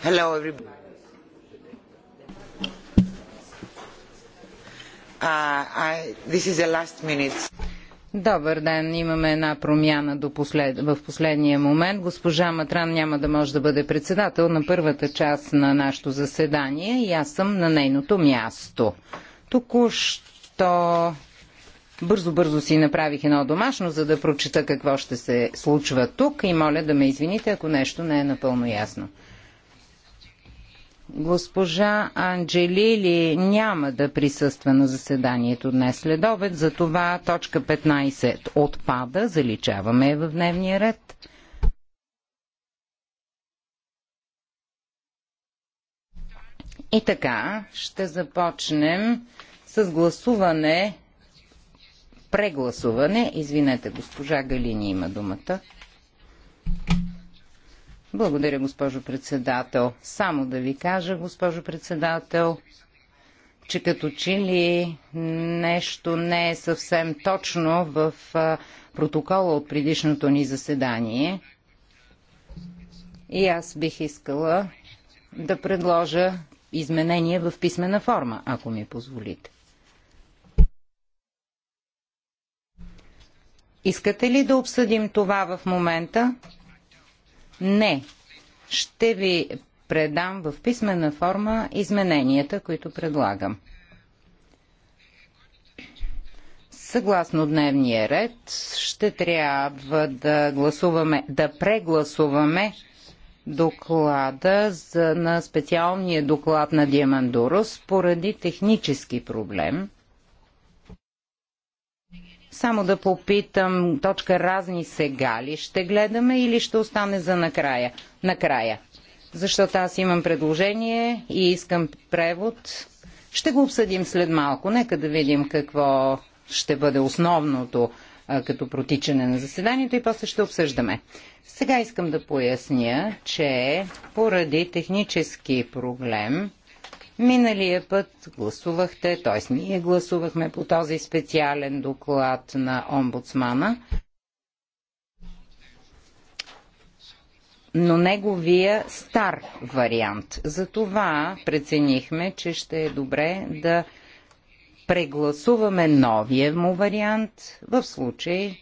Hello, everybody. Uh, I, this is the last minute. Добър ден, имаме една промяна до послед... в последния момент. Госпожа Матран няма да може да бъде председател на първата част на нашето заседание и аз съм на нейното място. Току-що бързо-бързо си направих едно домашно, за да прочита какво ще се случва тук и моля да ме извините, ако нещо не е напълно ясно. Госпожа Анджелили няма да присъства на заседанието днес след обед, затова точка 15 отпада, заличаваме в дневния ред. И така, ще започнем с гласуване, прегласуване. Извинете, госпожа Галини има думата. Благодаря, госпожо председател. Само да ви кажа, госпожо председател, че като че ли нещо не е съвсем точно в протокола от предишното ни заседание. И аз бих искала да предложа изменение в писмена форма, ако ми позволите. Искате ли да обсъдим това в момента? Не. Ще ви предам в писмена форма измененията, които предлагам. Съгласно дневния ред, ще трябва да гласуваме, да прегласуваме доклада за, на специалния доклад на Диамандурос поради технически проблем – само да попитам, точка разни сега ли ще гледаме или ще остане за накрая? Накрая. Защото аз имам предложение и искам превод. Ще го обсъдим след малко. Нека да видим какво ще бъде основното а, като протичане на заседанието и после ще обсъждаме. Сега искам да поясня, че поради технически проблем Миналия път гласувахте, т.е. ние гласувахме по този специален доклад на омбудсмана, но неговия стар вариант. Затова преценихме, че ще е добре да прегласуваме новия му вариант в случай,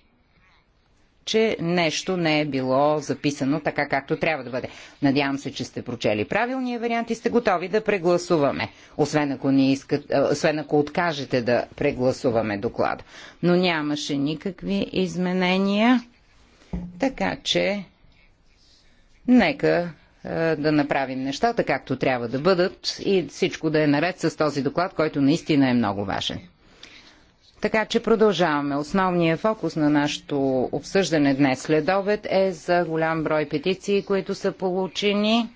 че нещо не е било записано така, както трябва да бъде. Надявам се, че сте прочели правилния вариант и сте готови да прегласуваме, освен ако, ни искат, освен ако откажете да прегласуваме доклада. Но нямаше никакви изменения, така че нека да направим нещата както трябва да бъдат и всичко да е наред с този доклад, който наистина е много важен. Така че продължаваме. Основният фокус на нашето обсъждане днес след обед е за голям брой петиции, които са получени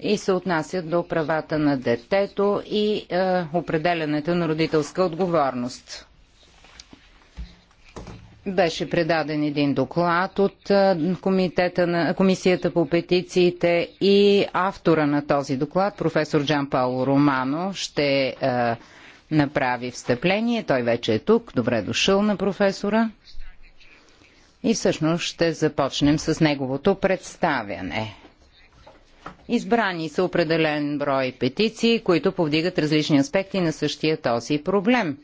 и се отнасят до правата на детето и е, определянето на родителска отговорност. Беше предаден един доклад от е, комитета на, Комисията по петициите и автора на този доклад, професор Джан Пауло Романо, ще е, направи встъпление. Той вече е тук. Добре дошъл на професора. И всъщност ще започнем с неговото представяне. Избрани са определен брой петиции, които повдигат различни аспекти на същия този проблем,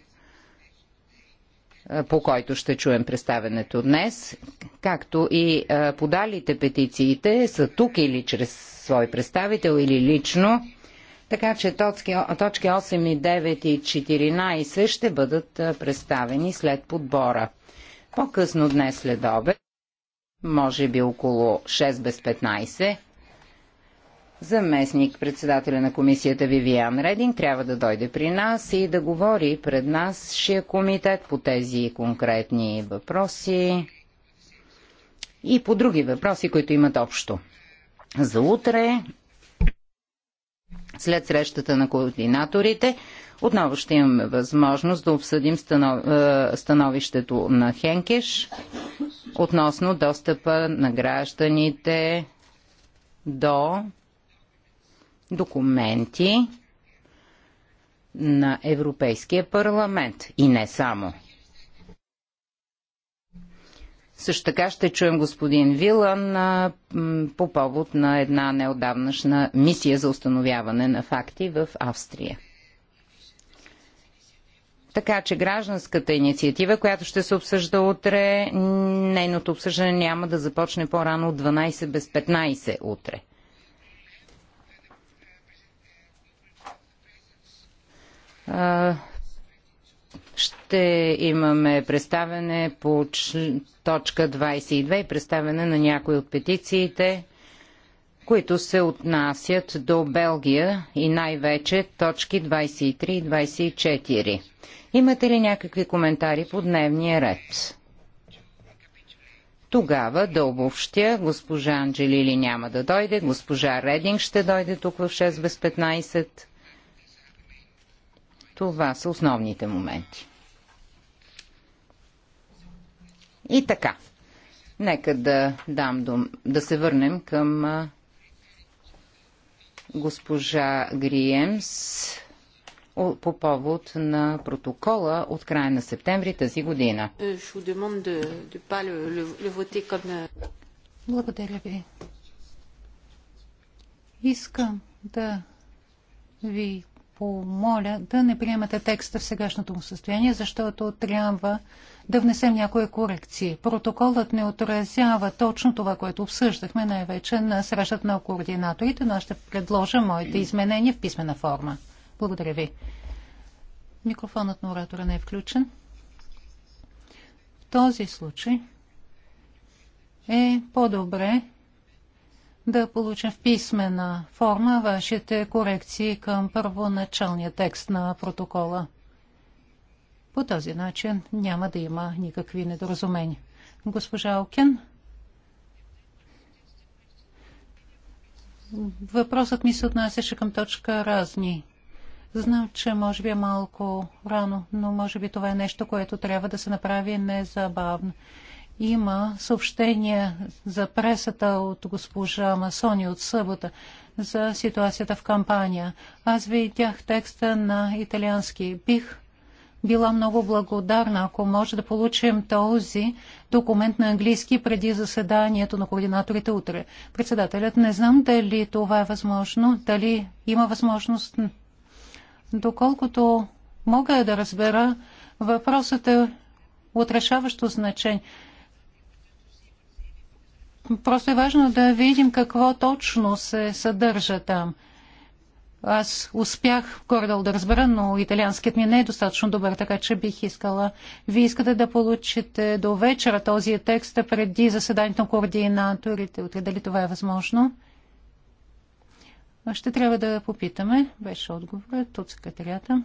по който ще чуем представенето днес, както и подалите петициите са тук или чрез свой представител или лично така че точки 8 и 9 и 14 ще бъдат представени след подбора. По-късно днес след обед, може би около 6 без 15, заместник председателя на комисията Вивиан Рединг трябва да дойде при нас и да говори пред нас шия комитет по тези конкретни въпроси и по други въпроси, които имат общо. За утре след срещата на координаторите отново ще имаме възможност да обсъдим е, становището на Хенкеш относно достъпа на гражданите до документи на Европейския парламент и не само. Също така ще чуем господин Вилан по повод на една неодавнашна мисия за установяване на факти в Австрия. Така че гражданската инициатива, която ще се обсъжда утре, нейното обсъждане няма да започне по-рано от 12 без 15 утре. Ще имаме представяне по точка 22 и представяне на някои от петициите, които се отнасят до Белгия и най-вече точки 23 и 24. Имате ли някакви коментари по дневния ред? Тогава да обобщя, госпожа Анджелили няма да дойде, госпожа Рединг ще дойде тук в 6 без 15. Това са основните моменти. И така, нека да дам дум, да се върнем към госпожа Гриемс по повод на протокола от края на септември тази година. Е, Благодаря ви. Искам да ви помоля да не приемате текста в сегашното му състояние, защото трябва да внесем някои корекции. Протоколът не отразява точно това, което обсъждахме най-вече на срещата на координаторите, но аз ще предложа моите изменения в писмена форма. Благодаря ви. Микрофонът на оратора не е включен. В този случай е по-добре да получим в писмена форма вашите корекции към първоначалния текст на протокола. По този начин няма да има никакви недоразумения. Госпожа Окен, въпросът ми се отнасяше към точка разни. Знам, че може би е малко рано, но може би това е нещо, което трябва да се направи незабавно има съобщение за пресата от госпожа Масони от събота за ситуацията в кампания. Аз видях текста на италиански. Бих била много благодарна, ако може да получим този документ на английски преди заседанието на координаторите утре. Председателят, не знам дали това е възможно, дали има възможност. Доколкото мога да разбера, въпросът е от решаващо значение. Просто е важно да видим какво точно се съдържа там. Аз успях гордо да разбера, но италианският ми не е достатъчно добър, така че бих искала. Вие искате да получите до вечера този текст преди заседанието на координаторите. Утре дали това е възможно? Ще трябва да попитаме. Беше отговорът от секретарията.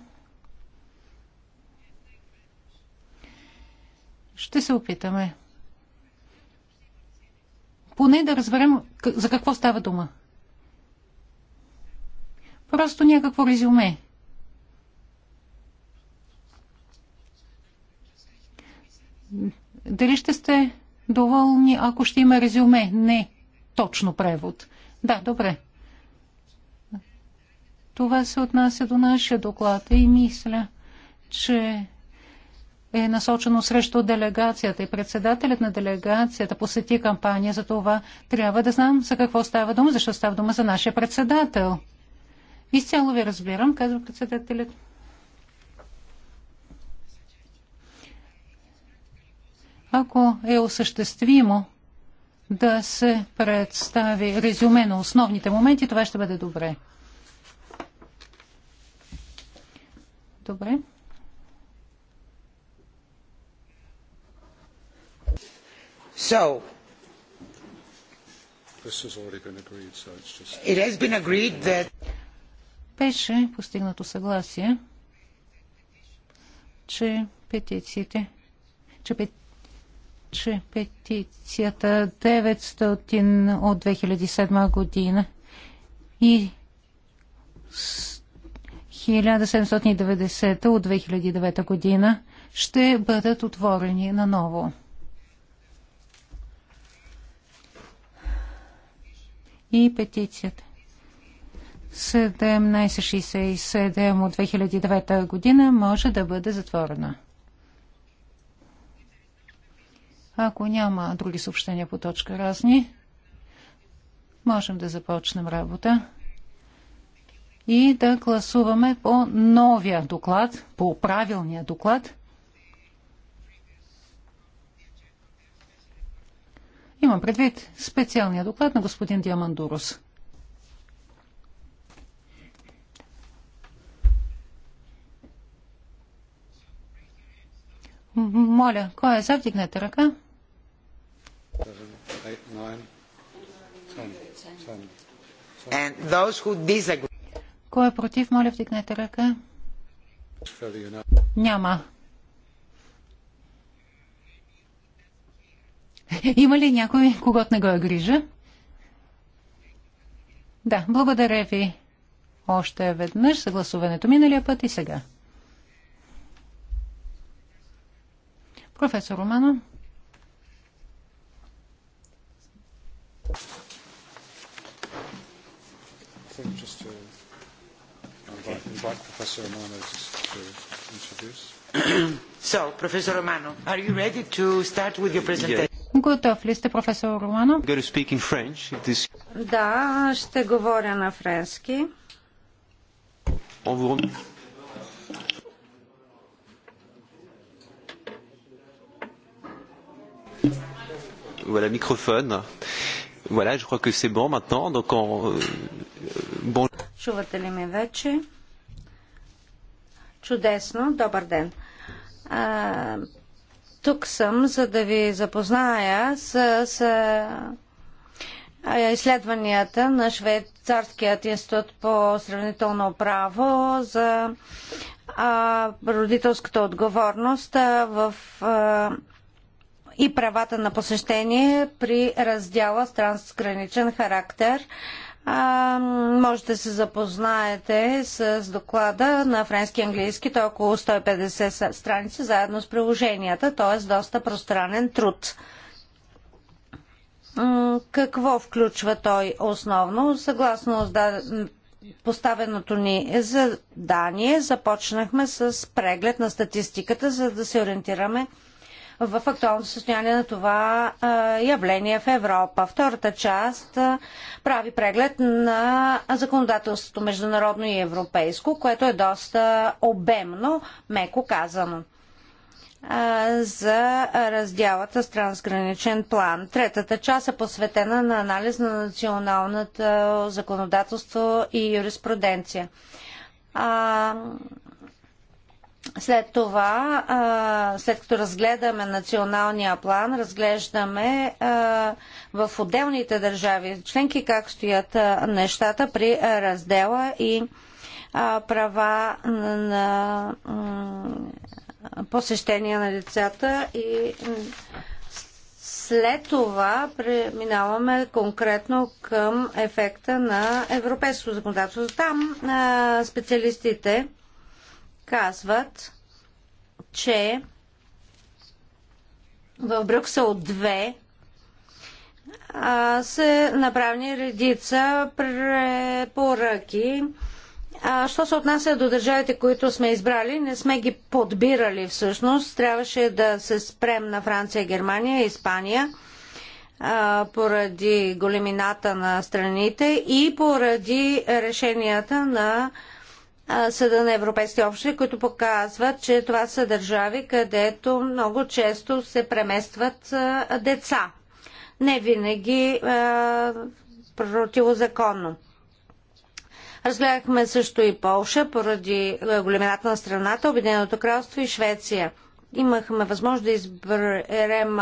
Ще се опитаме поне да разберем за какво става дума. Просто някакво резюме. Дали ще сте доволни, ако ще има резюме? Не точно превод. Да, добре. Това се отнася до нашия доклад и мисля, че е насочено срещу делегацията и председателят на делегацията посети кампания за това. Трябва да знам за какво става дума, защо става дума за нашия председател. Изцяло ви разбирам, казва председателят. Ако е осъществимо да се представи резюме на основните моменти, това ще бъде добре. Добре. So, беше постигнато съгласие, че петициите, че, пет, че петицията 900 от 2007 година и 1790 от 2009 година ще бъдат отворени наново. и петицията 1767 от 2009 година може да бъде затворена. Ако няма други съобщения по точка разни, можем да започнем работа и да гласуваме по новия доклад, по правилния доклад – Имам предвид специалния доклад на господин Диамандурус. Моля, кой е за? Вдигнете ръка. Кой е против? Моля, вдигнете ръка. Няма Има ли някой, когато не го е грижа? Да, благодаря ви още веднъж за гласуването миналия път и сега. Професор Романо. So, Professor Romano, are you ready to start with your presentation? Yeah. Готов ли сте, професор Романо? Да, ще говоря на френски. voilà microphone. Voilà, je crois que c'est bon maintenant. Donc on euh, bon. Чувате ли ме вече? Чудесно, добър ден. А, тук съм, за да ви запозная с, с изследванията на Швейцарският институт по сравнително право за а, родителската отговорност а, в а, и правата на посещение при раздяла с трансграничен характер. А, а, може да се запознаете с доклада на френски и английски, то е около 150 страници, заедно с приложенията, т.е. доста пространен труд. Какво включва той основно? Съгласно поставеното ни задание, започнахме с преглед на статистиката, за да се ориентираме в актуалното състояние на това явление в Европа. Втората част прави преглед на законодателството международно и европейско, което е доста обемно, меко казано за разделата с трансграничен план. Третата част е посветена на анализ на националното законодателство и юриспруденция. След това, след като разгледаме националния план, разглеждаме в отделните държави членки как стоят нещата при раздела и права на посещение на децата и след това преминаваме конкретно към ефекта на европейското законодателство. Там специалистите казват, че в Брюксел 2 са направени редица препоръки. А, що се отнася до държавите, които сме избрали, не сме ги подбирали всъщност. Трябваше да се спрем на Франция, Германия, Испания а, поради големината на страните и поради решенията на Съда на европейски общи, които показват, че това са държави, където много често се преместват деца. Не винаги противозаконно. Разгледахме също и Полша, поради големината на страната, Обединеното кралство и Швеция. Имахме възможност да изберем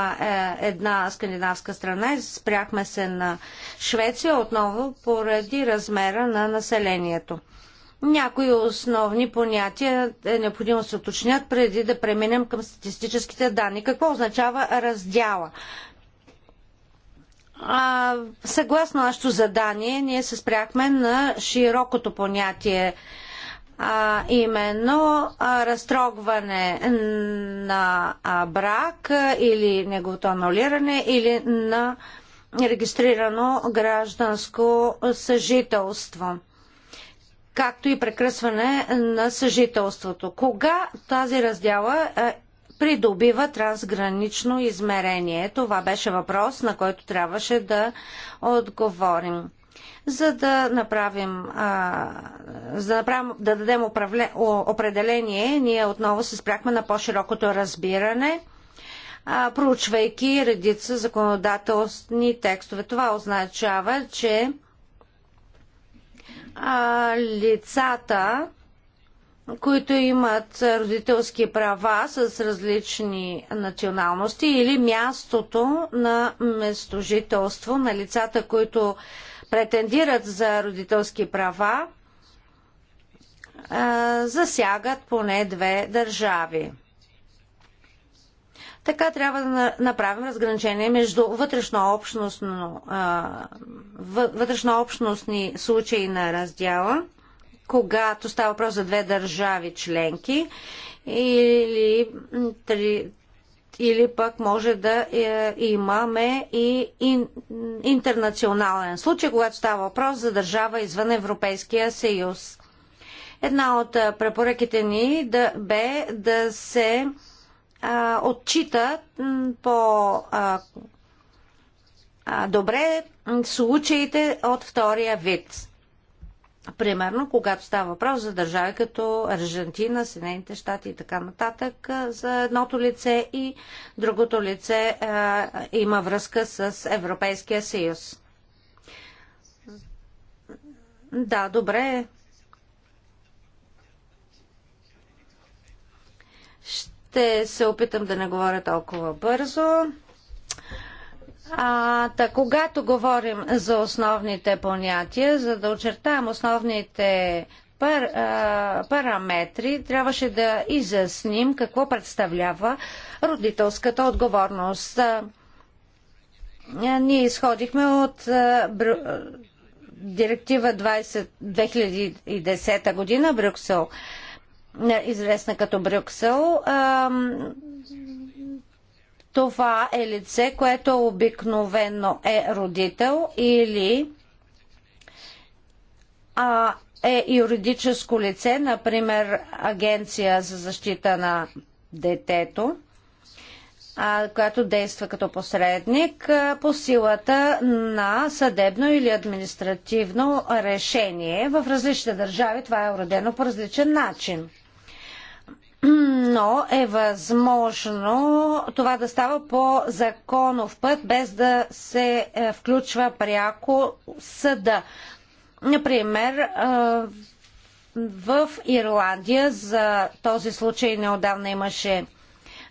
една скандинавска страна и спряхме се на Швеция отново поради размера на населението. Някои основни понятия е необходимо да се уточнят преди да преминем към статистическите данни. Какво означава раздяла? А, съгласно нашето задание, ние се спряхме на широкото понятие а, именно а, разтрогване на а, брак а, или неговото анулиране или на регистрирано гражданско съжителство както и прекръсване на съжителството. Кога тази раздяла е, придобива трансгранично измерение? Това беше въпрос, на който трябваше да отговорим. За да направим, а, за да, направим да дадем управле, определение, ние отново се спряхме на по-широкото разбиране – проучвайки редица законодателни текстове. Това означава, че а, лицата, които имат родителски права с различни националности или мястото на местожителство на лицата, които претендират за родителски права, засягат поне две държави. Така трябва да направим разграничение между вътрешно-общностни вътрешно случаи на раздяла, когато става въпрос за две държави членки или, три, или пък може да е, имаме и интернационален случай, когато става въпрос за държава извън Европейския съюз. Една от препоръките ни да бе да се отчита по добре случаите от втория вид. Примерно, когато става въпрос за държави като Аржентина, Съединените щати и така нататък, за едното лице и другото лице а, има връзка с Европейския съюз. Да, добре, Ще се опитам да не говоря толкова бързо. А, та, когато говорим за основните понятия, за да очертаем основните пар, а, параметри, трябваше да изясним какво представлява родителската отговорност. А, ние изходихме от а, бр... директива 20, 2010 година Брюксел е, известна като Брюксел. Това е лице, което обикновено е родител или а, е юридическо лице, например Агенция за защита на детето, а, която действа като посредник а, по силата на съдебно или административно решение. В различните държави това е уредено по различен начин но е възможно това да става по законов път, без да се е, включва пряко съда. Например, е, в Ирландия за този случай неодавна имаше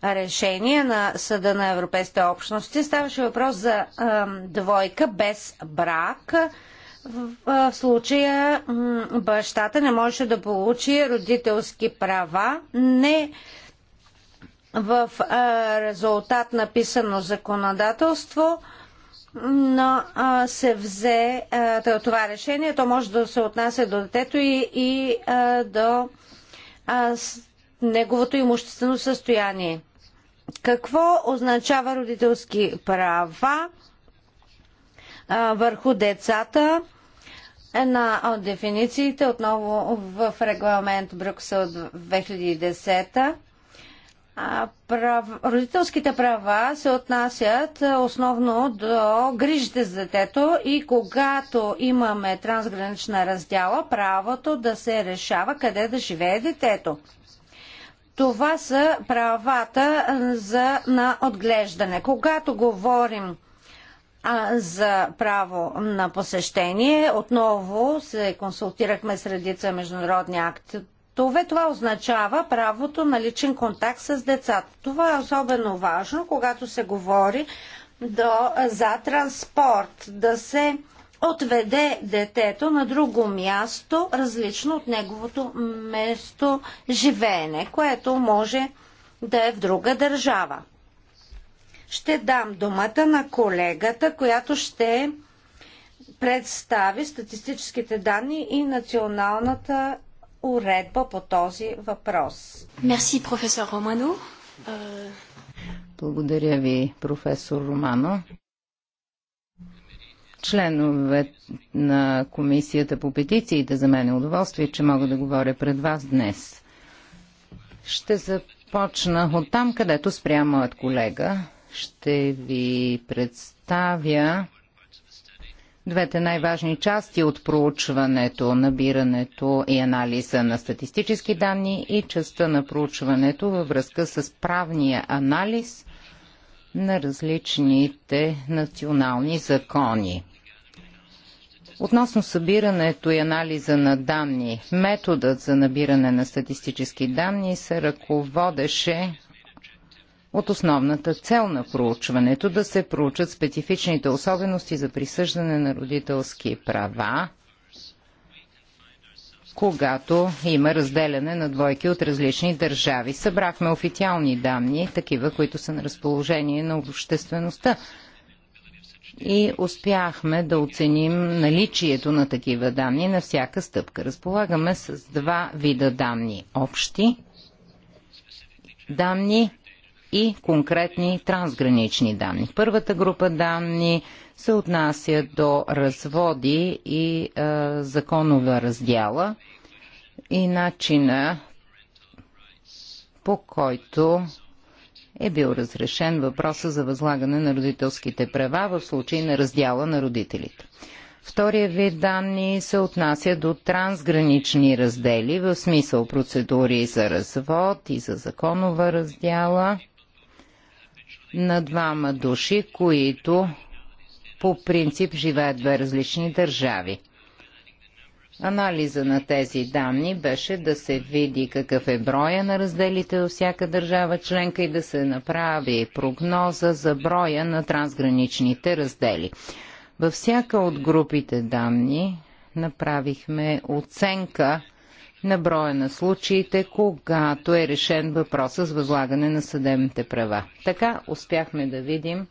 решение на Съда на Европейските общности. Ставаше въпрос за двойка без брак в случая бащата не може да получи родителски права, не в резултат на писано законодателство, но а, се взе а, това решение. То може да се отнася до детето и, и а, до а, с, неговото имуществено състояние. Какво означава родителски права? върху децата една от дефинициите отново в регламент Брюксел 2010 прав... Родителските права се отнасят основно до грижите за детето и когато имаме трансгранична раздяла, правото да се решава къде да живее детето. Това са правата за, на отглеждане. Когато говорим за право на посещение. Отново се консултирахме с редица международни актове. Това означава правото на личен контакт с децата. Това е особено важно, когато се говори до, за транспорт, да се отведе детето на друго място, различно от неговото место живеене, което може да е в друга държава ще дам думата на колегата, която ще представи статистическите данни и националната уредба по този въпрос. Мерси, професор Романо. Благодаря ви, професор Романо. Членове на Комисията по петициите за мен е удоволствие, че мога да говоря пред вас днес. Ще започна от там, където спря моят колега, ще ви представя двете най-важни части от проучването, набирането и анализа на статистически данни и частта на проучването във връзка с правния анализ на различните национални закони. Относно събирането и анализа на данни, методът за набиране на статистически данни се ръководеше от основната цел на проучването да се проучат специфичните особености за присъждане на родителски права, когато има разделяне на двойки от различни държави. Събрахме официални данни, такива, които са на разположение на обществеността и успяхме да оценим наличието на такива данни на всяка стъпка. Разполагаме с два вида данни. Общи данни и конкретни трансгранични данни. Първата група данни се отнася до разводи и а, законова раздяла и начина по който е бил разрешен въпроса за възлагане на родителските права в случай на раздяла на родителите. Втория вид данни се отнася до трансгранични раздели в смисъл процедури за развод и за законова раздяла – на двама души, които по принцип живеят в различни държави. Анализа на тези данни беше да се види какъв е броя на разделите във всяка държава членка и да се направи прогноза за броя на трансграничните раздели. Във всяка от групите данни направихме оценка на броя на случаите, когато е решен въпроса с възлагане на съдебните права. Така успяхме да видим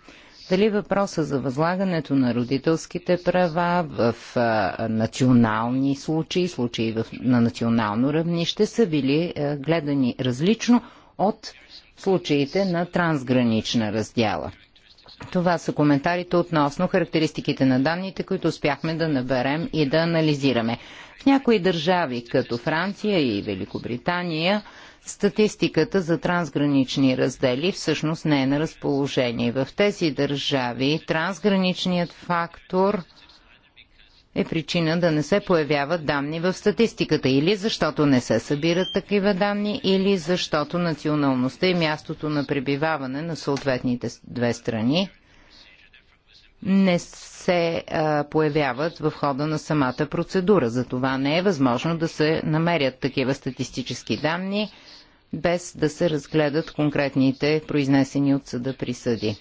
дали въпроса за възлагането на родителските права в а, национални случаи, случаи в, на национално равнище са били а, гледани различно от случаите на трансгранична раздяла. Това са коментарите относно характеристиките на данните, които успяхме да наберем и да анализираме. В някои държави, като Франция и Великобритания, статистиката за трансгранични раздели всъщност не е на разположение. В тези държави трансграничният фактор е причина да не се появяват данни в статистиката. Или защото не се събират такива данни, или защото националността и мястото на пребиваване на съответните две страни не се а, появяват в хода на самата процедура. Затова не е възможно да се намерят такива статистически данни, без да се разгледат конкретните произнесени от съда присъди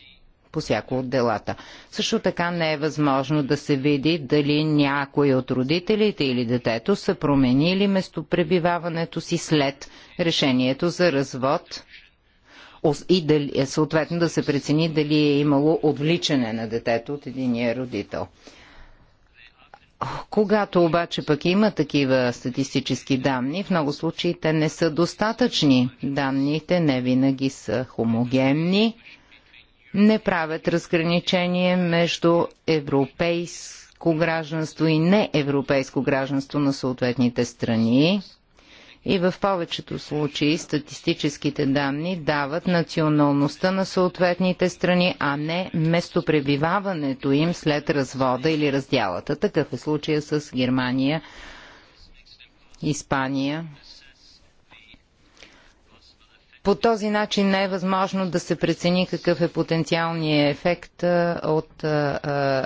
по всяко от делата. Също така не е възможно да се види дали някой от родителите или детето са променили местопребиваването си след решението за развод и дали, е, съответно да се прецени дали е имало отвличане на детето от единия родител. Когато обаче пък има такива статистически данни, в много случаи те не са достатъчни. Данните не винаги са хомогенни не правят разграничение между европейско гражданство и неевропейско гражданство на съответните страни. И в повечето случаи статистическите данни дават националността на съответните страни, а не местопребиваването им след развода или раздялата. Такъв е случая с Германия, Испания по този начин не е възможно да се прецени какъв е потенциалният ефект от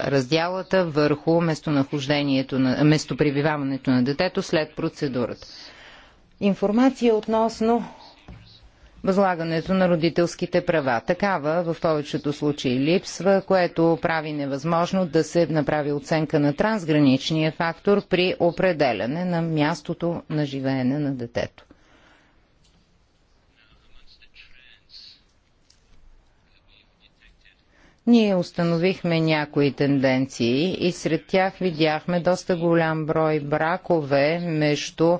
раздялата върху местонахождението на, местопребиваването на детето след процедурата. Информация относно възлагането на родителските права. Такава в повечето случаи липсва, което прави невъзможно да се направи оценка на трансграничния фактор при определяне на мястото на живеене на детето. ние установихме някои тенденции и сред тях видяхме доста голям брой бракове между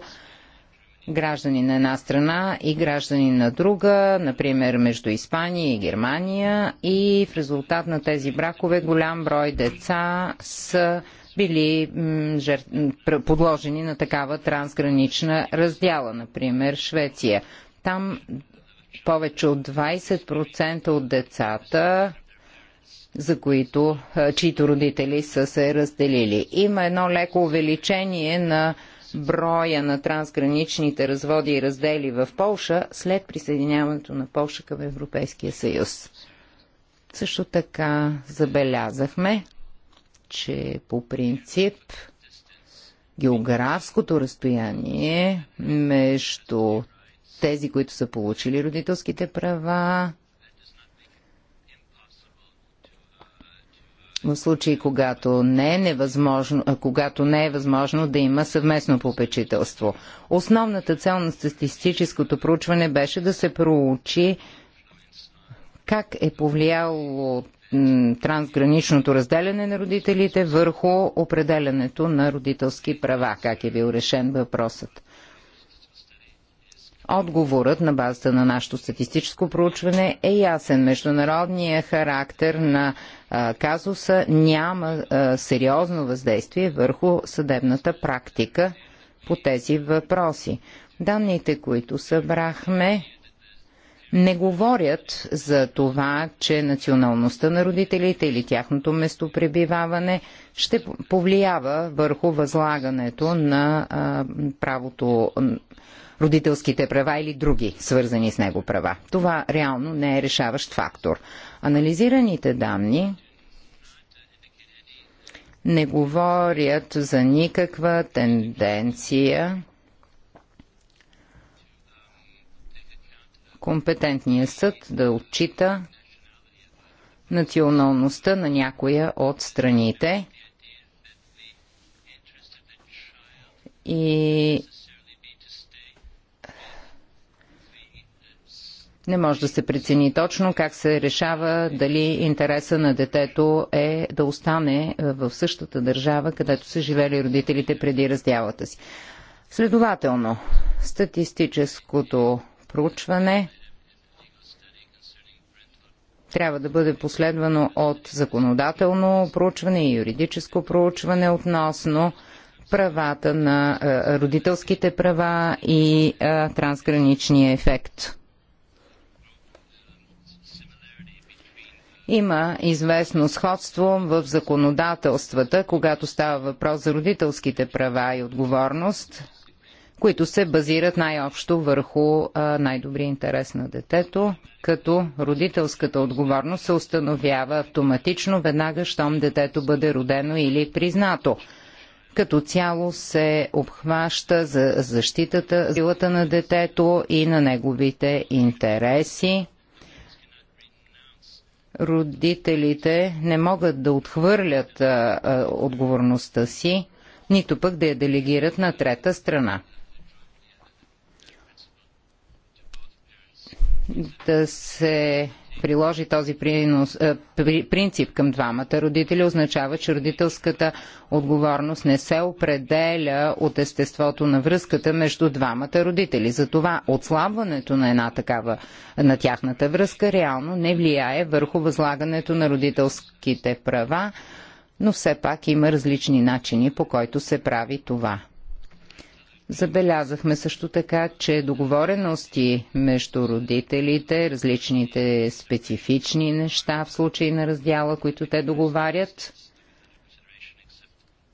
граждани на една страна и граждани на друга, например между Испания и Германия и в резултат на тези бракове голям брой деца са били подложени на такава трансгранична раздяла, например Швеция. Там повече от 20% от децата за които, чието родители са се разделили. Има едно леко увеличение на броя на трансграничните разводи и раздели в Полша след присъединяването на Полша към Европейския съюз. Също така забелязахме, че по принцип географското разстояние между тези, които са получили родителските права случаи, когато не е, невъзможно, когато не е възможно да има съвместно попечителство. Основната цел на статистическото проучване беше да се проучи как е повлияло трансграничното разделяне на родителите върху определенето на родителски права, как е бил решен въпросът. Отговорът на базата на нашето статистическо проучване е ясен. Международният характер на а, казуса няма а, сериозно въздействие върху съдебната практика по тези въпроси. Данните, които събрахме, не говорят за това, че националността на родителите или тяхното местопребиваване ще повлиява върху възлагането на а, правото родителските права или други свързани с него права. Това реално не е решаващ фактор. Анализираните данни не говорят за никаква тенденция компетентния съд да отчита националността на някоя от страните и Не може да се прецени точно как се решава дали интереса на детето е да остане е, в същата държава, където са живели родителите преди раздялата си. Следователно, статистическото проучване трябва да бъде последвано от законодателно проучване и юридическо проучване относно правата на е, родителските права и е, трансграничния ефект. Има известно сходство в законодателствата, когато става въпрос за родителските права и отговорност, които се базират най-общо върху най-добрия интерес на детето, като родителската отговорност се установява автоматично веднага, щом детето бъде родено или признато. Като цяло се обхваща за защитата, силата на детето и на неговите интереси родителите не могат да отхвърлят а, а, отговорността си, нито пък да я делегират на трета страна. Да се приложи този принос, е, принцип към двамата родители, означава, че родителската отговорност не се определя от естеството на връзката между двамата родители. Затова отслабването на една такава, на тяхната връзка, реално не влияе върху възлагането на родителските права, но все пак има различни начини по който се прави това. Забелязахме също така, че договорености между родителите, различните специфични неща в случай на раздяла, които те договарят,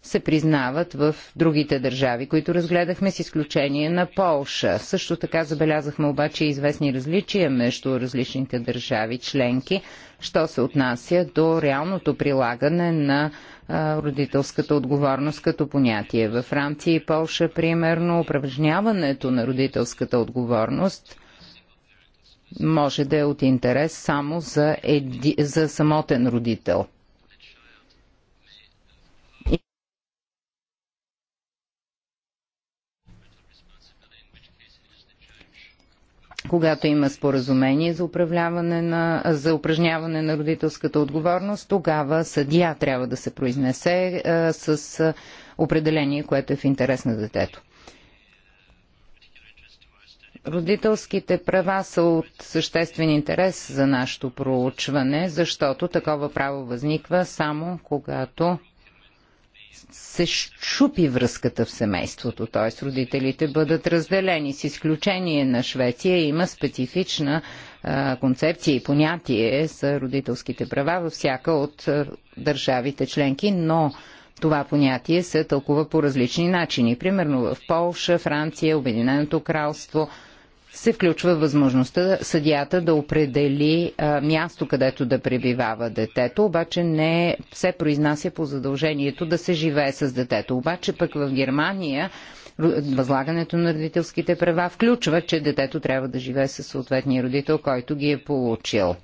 се признават в другите държави, които разгледахме с изключение на Полша. Също така забелязахме обаче известни различия между различните държави членки, що се отнася до реалното прилагане на родителската отговорност като понятие. Във Франция и Полша, примерно, упражняването на родителската отговорност може да е от интерес само за, еди... за самотен родител – когато има споразумение за, управляване на, за упражняване на родителската отговорност, тогава съдия трябва да се произнесе а, е, с е, определение, което е в интерес на детето. Родителските права са от съществен интерес за нашето проучване, защото такова право възниква само когато се щупи връзката в семейството, т.е. родителите бъдат разделени. С изключение на Швеция има специфична а, концепция и понятие за родителските права във всяка от а, държавите членки, но това понятие се тълкува по различни начини. Примерно в Полша, Франция, Обединеното кралство – се включва възможността съдията да определи а, място, където да пребивава детето, обаче не се произнася по задължението да се живее с детето. Обаче пък в Германия възлагането на родителските права включва, че детето трябва да живее със съответния родител, който ги е получил.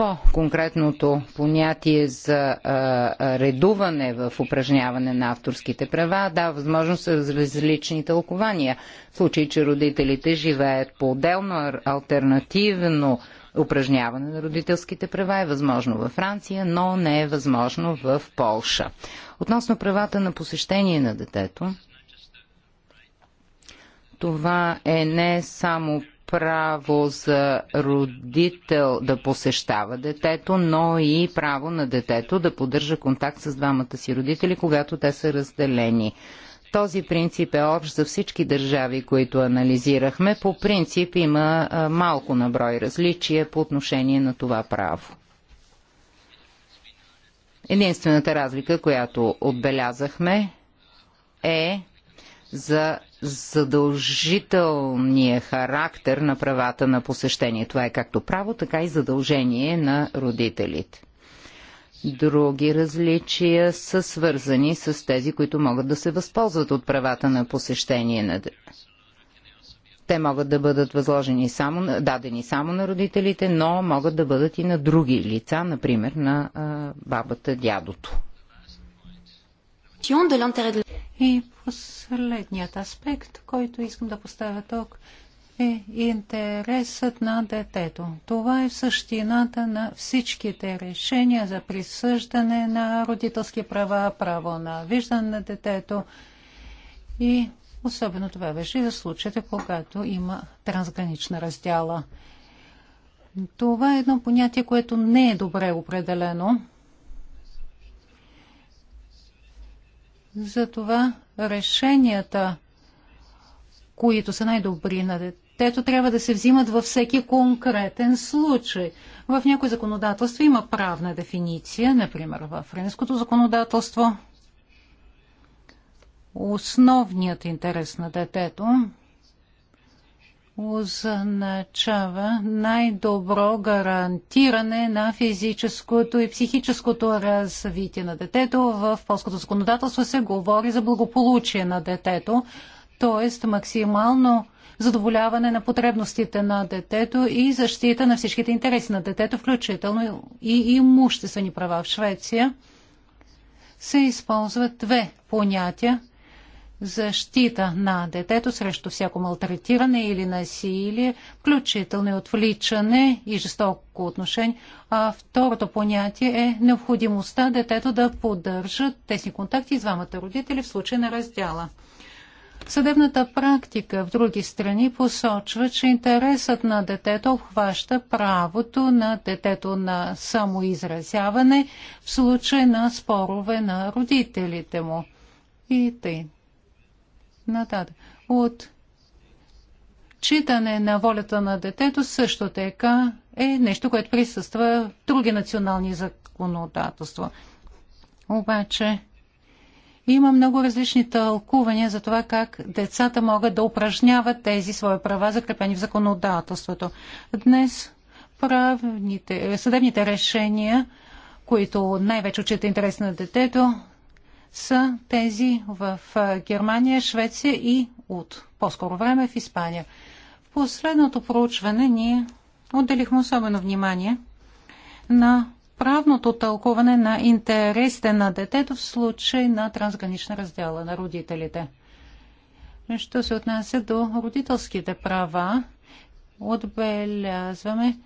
по-конкретното понятие за а, редуване в упражняване на авторските права дава възможност за различни тълкования. В случай, че родителите живеят по-отделно, альтернативно упражняване на родителските права е възможно във Франция, но не е възможно в Полша. Относно правата на посещение на детето, това е не само право за родител да посещава детето, но и право на детето да поддържа контакт с двамата си родители, когато те са разделени. Този принцип е общ за всички държави, които анализирахме. По принцип има малко наброй различия по отношение на това право. Единствената разлика, която отбелязахме е за задължителния характер на правата на посещение. Това е както право, така и задължение на родителите. Други различия са свързани с тези, които могат да се възползват от правата на посещение на те могат да бъдат възложени само, дадени само на родителите, но могат да бъдат и на други лица, например на а, бабата, дядото. И Последният аспект, който искам да поставя тук, е интересът на детето. Това е в същината на всичките решения за присъждане на родителски права, право на виждане на детето и особено това беше и за случаите, когато има трансгранична раздяла. Това е едно понятие, което не е добре определено Затова решенията, които са най-добри на детето, трябва да се взимат във всеки конкретен случай. В някои законодателства има правна дефиниция, например в френското законодателство. Основният интерес на детето означава най-добро гарантиране на физическото и психическото развитие на детето. В полското законодателство се говори за благополучие на детето, т.е. максимално задоволяване на потребностите на детето и защита на всичките интереси на детето, включително и имуществени права в Швеция, се използват две понятия защита на детето срещу всяко малтретиране или насилие, включително и отвличане и жестоко отношение. А второто понятие е необходимостта детето да поддържа тесни контакти с двамата родители в случай на раздяла. Съдебната практика в други страни посочва, че интересът на детето обхваща правото на детето на самоизразяване в случай на спорове на родителите му. И тъй нататък. От читане на волята на детето също така е нещо, което присъства в други национални законодателства. Обаче има много различни тълкувания за това как децата могат да упражняват тези свои права, закрепени в законодателството. Днес правните, съдебните решения, които най-вече отчита интерес на детето, са тези в Германия, Швеция и от по-скоро време в Испания. В последното проучване ние отделихме особено внимание на правното тълкуване на интересите на детето в случай на трансгранична раздела на родителите. Що се отнася до родителските права, отбелязваме,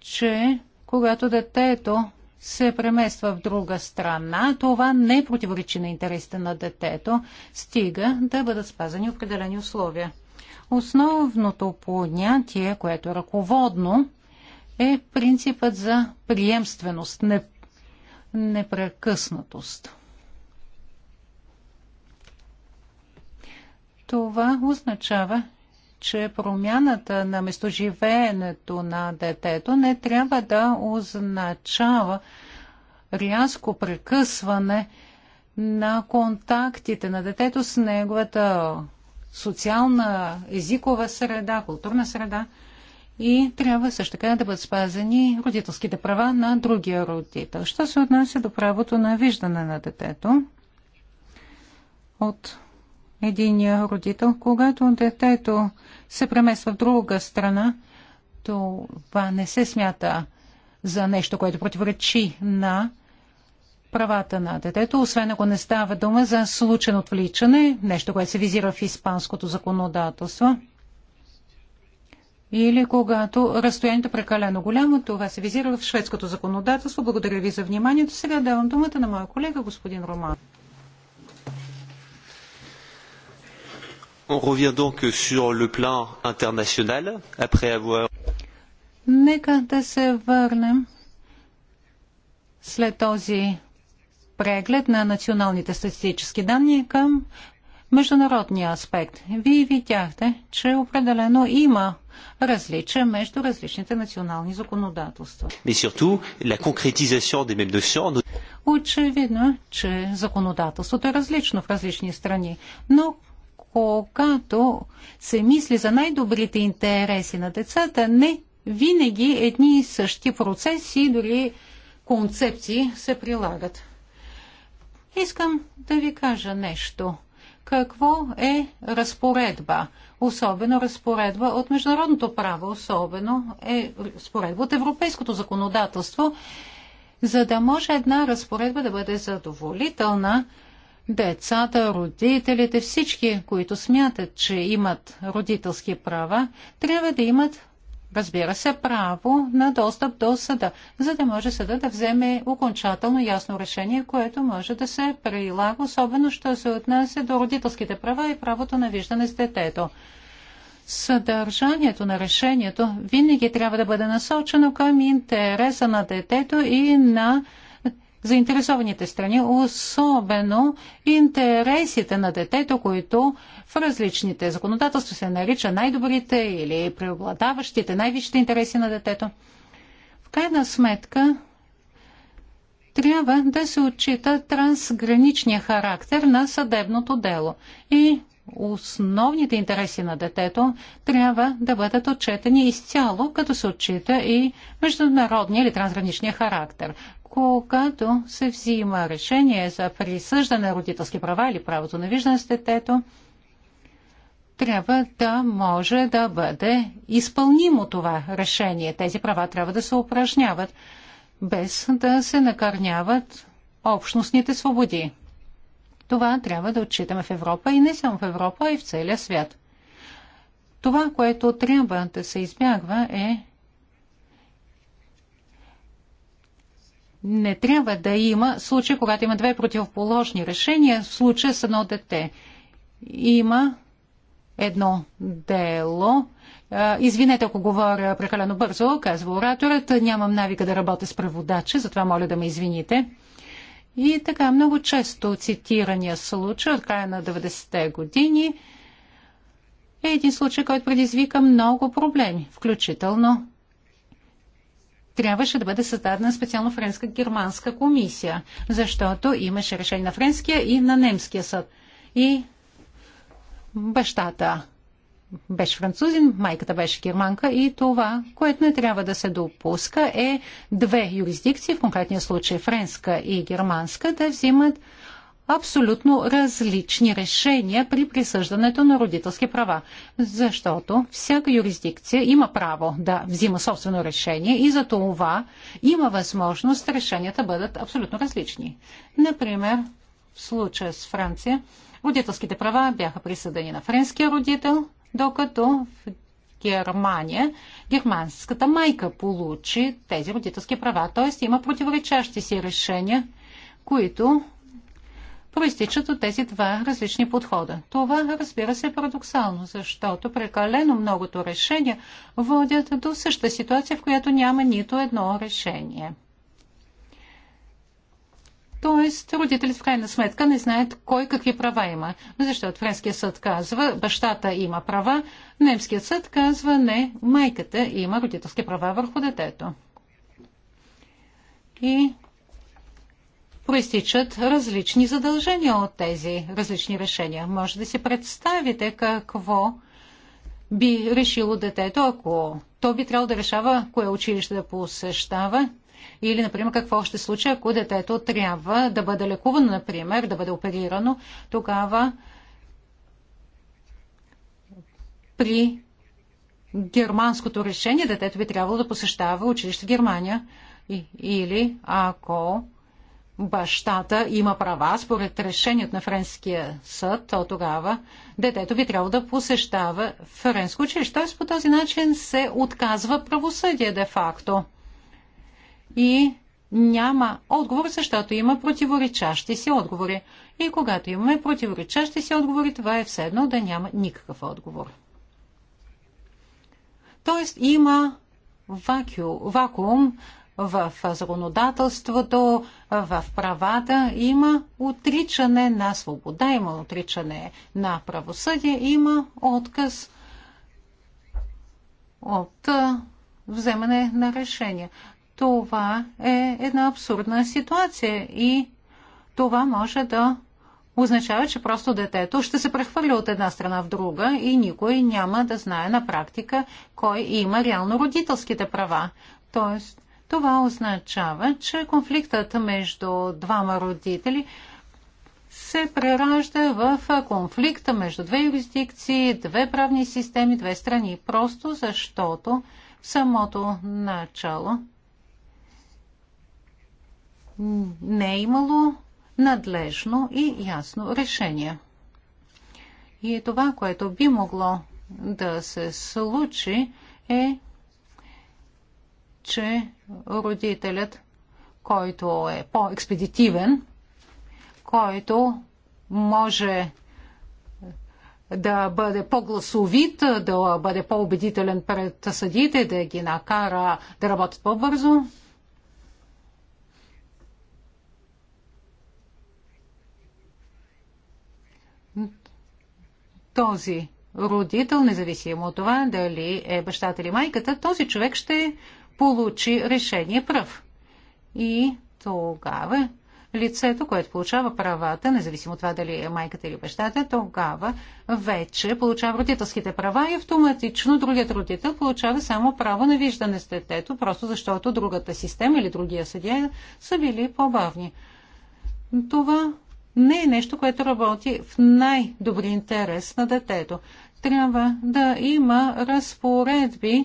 че когато детето се премества в друга страна, това не противоречи на интересите на детето, стига да бъдат спазани определени условия. Основното понятие, което е ръководно, е принципът за приемственост, непрекъснатост. Това означава, че промяната на местоживеенето на детето не трябва да означава рязко прекъсване на контактите на детето с неговата социална, езикова среда, културна среда и трябва също така да бъдат спазени родителските права на другия родител. Що се отнася до правото на виждане на детето от единия е, родител. Когато детето се премества в друга страна, това не се смята за нещо, което противоречи на правата на детето, освен ако не става дума за случайно отвличане, нещо, което се визира в испанското законодателство. Или когато разстоянието е прекалено голямо, това се визира в шведското законодателство. Благодаря ви за вниманието. Сега давам думата на моя колега господин Роман. On revient donc sur le plan international, après avoir... Нека да се върнем след този преглед на националните статистически данни към международния аспект. Вие видяхте, че определено има различия между различните национални законодателства. Очевидно, е, че законодателството е различно в различни страни, но когато се мисли за най-добрите интереси на децата, не винаги едни и същи процеси, дори концепции се прилагат. Искам да ви кажа нещо. Какво е разпоредба? Особено разпоредба от международното право, особено е разпоредба от европейското законодателство. За да може една разпоредба да бъде задоволителна, Децата, родителите, всички, които смятат, че имат родителски права, трябва да имат, разбира се, право на достъп до съда, за да може съда да вземе окончателно ясно решение, което може да се прилага, особено що се отнася до родителските права и правото на виждане с детето. Съдържанието на решението винаги трябва да бъде насочено към интереса на детето и на заинтересованите страни, особено интересите на детето, които в различните законодателства се нарича най-добрите или преобладаващите, най-висшите интереси на детето. В крайна сметка, трябва да се отчита трансграничния характер на съдебното дело и основните интереси на детето трябва да бъдат отчетени изцяло, като се отчита и международния или трансграничния характер когато се взима решение за присъждане на родителски права или правото на виждане с детето, трябва да може да бъде изпълнимо това решение. Тези права трябва да се упражняват, без да се накърняват общностните свободи. Това трябва да отчитаме в Европа и не само в Европа, а и в целия свят. Това, което трябва да се избягва е не трябва да има случай, когато има две противоположни решения, в случая с едно дете. Има едно дело. Извинете, ако говоря прекалено бързо, казва ораторът. Нямам навика да работя с преводачи, затова моля да ме извините. И така, много често цитирания случай от края на 90-те години е един случай, който предизвика много проблеми, включително трябваше да бъде създадена специално френска-германска комисия, защото имаше решение на френския и на немския съд. И бащата беше французин, майката беше германка и това, което не трябва да се допуска е две юрисдикции, в конкретния случай френска и германска, да взимат абсолютно различни решения при присъждането на родителски права, защото всяка юрисдикция има право да взима собствено решение и за това има възможност решенията бъдат абсолютно различни. Например, в случая с Франция, родителските права бяха присъдени на френския родител, докато в Германия, германската майка получи тези родителски права. Т.е. има противоречащи си решения, които проистичат от тези два различни подхода. Това, разбира се, е парадоксално, защото прекалено многото решения водят до същата ситуация, в която няма нито едно решение. Тоест, родителите в крайна сметка не знаят кой какви права има. Защото френският съд казва, бащата има права, немският съд казва, не, майката има родителски права върху детето. И проистичат различни задължения от тези различни решения. Може да си представите какво би решило детето, ако то би трябвало да решава кое училище да посещава. Или, например, какво ще случи, ако детето трябва да бъде лекувано, например, да бъде оперирано, тогава при германското решение детето би трябвало да посещава училище в Германия. Или ако бащата има права според решението на френския съд, то тогава детето би трябвало да посещава френско училище. Т.е. по този начин се отказва правосъдие де-факто. И няма отговор, защото има противоречащи си отговори. И когато имаме противоречащи си отговори, това е все едно да няма никакъв отговор. Тоест има вакуум в законодателството, в правата. Има отричане на свобода, има отричане на правосъдие, има отказ от вземане на решение. Това е една абсурдна ситуация и това може да означава, че просто детето ще се прехвърля от една страна в друга и никой няма да знае на практика кой има реално родителските права. Тоест, това означава, че конфликтът между двама родители се преражда в конфликта между две юрисдикции, две правни системи, две страни, просто защото в самото начало не е имало надлежно и ясно решение. И това, което би могло да се случи, е че родителят, който е по-експедитивен, който може да бъде по-гласовит, да бъде по-убедителен пред съдите, да ги накара да работят по-бързо. Този родител, независимо от това дали е бащата или майката, този човек ще получи решение пръв. И тогава лицето, което получава правата, независимо от това дали е майката или бащата, тогава вече получава родителските права и автоматично другият родител получава само право на виждане с детето, просто защото другата система или другия съдия са били по-бавни. Това не е нещо, което работи в най-добри интерес на детето. Трябва да има разпоредби,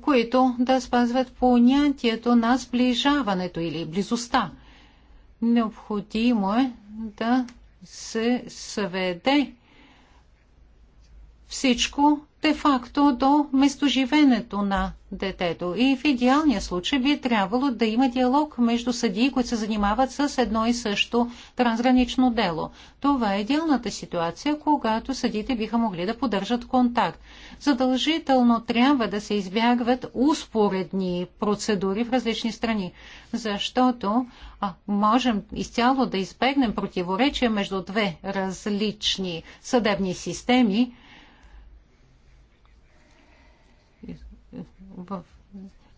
които да спазват понятието на сближаването или близостта. Необходимо е да се съведе всичко де-факто до местоживенето на детето. И в идеалния случай би трябвало да има диалог между съдии, които се занимават с едно и също трансгранично дело. Това е идеалната ситуация, когато съдите биха могли да поддържат контакт. Задължително трябва да се избягват успоредни процедури в различни страни, защото а, можем изцяло да избегнем противоречия между две различни съдебни системи, в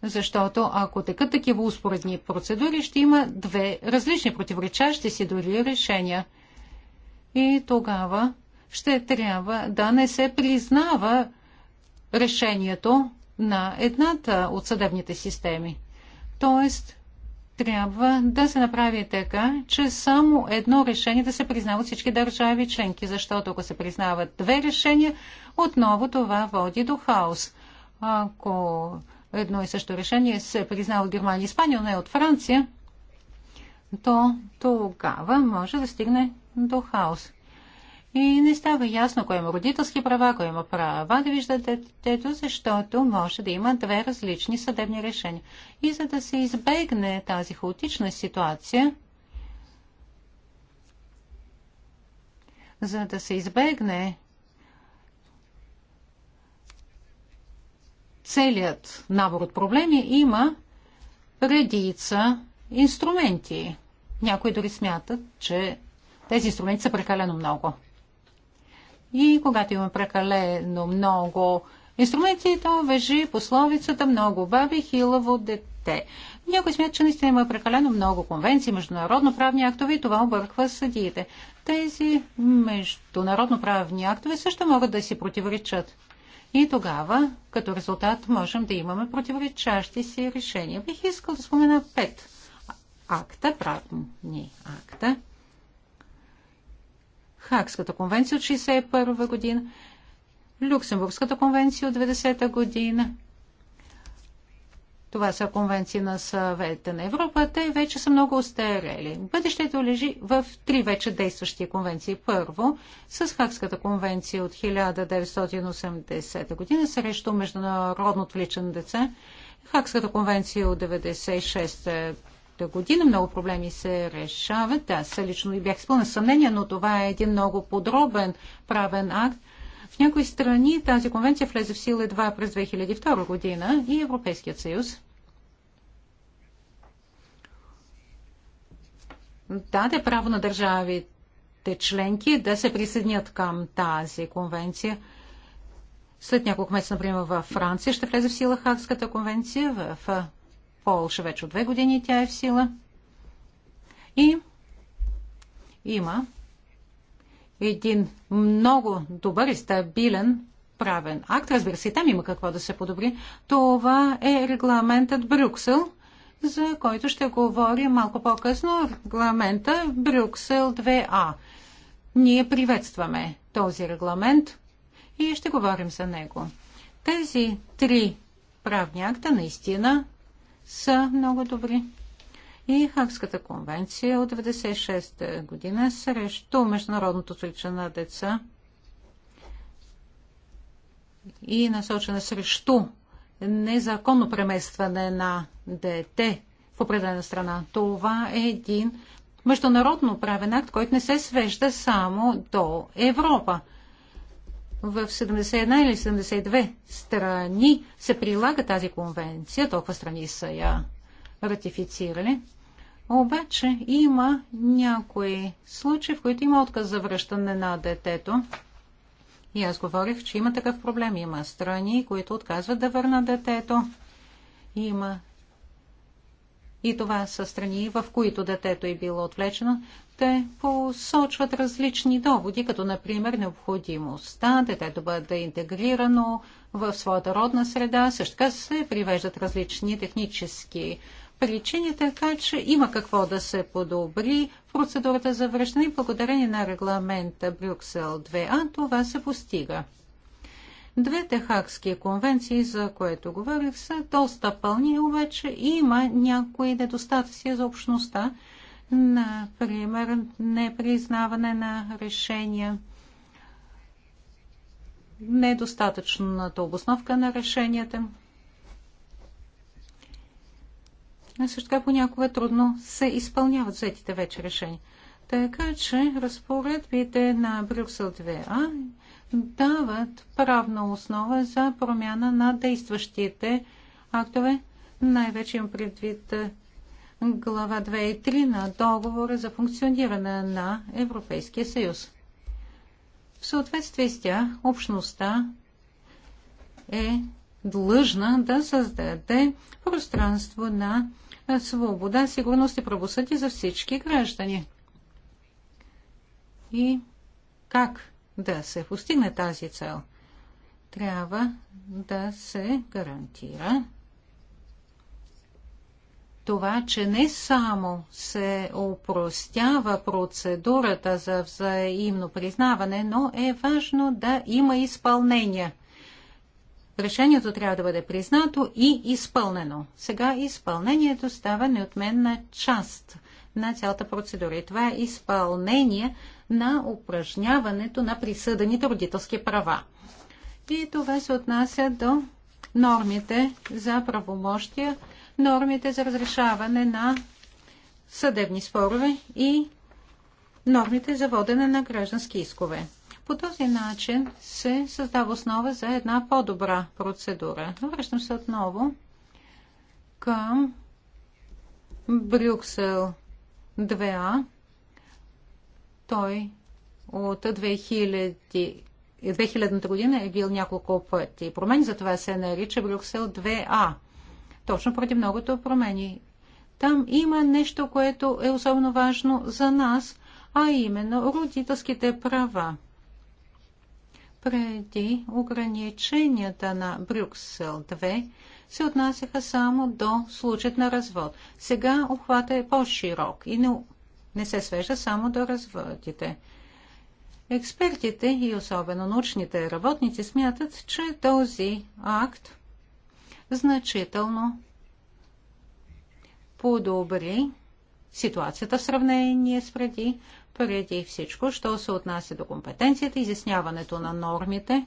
защото ако текат такива успоредни процедури, ще има две различни противоречащи си дори решения. И тогава ще трябва да не се признава решението на едната от съдебните системи. Тоест, трябва да се направи така, че само едно решение да се признава от всички държави членки, защото ако се признават две решения, отново това води до хаос ако едно и също решение се признава от Германия и Испания, но не от Франция, то тогава може да стигне до хаос. И не става ясно кой има родителски права, кой има права да вижда детето, защото може да има две различни съдебни решения. И за да се избегне тази хаотична ситуация, за да се избегне целият набор от проблеми има редица инструменти. Някои дори смятат, че тези инструменти са прекалено много. И когато имаме прекалено много инструменти, то вежи пословицата много баби, хилаво дете. Някой смятат, че наистина има прекалено много конвенции, международно-правни актове и това обърква съдиите. Тези международно-правни актове също могат да си противоречат. И тогава, като резултат, можем да имаме противоречащи си решения. Бих искал да спомена пет акта, правни акта. Хакската конвенция от 1961 година, Люксембургската конвенция от 90-та година, това са конвенции на съвета на Европа. Те вече са много остарели. Бъдещето лежи в три вече действащи конвенции. Първо, с Хакската конвенция от 1980 година срещу международно вличане на деца. Хакската конвенция от 1996 година. Много проблеми се решават. Аз лично и бях изпълнен съмнение, но това е един много подробен правен акт – някои страни тази конвенция влезе в сила едва през 2002 година и Европейският съюз даде право на държавите членки да се присъединят към тази конвенция. След няколко месеца, например, във Франция ще влезе в сила Хагската конвенция, в Полша вече от две години тя е в сила. И има един много добър и стабилен правен акт. Разбира се, там има какво да се подобри. Това е регламентът Брюксел, за който ще говорим малко по-късно. Регламента Брюксел 2А. Ние приветстваме този регламент и ще говорим за него. Тези три правни акта наистина са много добри и Хагската конвенция от 1996 година срещу международното отвличане на деца и насочена срещу незаконно преместване на дете в определена страна. Това е един международно правен акт, който не се свежда само до Европа. В 71 или 72 страни се прилага тази конвенция, толкова страни са я ратифицирали. Обаче има някои случаи, в които има отказ за връщане на детето. И аз говорих, че има такъв проблем. Има страни, които отказват да върнат детето. Има и това са страни, в които детето е било отвлечено, те посочват различни доводи, като например необходимостта детето бъде интегрирано в своята родна среда. Също така се привеждат различни технически причини, така че има какво да се подобри в процедурата за връщане и благодарение на регламента Брюксел 2А това се постига. Двете хакски конвенции, за което говорих, са доста пълни, обаче има някои недостатъци за общността, например непризнаване на решения, недостатъчната обосновка на решенията. Но също така понякога трудно се изпълняват взетите вече решения. Така че разпоредбите на Брюксел 2А дават правна основа за промяна на действащите актове. Най-вече им предвид глава 2 и 3 на договора за функциониране на Европейския съюз. В съответствие с тях общността е длъжна да създаде пространство на свобода, сигурност и правосъдие за всички граждани. И как да се постигне тази цел? Трябва да се гарантира това, че не само се упростява процедурата за взаимно признаване, но е важно да има изпълнение – решението трябва да бъде признато и изпълнено. Сега изпълнението става неотменна част на цялата процедура. И това е изпълнение на упражняването на присъдените родителски права. И това се отнася до нормите за правомощия, нормите за разрешаване на съдебни спорове и нормите за водене на граждански искове. По този начин се създава основа за една по-добра процедура. Връщам се отново към Брюксел 2А. Той от 2000 та година е бил няколко пъти промени, затова се нарича Брюксел 2А. Точно преди многото промени. Там има нещо, което е особено важно за нас, а именно родителските права преди ограниченията на Брюксел 2 се отнасяха само до случаят на развод. Сега охвата е по-широк и не, не се свежда само до разводите. Експертите и особено научните работници смятат, че този акт значително подобри ситуацията в сравнение с преди, преди всичко, що се отнася до компетенцията, изясняването на нормите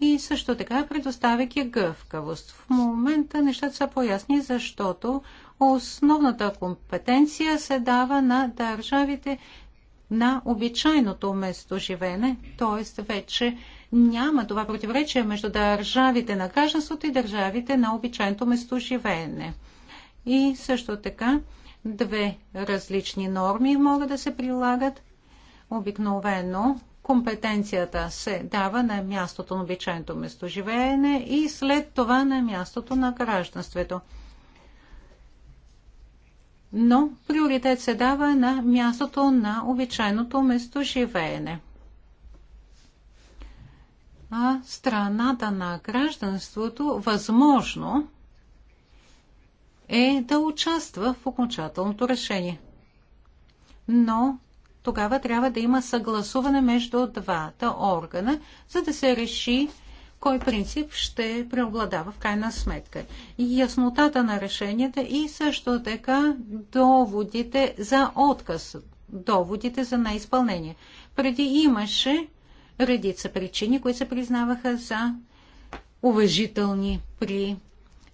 и също така предоставяйки гъвкавост. В момента нещата са по-ясни, защото основната компетенция се дава на държавите на обичайното место живеене, т.е. вече няма това противоречие между държавите на гражданството и държавите на обичайното место живеене. И също така две различни норми могат да се прилагат. Обикновено компетенцията се дава на мястото на обичайното местоживеене и след това на мястото на гражданството. Но приоритет се дава на мястото на обичайното местоживеене. А страната на гражданството, възможно, е да участва в окончателното решение. Но тогава трябва да има съгласуване между двата органа, за да се реши кой принцип ще преобладава в крайна сметка. И яснотата на решенията и също така доводите за отказ, доводите за неизпълнение. Преди имаше редица причини, които се признаваха за уважителни при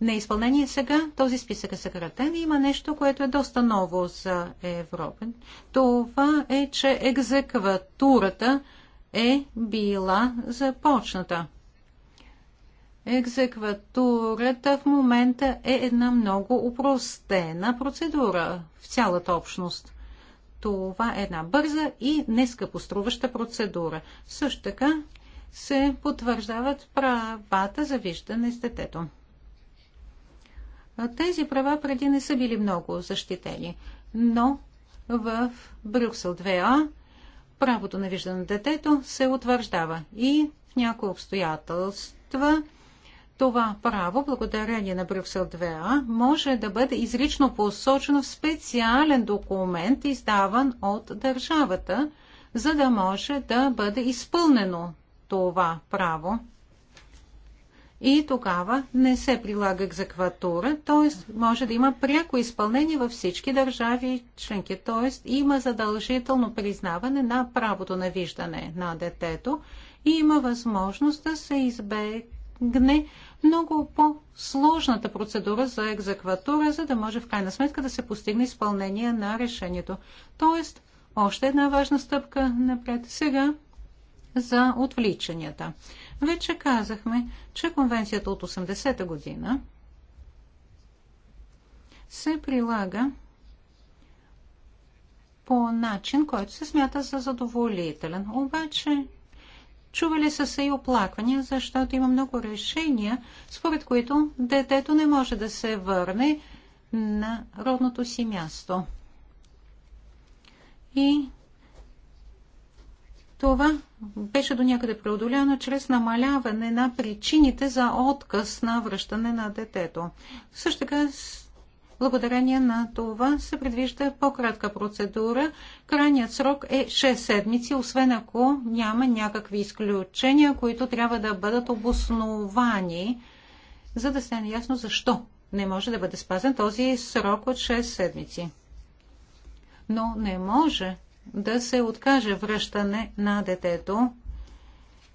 на изпълнение Сега този списък е съкратен има нещо, което е доста ново за Европа. Това е, че екзекватурата е била започната. Екзекватурата в момента е една много упростена процедура в цялата общност. Това е една бърза и нескъпоструваща процедура. Също така се потвърждават правата за виждане с детето. Тези права преди не са били много защитени, но в Брюксел 2А правото на виждане на детето се утвърждава и в някои обстоятелства това право, благодарение на Брюксел 2А, може да бъде изрично посочено в специален документ, издаван от държавата, за да може да бъде изпълнено това право и тогава не се прилага екзекватура, т.е. може да има пряко изпълнение във всички държави членки, т.е. има задължително признаване на правото на виждане на детето и има възможност да се избегне много по-сложната процедура за екзекватура, за да може в крайна сметка да се постигне изпълнение на решението. Тоест, още една важна стъпка напред сега за отвличанията. Вече казахме, че конвенцията от 80-та година се прилага по начин, който се смята за задоволителен. Обаче чували са се и оплаквания, защото има много решения, според които детето не може да се върне на родното си място. И това беше до някъде преодоляно чрез намаляване на причините за отказ на връщане на детето. Също така, благодарение на това се предвижда по-кратка процедура. Крайният срок е 6 седмици, освен ако няма някакви изключения, които трябва да бъдат обосновани, за да стане ясно защо не може да бъде спазен този срок от 6 седмици. Но не може да се откаже връщане на детето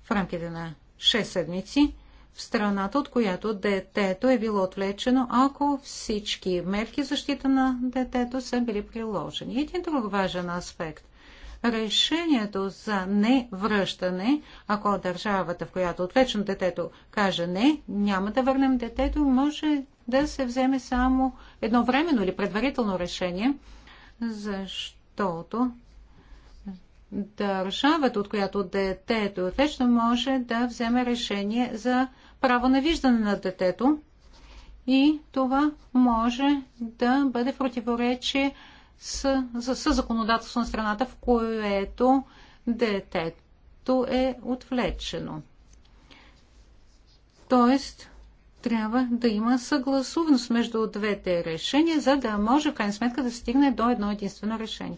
в рамките на 6 седмици в страната, от която детето е било отвлечено, ако всички мерки защита на детето са били приложени. Един друг важен аспект. Решението за невръщане, ако държавата, в която отвлечено детето, каже не, няма да върнем детето, може да се вземе само едновременно или предварително решение, защото държавата, от която детето е отлечно, може да вземе решение за право на виждане на детето. И това може да бъде в противоречие с, с, с законодателство на страната, в което детето е отвлечено. Тоест, трябва да има съгласуваност между двете решения, за да може в крайна сметка да стигне до едно единствено решение.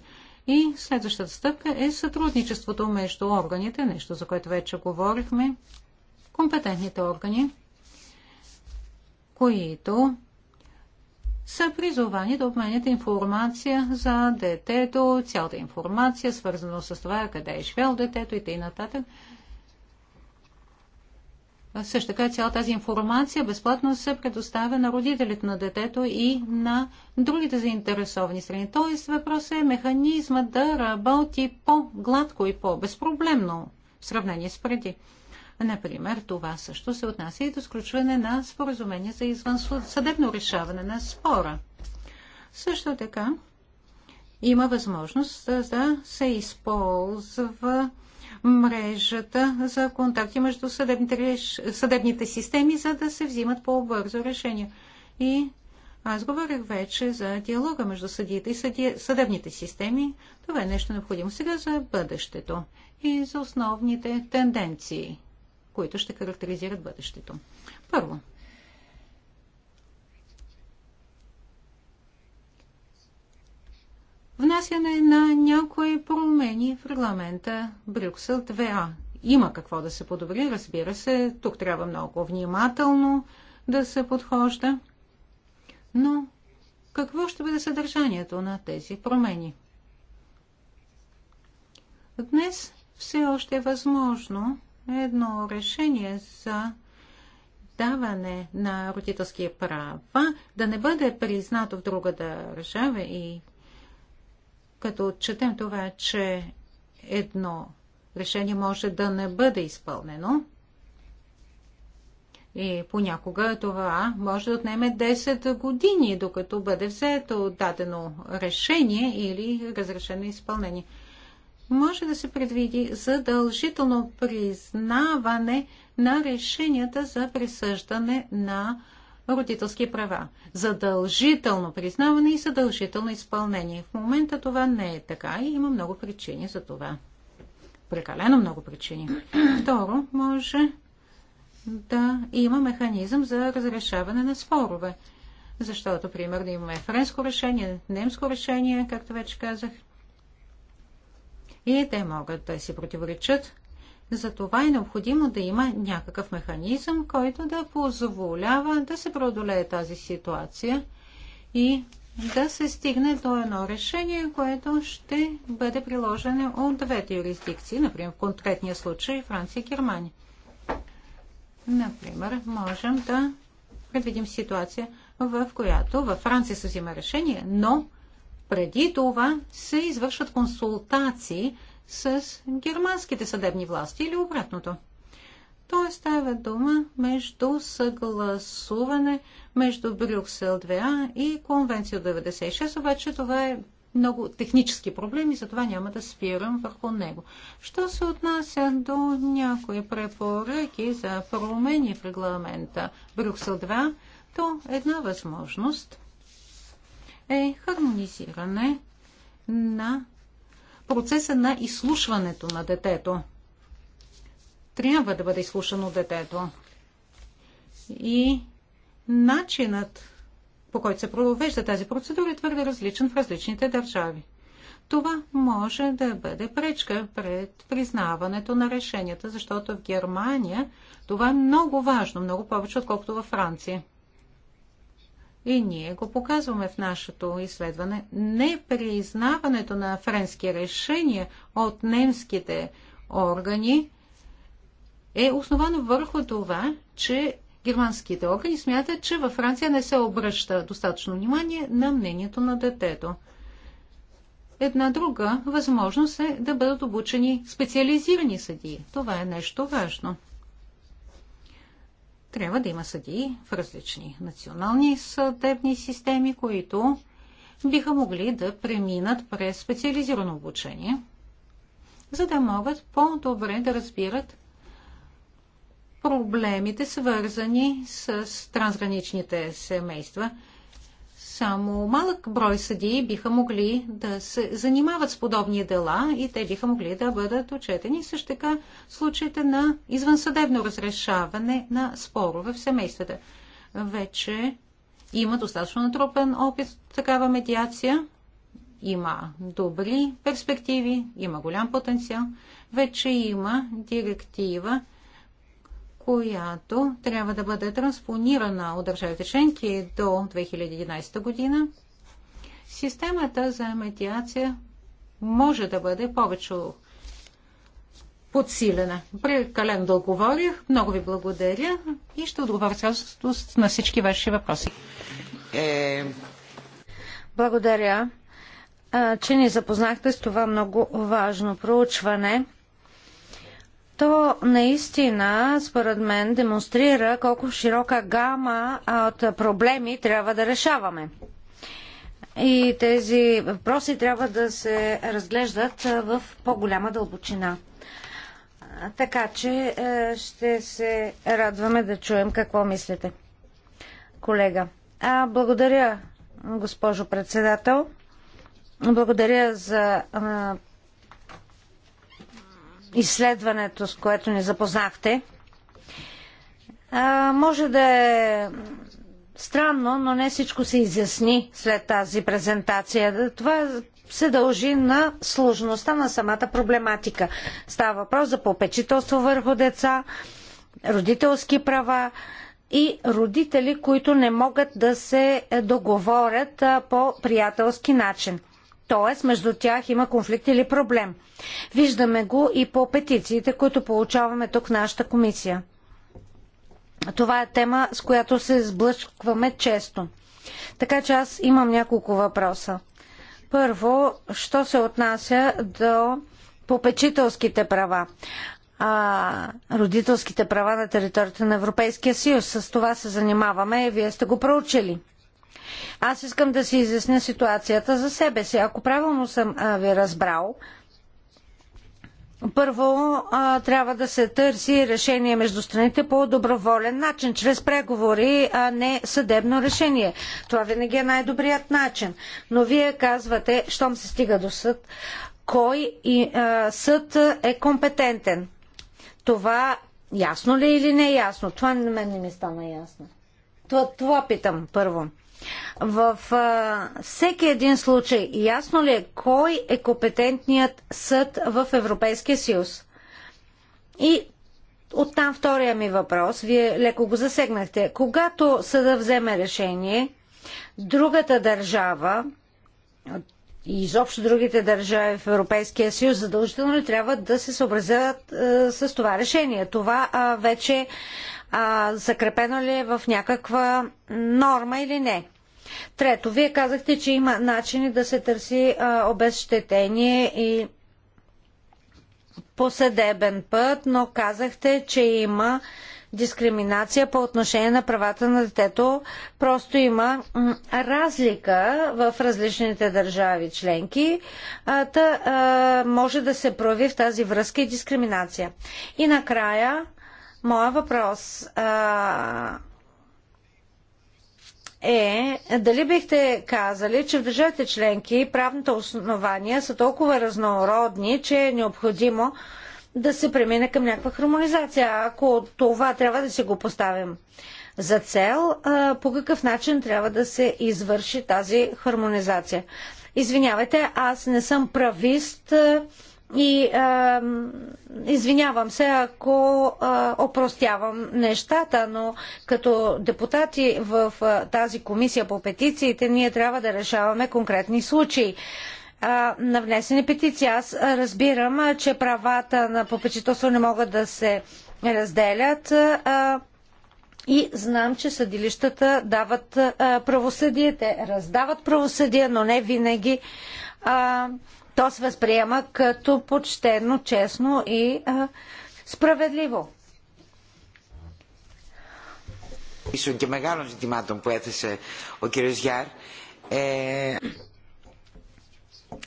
И следващата стъпка е сътрудничеството между органите, нещо за което вече говорихме, компетентните органи, които са призовани да обменят информация за детето, цялата информация, свързано с това къде е швел детето и т.н. Също така цяла тази информация безплатно се предоставя на родителите на детето и на другите заинтересовани страни. Тоест въпросът е механизма да работи по-гладко и по-безпроблемно в сравнение с преди. Например, това също се отнася и до сключване на споразумение за извън съдебно решаване на спора. Също така има възможност да се използва мрежата за контакти между съдебните, съдебните системи, за да се взимат по-бързо решения. И аз говорих вече за диалога между съдиите и съди... съдебните системи. Това е нещо необходимо сега за бъдещето и за основните тенденции, които ще характеризират бъдещето. Първо, внасяне на някои промени в регламента Брюксел 2А. Има какво да се подобри, разбира се, тук трябва много внимателно да се подхожда. Но какво ще бъде съдържанието на тези промени? Днес все още е възможно едно решение за даване на родителски права да не бъде признато в друга държава и като отчетем това, че едно решение може да не бъде изпълнено, и понякога това може да отнеме 10 години, докато бъде взето дадено решение или разрешено изпълнение. Може да се предвиди задължително признаване на решенията за присъждане на родителски права. Задължително признаване и задължително изпълнение. В момента това не е така и има много причини за това. Прекалено много причини. Второ, може да има механизъм за разрешаване на спорове. Защото, примерно, имаме френско решение, немско решение, както вече казах. И те могат да си противоречат, затова е необходимо да има някакъв механизъм, който да позволява да се преодолее тази ситуация и да се стигне до едно решение, което ще бъде приложено от двете юрисдикции, например в конкретния случай Франция и Германия. Например, можем да предвидим ситуация, в която във Франция се взима решение, но преди това се извършват консултации с германските съдебни власти или обратното. Той става дума между съгласуване между Брюксел 2А и Конвенция 96, обаче това е много технически проблеми, затова няма да спирам върху него. Що се отнася до някои препоръки за промени в регламента Брюксел 2, то една възможност е хармонизиране на процеса на изслушването на детето. Трябва да бъде изслушано детето. И начинът, по който се провежда тази процедура, е твърде различен в различните държави. Това може да бъде пречка пред признаването на решенията, защото в Германия това е много важно, много повече, отколкото във Франция. И ние го показваме в нашето изследване. Непризнаването на френски решения от немските органи е основано върху това, че германските органи смятат, че във Франция не се обръща достатъчно внимание на мнението на детето. Една друга възможност е да бъдат обучени специализирани съдии. Това е нещо важно трябва да има съдии в различни национални съдебни системи, които биха могли да преминат през специализирано обучение, за да могат по-добре да разбират проблемите, свързани с трансграничните семейства. Само малък брой съдии биха могли да се занимават с подобни дела и те биха могли да бъдат отчетени също така случаите на извънсъдебно разрешаване на спорове в семействата. Вече има достатъчно натрупен опит такава медиация, има добри перспективи, има голям потенциал. Вече има директива която трябва да бъде транспонирана от държавите членки до 2011 година, системата за медиация може да бъде повече подсилена. Прекален да говорих. Много ви благодаря и ще отговоря на всички ваши въпроси. Е... Благодаря, че ни запознахте с това много важно проучване то наистина, според мен, демонстрира колко широка гама от проблеми трябва да решаваме. И тези въпроси трябва да се разглеждат в по-голяма дълбочина. Така че ще се радваме да чуем какво мислите, колега. А, благодаря, госпожо председател. Благодаря за а, изследването, с което ни запознахте. А, може да е странно, но не всичко се изясни след тази презентация. Това се дължи на сложността на самата проблематика. Става въпрос за попечителство върху деца, родителски права и родители, които не могат да се договорят по приятелски начин т.е. между тях има конфликт или проблем. Виждаме го и по петициите, които получаваме тук в нашата комисия. Това е тема, с която се сблъскваме често. Така че аз имам няколко въпроса. Първо, що се отнася до попечителските права? а, родителските права на територията на Европейския съюз. С това се занимаваме и вие сте го проучили. Аз искам да си изясня ситуацията за себе си. Ако правилно съм а, ви разбрал, първо а, трябва да се търси решение между страните по доброволен начин, чрез преговори, а не съдебно решение. Това винаги е най-добрият начин. Но вие казвате, щом се стига до съд, кой и, а, съд е компетентен. Това ясно ли или не е ясно? Това на мен не ми стана ясно. Това, това питам първо. В а, всеки един случай, ясно ли е кой е компетентният съд в Европейския съюз? И оттам втория ми въпрос, вие леко го засегнахте. Когато съда вземе решение, другата държава, и изобщо другите държави в Европейския съюз задължително ли трябва да се съобразят а, с това решение. Това а, вече а, закрепено ли е в някаква норма или не. Трето, вие казахте, че има начини да се търси а, обезщетение и по съдебен път, но казахте, че има дискриминация по отношение на правата на детето. Просто има разлика в различните държави членки. А, та, а, може да се прояви в тази връзка и дискриминация. И накрая, Моя въпрос а, е дали бихте казали, че в държавите членки правните основания са толкова разнородни, че е необходимо да се премине към някаква хармонизация. Ако това трябва да си го поставим за цел, а, по какъв начин трябва да се извърши тази хармонизация? Извинявайте, аз не съм правист, и а, извинявам се, ако а, опростявам нещата, но като депутати в а, тази комисия по петициите, ние трябва да решаваме конкретни случаи а, на внесени петиции. Аз разбирам, че правата на попечителство не могат да се разделят. А, и знам, че съдилищата дават правосъдие, те раздават правосъдие, но не винаги а, то се възприема като почтено, честно и а, справедливо.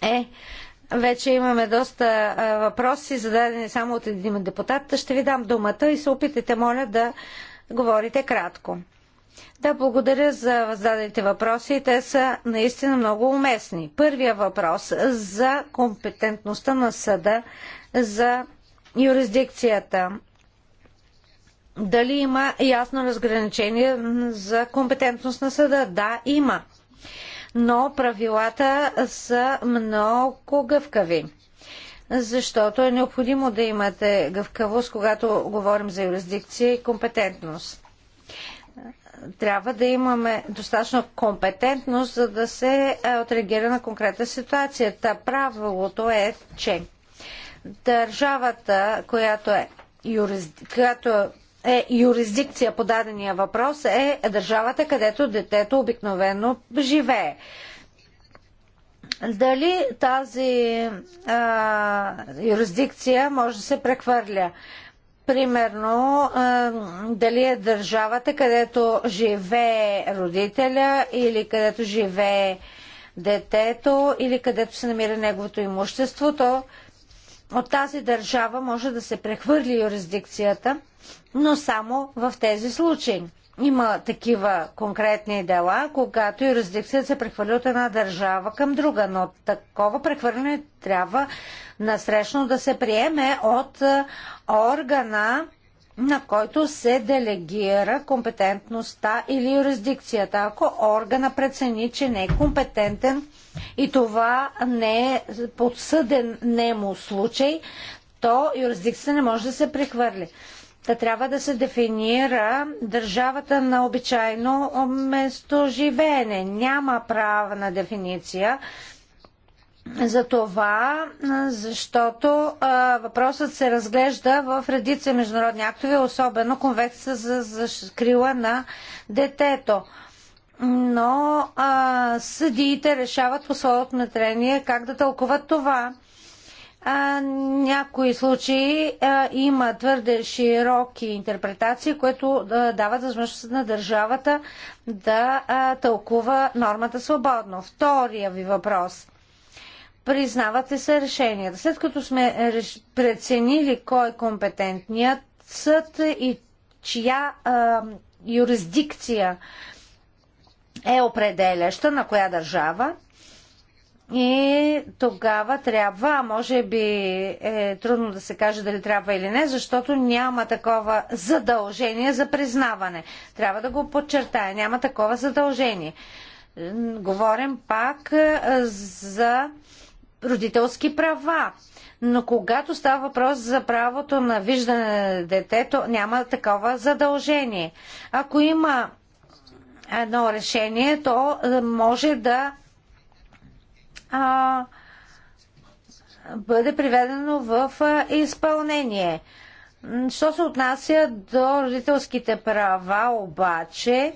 Е, вече имаме доста а, въпроси, зададени само от един депутат. Ще ви дам думата и се опитайте, моля, да говорите кратко. Да, благодаря за зададените въпроси. Те са наистина много уместни. Първия въпрос за компетентността на съда за юрисдикцията. Дали има ясно разграничение за компетентност на съда? Да, има. Но правилата са много гъвкави защото е необходимо да имате гъвкавост, когато говорим за юрисдикция и компетентност трябва да имаме достатъчно компетентност, за да се е, отреагира на конкретна ситуация. Та правилото е, че държавата, която е, юрисди... която е юрисдикция по дадения въпрос, е държавата, където детето обикновено живее. Дали тази а, юрисдикция може да се прехвърля? Примерно, дали е държавата, където живее родителя или където живее детето или където се намира неговото имущество, то от тази държава може да се прехвърли юрисдикцията, но само в тези случаи. Има такива конкретни дела, когато юрисдикцията се прехвърли от една държава към друга, но такова прехвърляне трябва насрещно да се приеме от органа, на който се делегира компетентността или юрисдикцията. Ако органа прецени, че не е компетентен и това не е подсъден нему случай, то юрисдикцията не може да се прехвърли. Та трябва да се дефинира държавата на обичайно место живеене. Няма правна дефиниция за това, защото а, въпросът се разглежда в редица международни актове, особено конвекция за закрила на детето. Но а, съдиите решават по своето отметрение как да тълкуват това а, някои случаи а, има твърде широки интерпретации, което а, дават възможност на държавата да а, тълкува нормата свободно. Втория ви въпрос. Признавате се решенията. След като сме реш... преценили кой е компетентният съд и чия а, юрисдикция е определяща на коя държава, и тогава трябва, а може би е трудно да се каже дали трябва или не, защото няма такова задължение за признаване. Трябва да го подчертая, няма такова задължение. Говорим пак е, за родителски права. Но когато става въпрос за правото на виждане на детето, няма такова задължение. Ако има едно решение, то е, може да а, бъде приведено в изпълнение. Що се отнася до родителските права, обаче,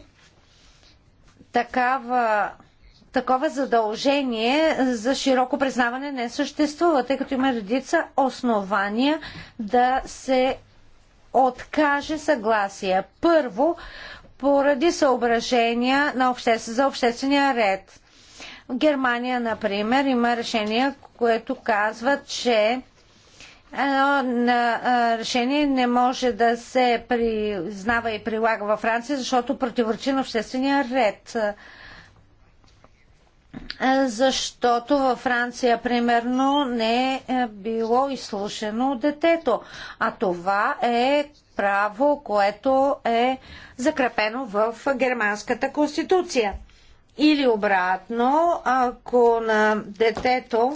такава, такова задължение за широко признаване не съществува, тъй като има редица основания да се откаже съгласие. Първо, поради съображения на обще... за обществения ред. В Германия, например, има решения, което казва, че решение не може да се признава и прилага във Франция, защото противоречи на обществения ред. Защото във Франция, примерно, не е, е било изслушено детето. А това е право, което е закрепено в Германската конституция. Или обратно, ако на детето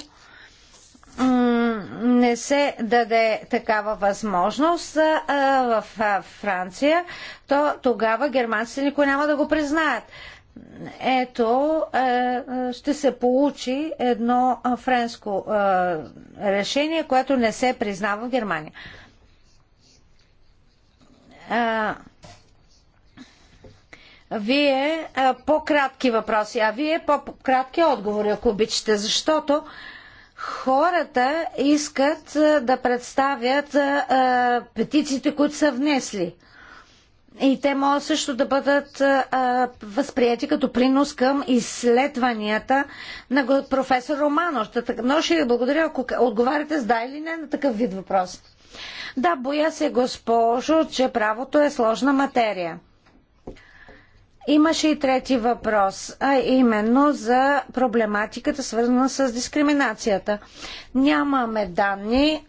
не се даде такава възможност в Франция, то тогава германците никой няма да го признаят. Ето, ще се получи едно френско решение, което не се признава в Германия вие по-кратки въпроси, а вие по-кратки отговори, ако обичате, защото хората искат да представят петициите, които са внесли. И те могат също да бъдат а, възприяти като принос към изследванията на професор Романов. Но ще ви благодаря, ако отговаряте с да или не на такъв вид въпрос. Да, боя се, госпожо, че правото е сложна материя. Имаше и трети въпрос, а именно за проблематиката свързана с дискриминацията. Нямаме данни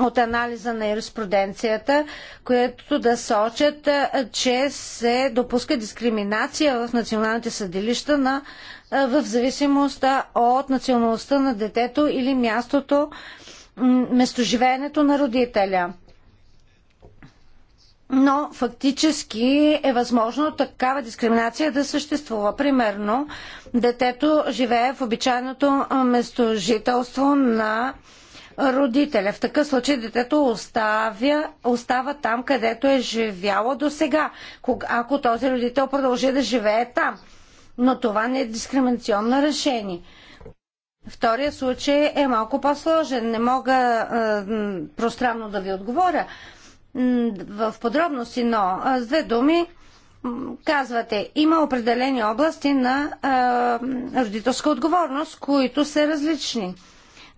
от анализа на юриспруденцията, което да сочат, че се допуска дискриминация в националните съдилища на, в зависимост от националността на детето или мястото, местоживеенето на родителя но фактически е възможно такава дискриминация да съществува. Примерно, детето живее в обичайното местожителство на родителя. В такъв случай детето оставя, остава там, където е живяло до сега, ако този родител продължи да живее там. Но това не е дискриминационно решение. Втория случай е малко по-сложен. Не мога е, пространно да ви отговоря, в подробности, но с две думи казвате, има определени области на а, родителска отговорност, които са различни.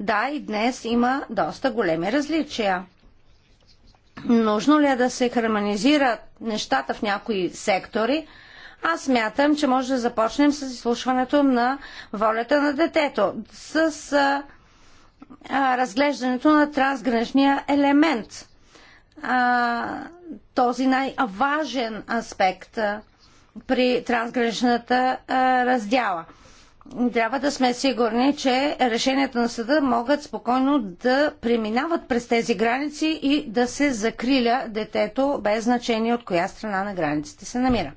Да, и днес има доста големи различия. Нужно ли е да се хармонизират нещата в някои сектори? Аз смятам, че може да започнем с изслушването на волята на детето, с а, а, разглеждането на трансграничния елемент – а, този най-важен аспект а, при трансграничната а, раздяла. Трябва да сме сигурни, че решенията на съда могат спокойно да преминават през тези граници и да се закриля детето без значение от коя страна на границите се намира.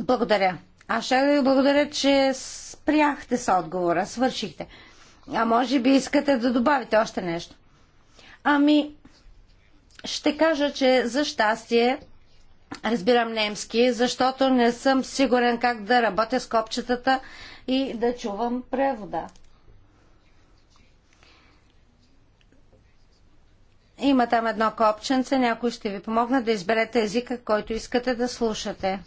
Благодаря. Аз ще ви благодаря, че спряхте с отговора, свършихте. А може би искате да добавите още нещо. Ами, ще кажа, че за щастие разбирам немски, защото не съм сигурен как да работя с копчетата и да чувам превода. Има там едно копченце, някой ще ви помогне да изберете езика, който искате да слушате.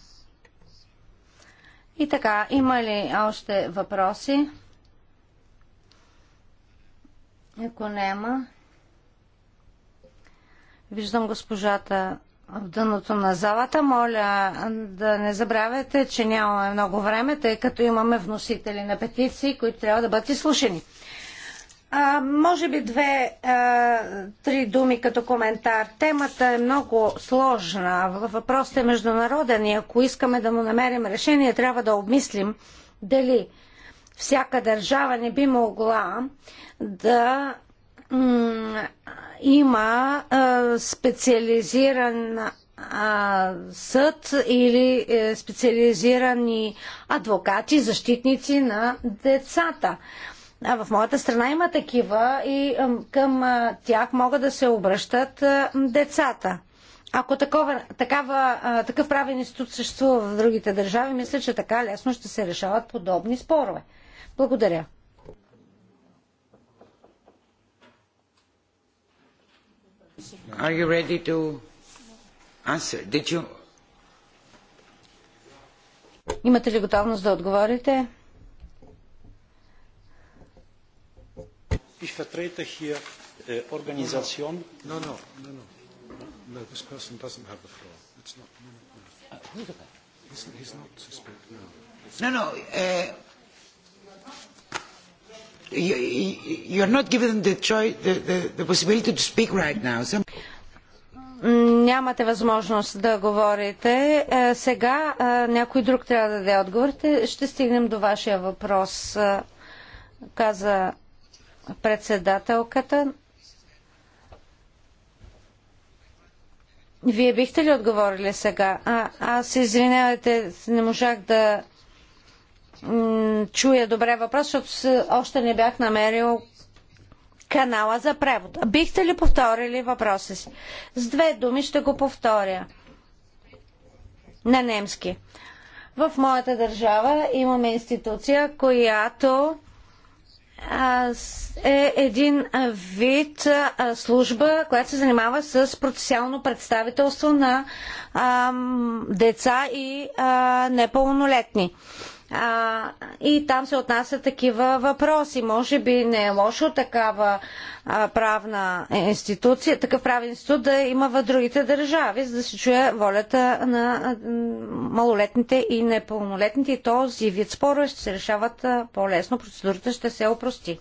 И така, има ли още въпроси? Ако няма, Виждам госпожата в дъното на залата. Моля да не забравяте, че нямаме много време, тъй като имаме вносители на петиции, които трябва да бъдат изслушани. А, може би две, а, три думи като коментар. Темата е много сложна. Въпросът е международен и ако искаме да му намерим решение, трябва да обмислим дали всяка държава не би могла да има специализиран съд или е, специализирани адвокати, защитници на децата. в моята страна има такива и е, към тях могат да се обръщат е, децата. Ако такова, такава, такъв правен институт съществува в другите държави, мисля, че така лесно ще се решават подобни спорове. Благодаря. Are you ready to answer? Did you... Имате ли готовност да отговорите? Ich vertrete hier äh, Organisation. No, no, no, no. No, this person doesn't have the floor. It's not. No, no, no. Uh, who's the guy? He's, he's not suspect. No. No, no. Uh, you, are not given the, choice, the, the, the possibility to speak right now. Some... Нямате възможност да говорите. Е, сега е, някой друг трябва да даде отговорите. Ще стигнем до вашия въпрос, е, каза председателката. Вие бихте ли отговорили сега? А, аз извинявайте, не можах да чуя добре въпрос, защото още не бях намерил канала за превод. Бихте ли повторили въпроса си? С две думи ще го повторя. На немски. В моята държава имаме институция, която е един вид служба, която се занимава с процесиално представителство на деца и непълнолетни а, и там се отнасят такива въпроси. Може би не е лошо такава а, правна институция, такъв правен институт да има в другите държави, за да се чуе волята на малолетните и непълнолетните и този вид спорове ще се решават по-лесно, процедурата ще се опрости.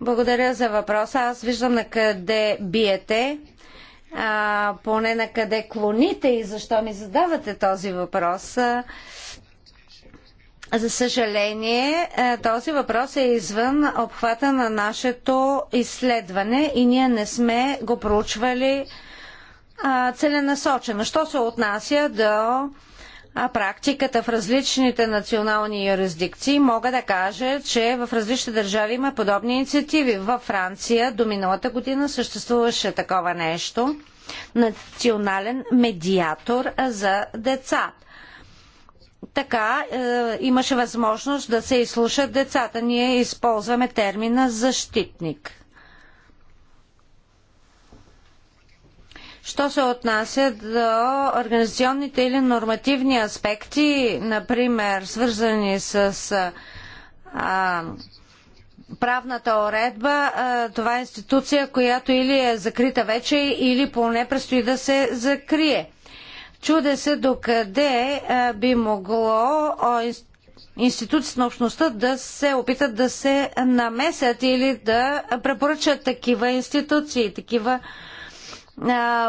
Благодаря за въпроса. Аз виждам на къде биете, а, поне на къде клоните и защо ми задавате този въпрос. За съжаление, е, този въпрос е извън обхвата на нашето изследване и ние не сме го проучвали целенасочено. Що се отнася до а практиката в различните национални юрисдикции, мога да кажа, че в различни държави има подобни инициативи. Във Франция до миналата година съществуваше такова нещо национален медиатор за деца. Така е, имаше възможност да се изслушат децата. Ние използваме термина защитник. Що се отнася до организационните или нормативни аспекти, например, свързани с а, правната уредба, а, това е институция, която или е закрита вече, или поне предстои да се закрие. Чуде се докъде а, би могло институциите на общността да се опитат да се намесят или да препоръчат такива институции, такива а,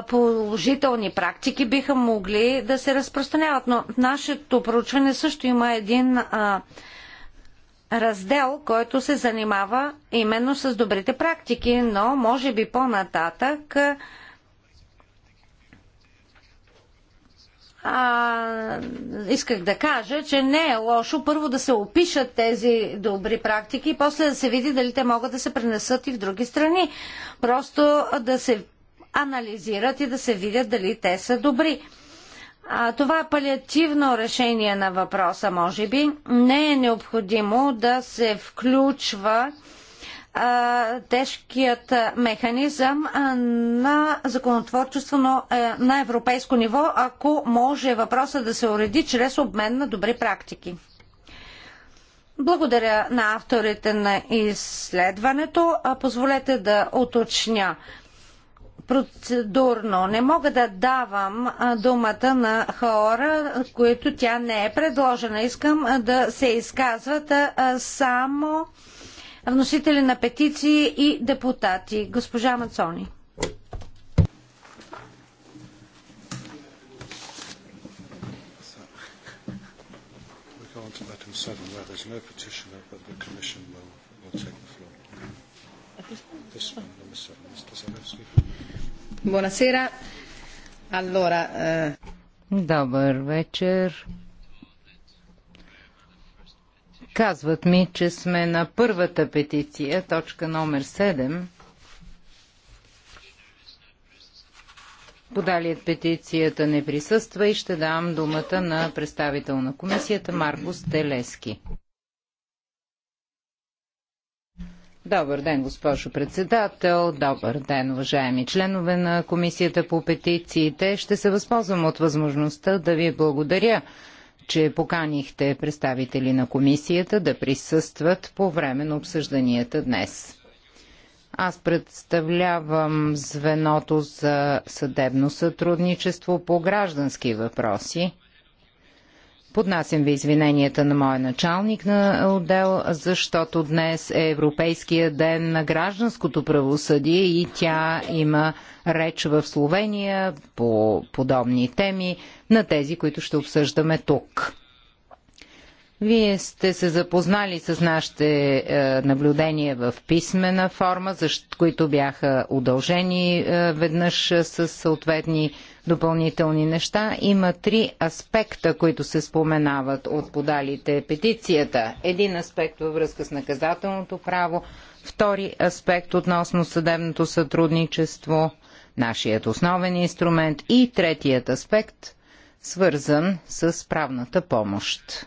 положителни практики биха могли да се разпространяват. Но в нашето проучване също има един а, раздел, който се занимава именно с добрите практики, но може би по-нататък а, исках да кажа, че не е лошо първо да се опишат тези добри практики и после да се види дали те могат да се пренесат и в други страни. Просто да се анализират и да се видят дали те са добри. А, това е палиативно решение на въпроса, може би. Не е необходимо да се включва а, тежкият механизъм а, на законотворчество но, а, е, на европейско ниво, ако може въпроса да се уреди чрез обмен на добри практики. Благодаря на авторите на изследването. А позволете да уточня процедурно. Не мога да давам думата на хора, които тя не е предложена. Искам да се изказват само вносители на петиции и депутати. Госпожа Мацони. This one, number seven, Mr. Buonasera. Allora, eh, Добър вечер. Казват ми, че сме на първата петиция, точка номер 7. Подалият петицията не присъства и ще дам думата на представител на комисията Маркус Телески. Добър ден, госпожо председател. Добър ден, уважаеми членове на Комисията по петициите. Ще се възползвам от възможността да ви благодаря, че поканихте представители на комисията да присъстват по време на обсъжданията днес. Аз представлявам звеното за съдебно сътрудничество по граждански въпроси Поднасям ви извиненията на моя началник на отдел, защото днес е Европейския ден на гражданското правосъдие и тя има реч в Словения по подобни теми на тези, които ще обсъждаме тук. Вие сте се запознали с нашите е, наблюдения в писмена форма, които бяха удължени е, веднъж е, с съответни допълнителни неща. Има три аспекта, които се споменават от подалите петицията. Един аспект във връзка с наказателното право, втори аспект относно съдебното сътрудничество, нашият основен инструмент и третият аспект свързан с правната помощ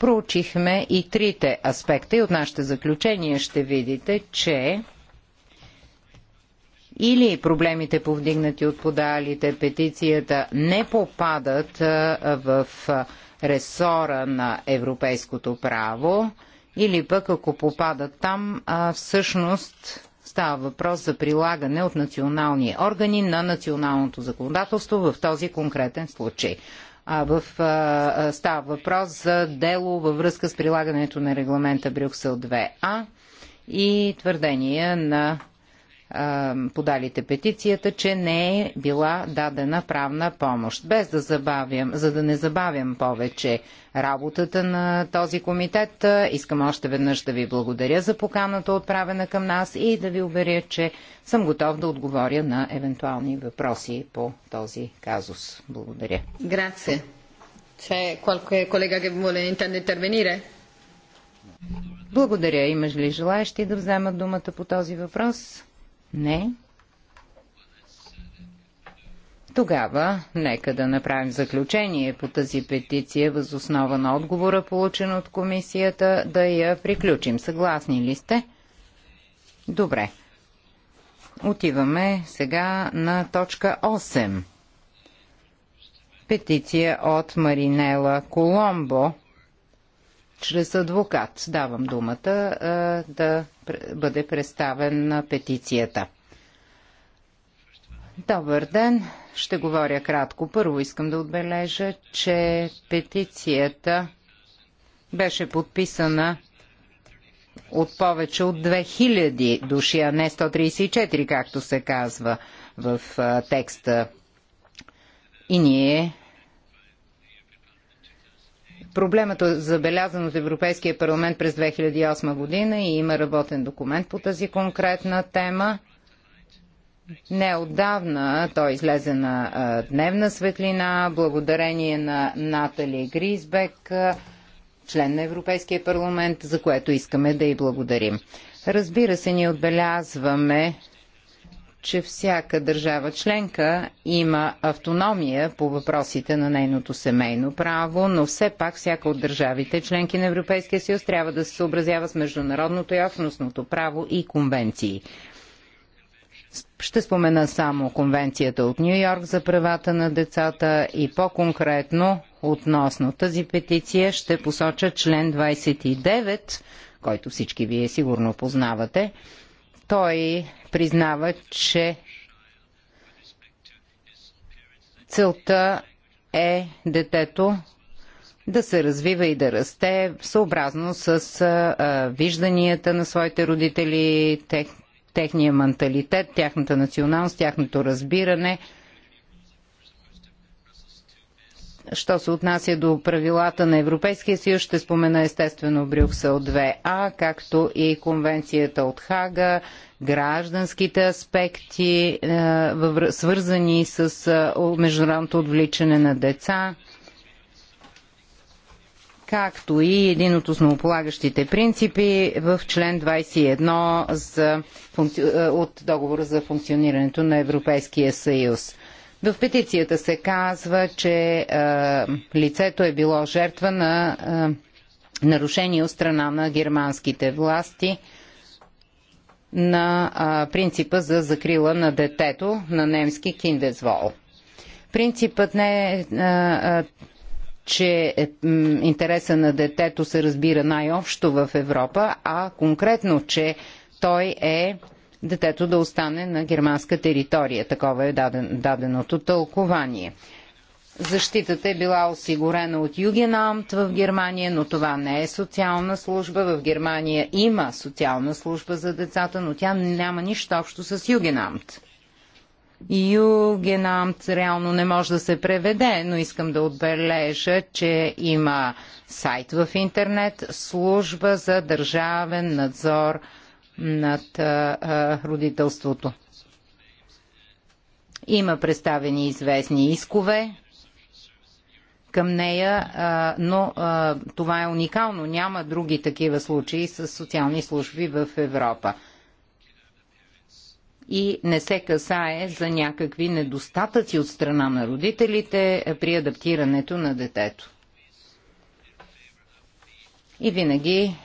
проучихме и трите аспекта и от нашите заключения ще видите, че или проблемите повдигнати от подалите петицията не попадат в ресора на европейското право, или пък ако попадат там, всъщност става въпрос за прилагане от национални органи на националното законодателство в този конкретен случай в, а, става въпрос за дело във връзка с прилагането на регламента Брюксел 2А и твърдения на подалите петицията, че не е била дадена правна помощ. Без да забавям, за да не забавям повече работата на този комитет, искам още веднъж да ви благодаря за поканата отправена към нас и да ви уверя, че съм готов да отговоря на евентуални въпроси по този казус. Благодаря. Грация. Колко qualche е колега che vuole intende intervenire? Благодаря. Имаш ли желаящи да вземат думата по този въпрос? Не. Тогава нека да направим заключение по тази петиция възоснова на отговора, получен от комисията, да я приключим. Съгласни ли сте? Добре. Отиваме сега на точка 8. Петиция от Маринела Коломбо чрез адвокат. Давам думата а, да бъде представен на петицията. Добър ден! Ще говоря кратко. Първо искам да отбележа, че петицията беше подписана от повече от 2000 души, а не 134, както се казва в текста. И ние Проблемът е забелязан от Европейския парламент през 2008 година и има работен документ по тази конкретна тема. Неотдавна той излезе на дневна светлина, благодарение на Натали Гризбек, член на Европейския парламент, за което искаме да й благодарим. Разбира се, ние отбелязваме че всяка държава членка има автономия по въпросите на нейното семейно право, но все пак всяка от държавите членки на Европейския съюз трябва да се съобразява с международното и общностното право и конвенции. Ще спомена само конвенцията от Нью Йорк за правата на децата и по-конкретно относно тази петиция ще посоча член 29, който всички вие сигурно познавате. Той признава, че целта е детето да се развива и да расте съобразно с а, вижданията на своите родители, тех, техния менталитет, тяхната националност, тяхното разбиране. Що се отнася до правилата на Европейския съюз, ще спомена естествено Брюксел 2А, както и конвенцията от Хага гражданските аспекти, е, свързани с е, международното отвличане на деца, както и един от основополагащите принципи в член 21 за функци... Е, от договора за функционирането на Европейския съюз. В петицията се казва, че е, лицето е било жертва на е, нарушение от страна на германските власти – на а, принципа за закрила на детето на немски киндезвол. Принципът не е, а, а, че е, м, интереса на детето се разбира най-общо в Европа, а конкретно, че той е детето да остане на германска територия. Такова е даден, даденото тълкование. Защитата е била осигурена от Югенамт в Германия, но това не е социална служба. В Германия има социална служба за децата, но тя няма нищо общо с Югенамт. Югенамт реално не може да се преведе, но искам да отбележа, че има сайт в интернет, служба за държавен надзор над а, а, родителството. Има представени известни искове към нея, а, но а, това е уникално. Няма други такива случаи с социални служби в Европа. И не се касае за някакви недостатъци от страна на родителите при адаптирането на детето. И винаги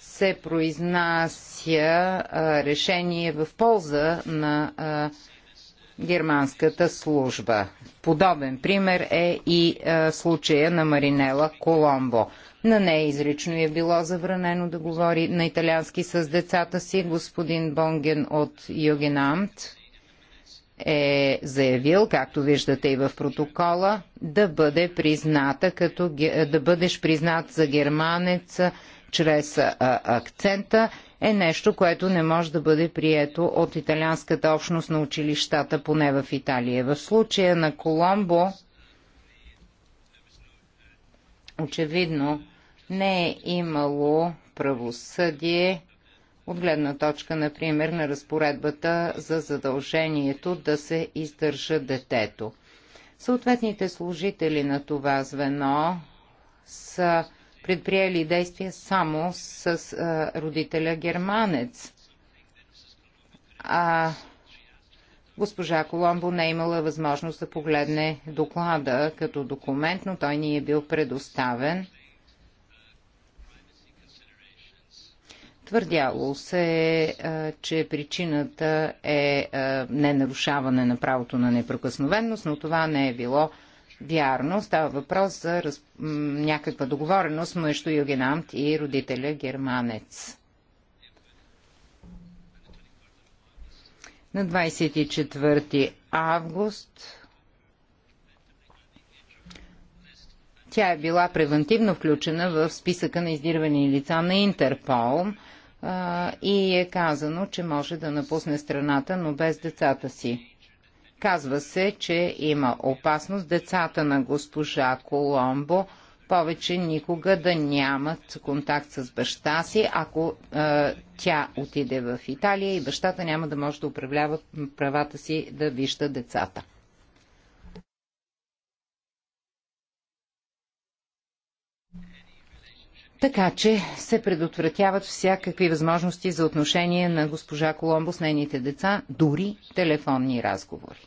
се произнася решение в полза на а, германската служба. Подобен пример е и е, случая на Маринела Коломбо. На нея изрично е било забранено да говори на италиански с децата си. Господин Бонген от Югенамт е заявил, както виждате и в протокола, да бъде призната като да бъдеш признат за германец чрез а, акцента е нещо, което не може да бъде прието от италианската общност на училищата, поне в Италия. В случая на Коломбо, очевидно, не е имало правосъдие от гледна точка, например, на разпоредбата за задължението да се издържа детето. Съответните служители на това звено са предприели действия само с а, родителя германец. А госпожа Коломбо не е имала възможност да погледне доклада като документ, но той ни е бил предоставен. Твърдяло се, че причината е ненарушаване на правото на непрекъсновенност, но това не е било Вярно, става въпрос за раз... някаква договореност между Югенамт и родителя германец. На 24 август тя е била превентивно включена в списъка на издирвани лица на Интерпол а, и е казано, че може да напусне страната, но без децата си. Казва се, че има опасност децата на госпожа Коломбо повече никога да нямат контакт с баща си, ако е, тя отиде в Италия и бащата няма да може да управлява правата си да вижда децата. Така че се предотвратяват всякакви възможности за отношение на госпожа Коломбо с нейните деца, дори телефонни разговори.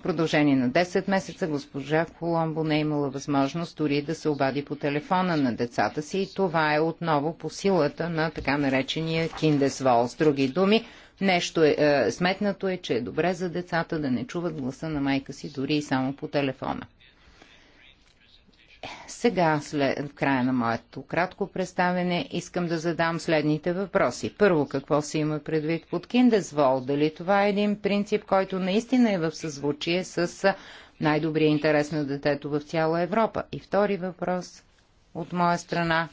В продължение на 10 месеца госпожа Коломбо не е имала възможност дори да се обади по телефона на децата си и това е отново по силата на така наречения киндесвол. С други думи, нещо е, е, сметнато е, че е добре за децата да не чуват гласа на майка си дори и само по телефона. Сега, след, в края на моето кратко представене, искам да задам следните въпроси. Първо, какво се има предвид под Киндезвол? Дали това е един принцип, който наистина е в съзвучие с най-добрия интерес на детето в цяла Европа? И втори въпрос от моя страна.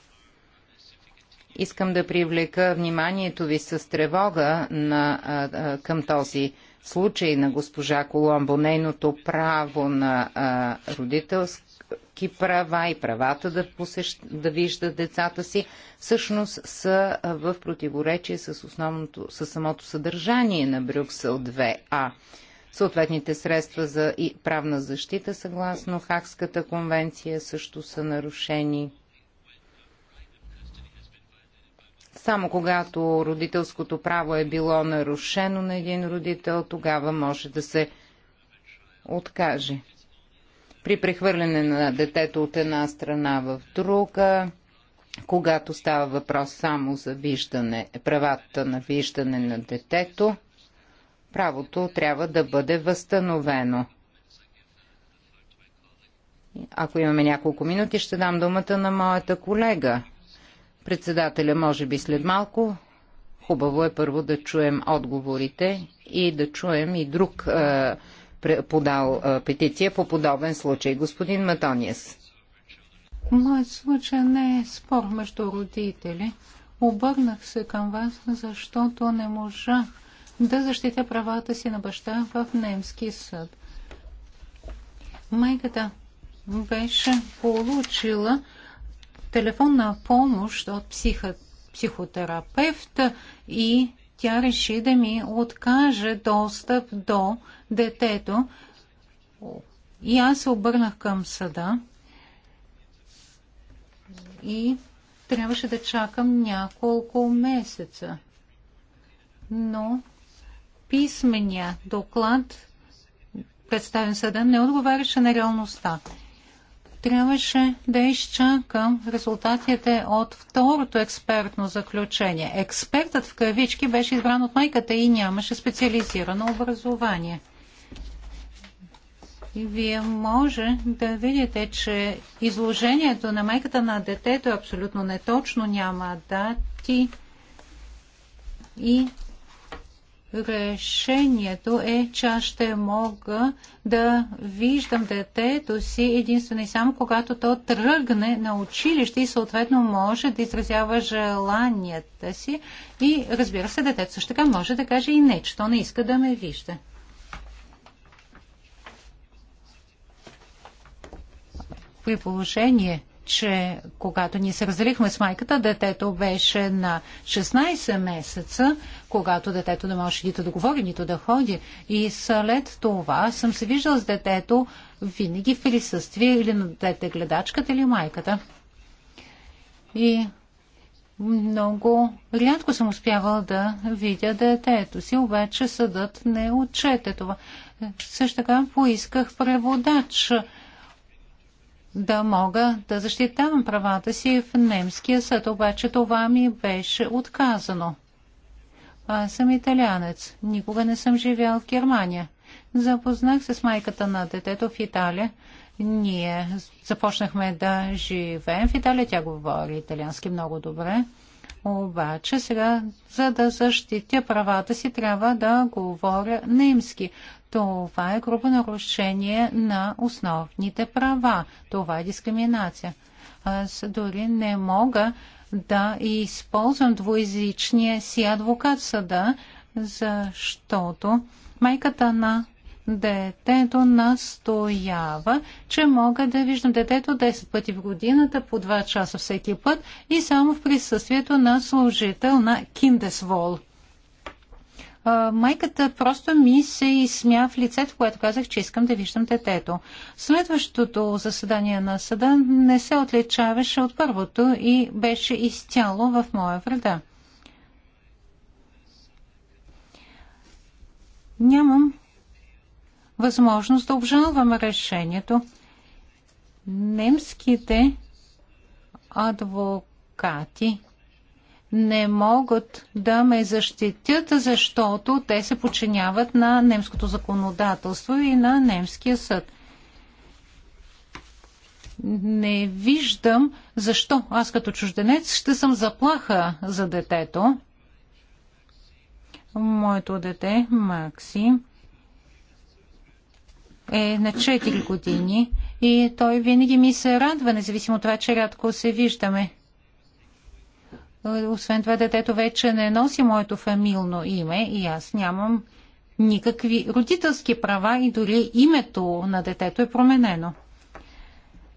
Искам да привлека вниманието ви с тревога на, а, а, към този случай на госпожа Коломбо, нейното право на а, родителск всички права и правата да, посещ... да виждат децата си, всъщност са в противоречие с, основното... с самото съдържание на Брюксел 2А. Съответните средства за и правна защита, съгласно Хакската конвенция, също са нарушени. Само когато родителското право е било нарушено на един родител, тогава може да се откаже при прехвърляне на детето от една страна в друга, когато става въпрос само за виждане, правата на виждане на детето, правото трябва да бъде възстановено. Ако имаме няколко минути, ще дам думата на моята колега. Председателя, може би след малко. Хубаво е първо да чуем отговорите и да чуем и друг е, подал петиция по подобен случай. Господин Матониес. Моят случай не е спор между родители. Обърнах се към вас, защото не можа да защитя правата си на баща в немски съд. Майката беше получила телефонна помощ от психа, психотерапевта и тя реши да ми откаже достъп до детето. И аз се обърнах към съда и трябваше да чакам няколко месеца. Но писменя доклад, представен съда, не отговаряше на реалността. Трябваше да изчакам резултатите от второто експертно заключение. Експертът в кавички беше избран от майката и нямаше специализирано образование вие може да видите, че изложението на майката на детето е абсолютно неточно, няма дати и решението е, че аз ще мога да виждам детето си единствено и само когато то тръгне на училище и съответно може да изразява желанията си и разбира се, детето също така може да каже и не, че то не иска да ме вижда. при положение, че когато ни се разделихме с майката, детето беше на 16 месеца, когато детето не можеше нито да говори, нито да ходи. И след това съм се виждал с детето винаги в присъствие или на дете гледачката или майката. И много рядко съм успявал да видя детето си, обаче съдът не отчете това. Също така поисках преводач да мога да защитавам правата си в немския съд, обаче това ми беше отказано. Аз съм италянец. Никога не съм живял в Германия. Запознах се с майката на детето в Италия. Ние започнахме да живеем в Италия. Тя говори италиански много добре. Обаче сега, за да защитя правата си, трябва да говоря немски. Това е грубо нарушение на основните права. Това е дискриминация. Аз дори не мога да използвам двоязичния си адвокат в съда, защото майката на детето настоява, че мога да виждам детето 10 пъти в годината, по 2 часа всеки път и само в присъствието на служител на Киндесвол майката просто ми се изсмя в лицето, което казах, че искам да виждам детето. Следващото заседание на съда не се отличаваше от първото и беше изцяло в моя вреда. Нямам възможност да обжалвам решението. Немските адвокати не могат да ме защитят, защото те се подчиняват на немското законодателство и на немския съд. Не виждам защо аз като чужденец ще съм заплаха за детето. Моето дете, Макси, е на 4 години и той винаги ми се радва, независимо от това, че рядко се виждаме. Освен това, детето вече не носи моето фамилно име и аз нямам никакви родителски права и дори името на детето е променено.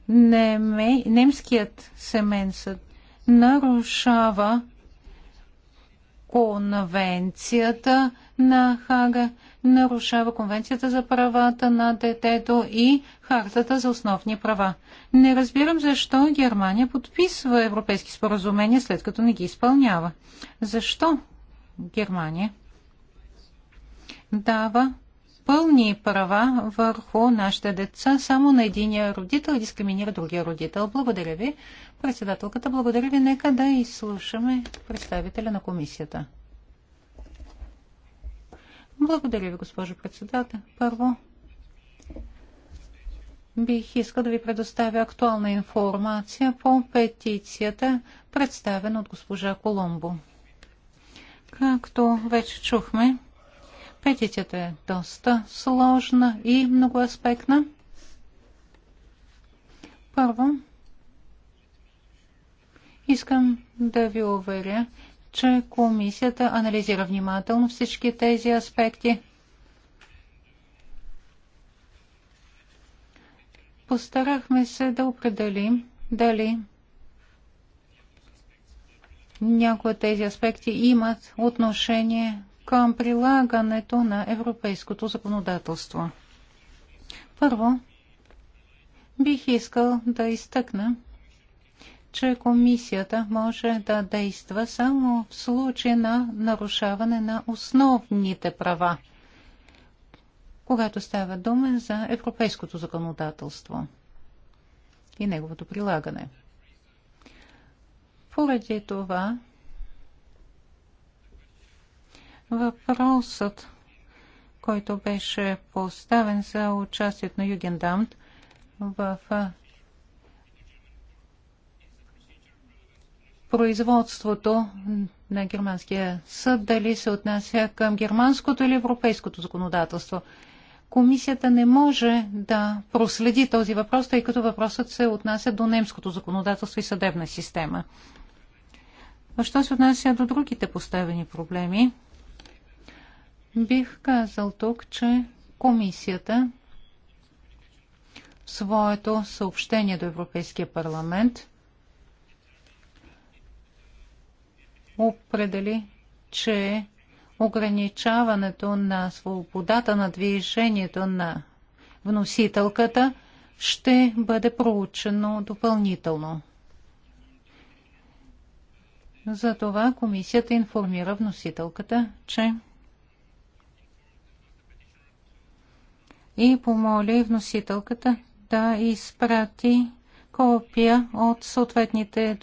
Неме, немският семен съд нарушава конвенцията на Хага нарушава Конвенцията за правата на детето и Хартата за основни права. Не разбирам защо Германия подписва европейски споразумения, след като не ги изпълнява. Защо Германия дава пълни права върху нашите деца само на единия родител и дискриминира другия родител. Благодаря ви, председателката. Благодаря ви. Нека да изслушаме представителя на комисията. Благодаря ви, госпожо председател. Първо, бих искал да ви предоставя актуална информация по петицията, представена от госпожа Коломбо. Както вече чухме, петицията е доста сложна и многоаспектна. Първо, искам да ви уверя, че комисията анализира внимателно всички тези аспекти. Постарахме се да определим дали някои от тези аспекти имат отношение към прилагането на европейското законодателство. Първо, бих искал да изтъкна, че комисията може да действа само в случай на нарушаване на основните права, когато става дума за европейското законодателство и неговото прилагане. Поради това въпросът, който беше поставен за участието на Югендамт в производството на германския съд, дали се отнася към германското или европейското законодателство. Комисията не може да проследи този въпрос, тъй като въпросът се отнася до немското законодателство и съдебна система. А що се отнася до другите поставени проблеми, бих казал тук, че комисията в своето съобщение до Европейския парламент – определи, че ограничаването на свободата на движението на вносителката ще бъде проучено допълнително. Затова комисията информира вносителката, че и помоли вносителката да изпрати копия от съответните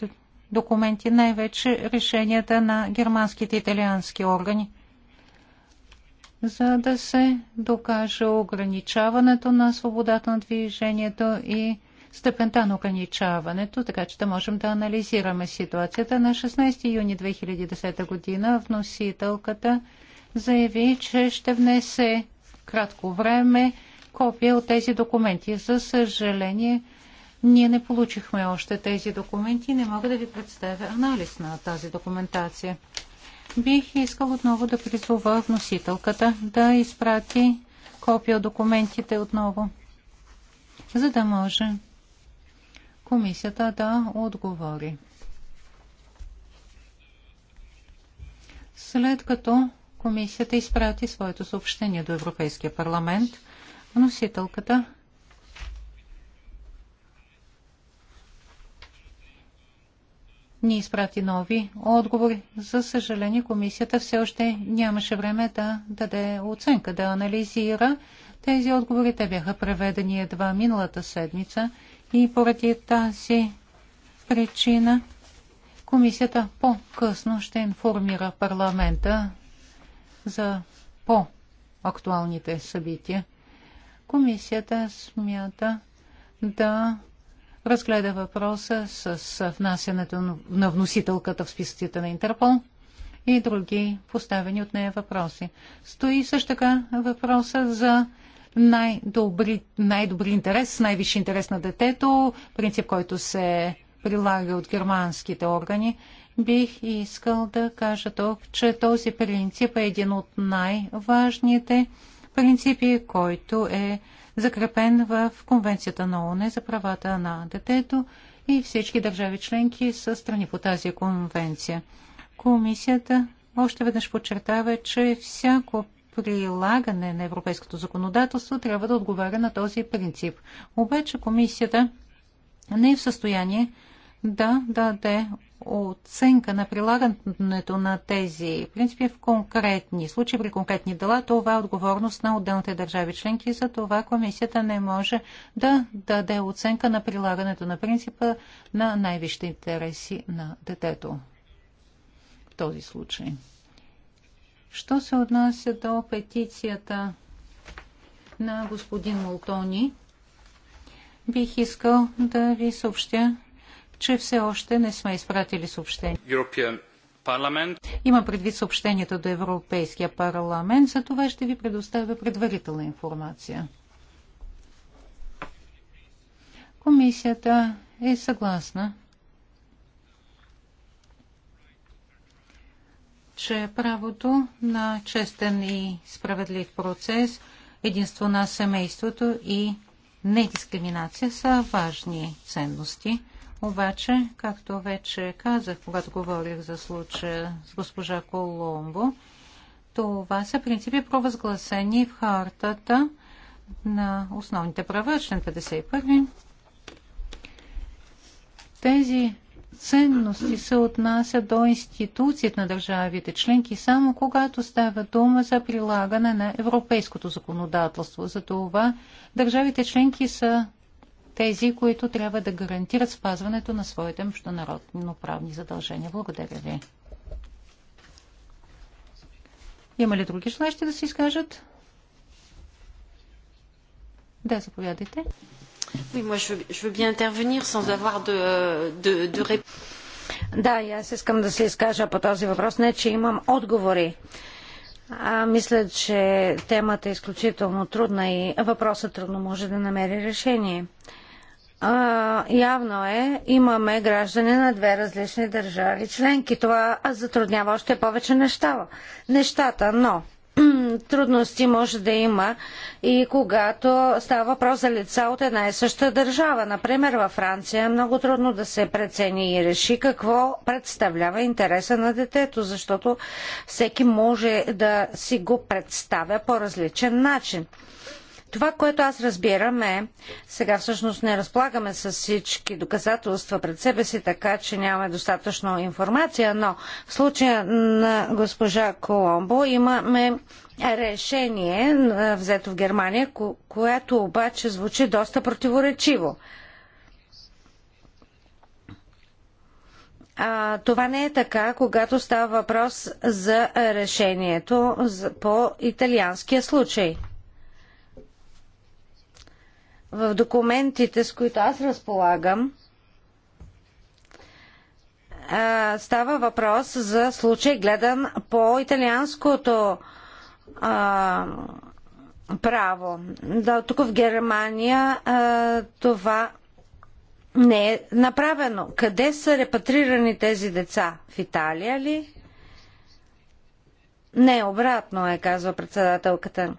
документи, най-вече решенията на германските и италиански органи, за да се докаже ограничаването на свободата на движението и степента на ограничаването, така че да можем да анализираме ситуацията. На 16 юни 2010 година вносителката заяви, че ще внесе в кратко време копия от тези документи. За съжаление, ние не получихме още тези документи и не мога да ви представя анализ на тази документация. Бих искал отново да призова вносителката да изпрати копия от документите отново, за да може комисията да отговори. След като комисията изпрати своето съобщение до Европейския парламент, вносителката ни изпрати нови отговори. За съжаление, комисията все още нямаше време да даде оценка, да анализира тези отговори. Те бяха преведени едва миналата седмица и поради тази причина комисията по-късно ще информира парламента за по-актуалните събития. Комисията смята да разгледа въпроса с внасянето на вносителката в списъците на Интерпол и други поставени от нея въпроси. Стои също така въпроса за най-добри, най-добри интерес, най висши интерес на детето, принцип, който се прилага от германските органи. Бих искал да кажа тук, че този принцип е един от най-важните принципи, който е закрепен в Конвенцията на ООН за правата на детето и всички държави членки са страни по тази конвенция. Комисията още веднъж подчертава, че всяко прилагане на европейското законодателство трябва да отговаря на този принцип. Обаче комисията не е в състояние да даде оценка на прилагането на тези принципи в конкретни случаи, при конкретни дела, това е отговорност на отделните държави членки. За това комисията не може да даде оценка на прилагането на принципа на най вищите интереси на детето в този случай. Що се отнася до петицията на господин Молтони, бих искал да ви съобщя, че все още не сме изпратили съобщение. Има предвид съобщението до Европейския парламент, за това ще ви предоставя предварителна информация. Комисията е съгласна, че правото на честен и справедлив процес, единство на семейството и недискриминация са важни ценности – обаче, както вече казах, когато говорих за случая с госпожа Коломбо, това са принципи провъзгласени в хартата на основните права, член 51. Тези ценности се отнасят до институциите на държавите членки само когато става дума за прилагане на европейското законодателство. За това държавите членки са тези, които трябва да гарантират спазването на своите международно правни задължения. Благодаря ви. Има ли други желащи да се изкажат? Да, заповядайте. Oui, moi je je veux bien intervenir sans avoir de, de, de Да, и аз искам да се изкажа по този въпрос. Не, че имам отговори. А, мисля, че темата е изключително трудна и въпросът трудно може да намери решение а, явно е, имаме граждани на две различни държави членки. Това затруднява още повече нещава. нещата, но трудности може да има и когато става въпрос за лица от една и съща държава. Например, във Франция е много трудно да се прецени и реши какво представлява интереса на детето, защото всеки може да си го представя по различен начин. Това, което аз разбирам е, сега всъщност не разполагаме с всички доказателства пред себе си, така че нямаме достатъчно информация, но в случая на госпожа Коломбо имаме решение, е, взето в Германия, което обаче звучи доста противоречиво. А, това не е така, когато става въпрос за решението по италианския случай в документите, с които аз разполагам, става въпрос за случай гледан по италианското право. Да, тук в Германия това не е направено. Къде са репатрирани тези деца? В Италия ли? Не, обратно е, казва председателката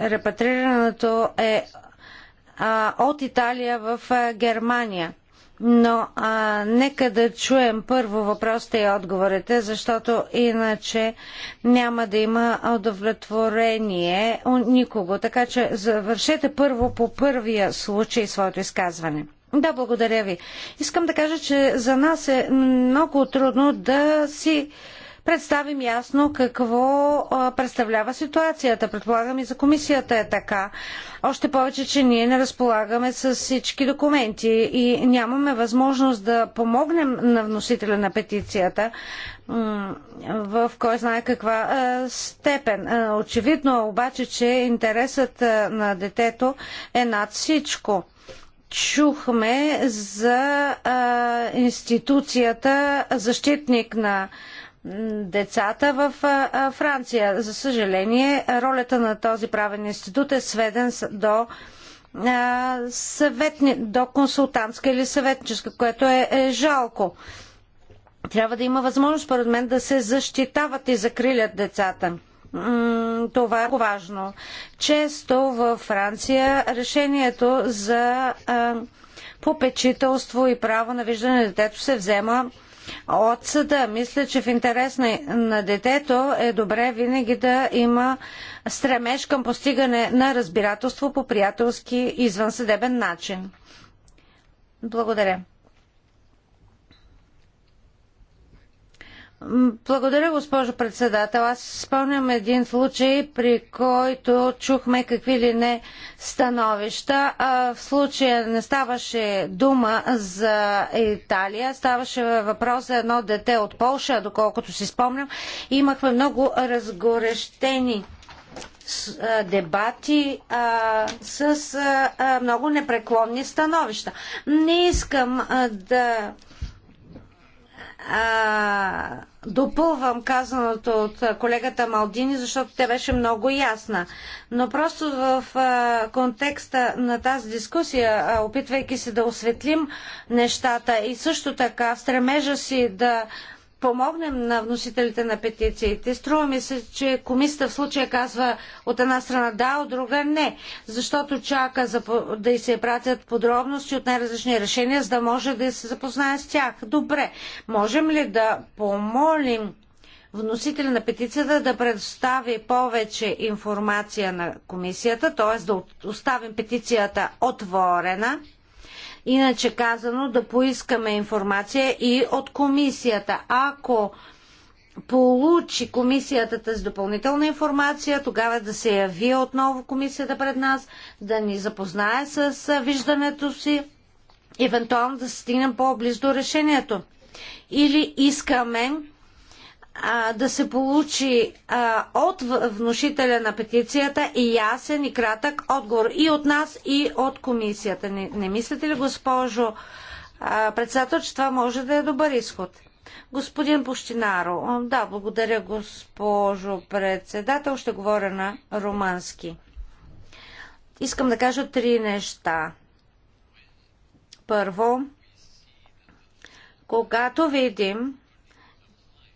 репатрирането е а, от Италия в а, Германия. Но а, нека да чуем първо въпросите и отговорите, защото иначе няма да има удовлетворение у никого. Така че завършете първо по първия случай своето изказване. Да, благодаря ви. Искам да кажа, че за нас е много трудно да си представим ясно какво представлява ситуацията. Предполагам и за комисията е така. Още повече, че ние не разполагаме с всички документи и нямаме възможност да помогнем на вносителя на петицията в кой знае каква степен. Очевидно е обаче, че интересът на детето е над всичко чухме за а, институцията защитник на децата в Франция. За съжаление, ролята на този правен институт е сведен до съветни, до консултантска или съветническа, което е, е жалко. Трябва да има възможност, според мен, да се защитават и закрилят децата. Това е важно. Често във Франция решението за попечителство и право на виждане на детето се взема от съда. Мисля, че в интерес на, на детето е добре винаги да има стремеж към постигане на разбирателство по приятелски извънсъдебен начин. Благодаря. Благодаря, госпожо председател. Аз спомням един случай, при който чухме какви ли не становища. А в случая не ставаше дума за Италия, ставаше въпрос за едно дете от Полша, доколкото си спомням. Имахме много разгорещени дебати а, с а, много непреклонни становища. Не искам а, да а, допълвам казаното от колегата Малдини, защото тя беше много ясна. Но просто в контекста на тази дискусия, опитвайки се да осветлим нещата и също така в стремежа си да помогнем на вносителите на петициите. Струва ми се, че комисията в случая казва от една страна да, от друга не, защото чака за, да й се пратят подробности от най-различни решения, за да може да се запознае с тях. Добре, можем ли да помолим вносителя на петицията да предостави повече информация на комисията, т.е. да оставим петицията отворена – Иначе казано, да поискаме информация и от комисията. Ако получи комисията тази допълнителна информация, тогава да се яви отново комисията пред нас, да ни запознае с виждането си, евентуално да стигнем по-близо до решението. Или искаме а, да се получи а, от вносителя на петицията и ясен и кратък отговор и от нас, и от комисията. Не, не мислите ли, госпожо а, председател, че това може да е добър изход? Господин Пощинаро, да, благодаря, госпожо председател, ще говоря на румански. Искам да кажа три неща. Първо, когато видим,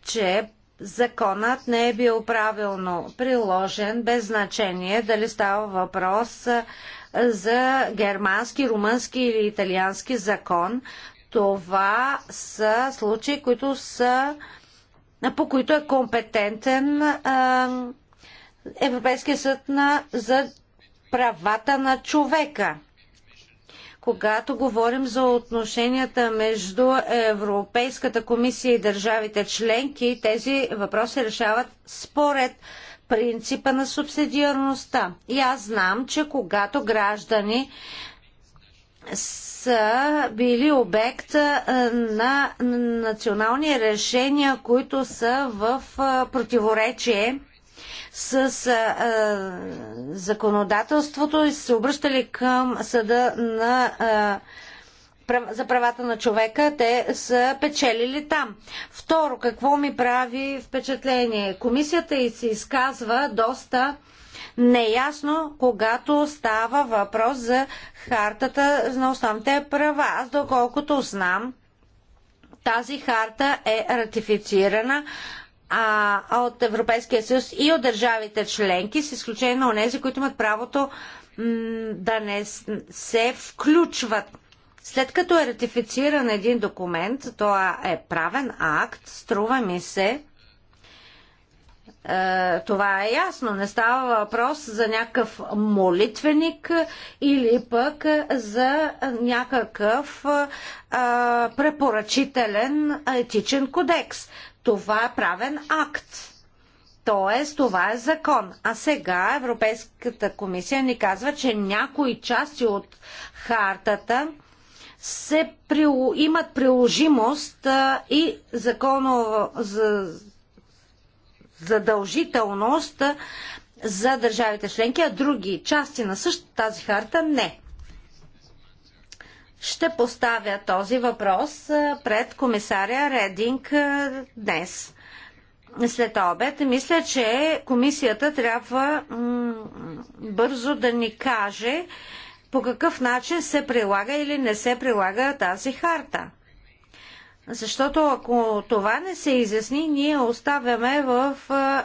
че законът не е бил правилно приложен, без значение дали става въпрос за германски, румънски или италиански закон. Това са случаи, които са, по които е компетентен Европейския съд на, за правата на човека когато говорим за отношенията между Европейската комисия и държавите членки, тези въпроси решават според принципа на субсидиарността. И аз знам, че когато граждани са били обект на национални решения, които са в противоречие с законодателството и се обръщали към съда на за правата на човека, те са печелили там. Второ, какво ми прави впечатление? Комисията и се изказва доста неясно, когато става въпрос за хартата на основните права. Аз доколкото знам, тази харта е ратифицирана а, от Европейския съюз и от държавите членки, с изключение на онези, които имат правото да не се включват. След като е ратифициран един документ, това е правен акт, струва ми се, е, това е ясно. Не става въпрос за някакъв молитвеник или пък за някакъв а, е, препоръчителен етичен кодекс това е правен акт. Тоест, това е закон. А сега Европейската комисия ни казва, че някои части от хартата се при... имат приложимост а, и законно за... задължителност а, за държавите членки, а други части на същата тази харта не ще поставя този въпрос пред комисаря Рединг днес. След обед, мисля, че комисията трябва бързо да ни каже по какъв начин се прилага или не се прилага тази харта. Защото ако това не се изясни, ние оставяме в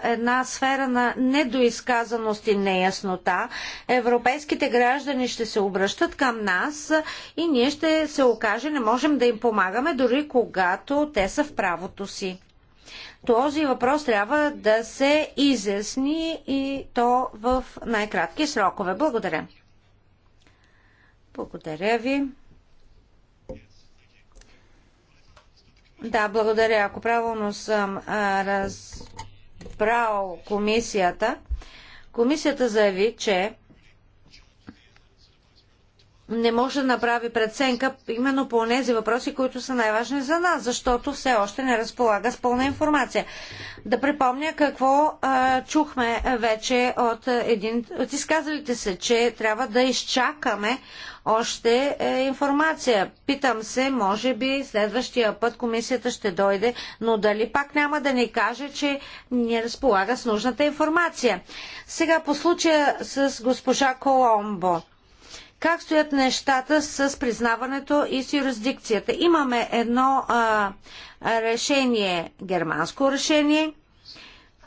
една сфера на недоизказаност и неяснота. Европейските граждани ще се обръщат към нас и ние ще се окаже, не можем да им помагаме, дори когато те са в правото си. Този въпрос трябва да се изясни и то в най-кратки срокове. Благодаря. Благодаря ви. Да, благодаря. Ако правилно съм а, разбрал комисията, комисията заяви, че не може да направи преценка именно по тези въпроси, които са най-важни за нас, защото все още не разполага с пълна информация. Да припомня какво а, чухме вече от един от изказалите се, че трябва да изчакаме още е, информация. Питам се, може би следващия път комисията ще дойде, но дали пак няма да ни каже, че не разполага с нужната информация. Сега по случая с госпожа Коломбо. Как стоят нещата с признаването и с юрисдикцията? Имаме едно а, решение, германско решение,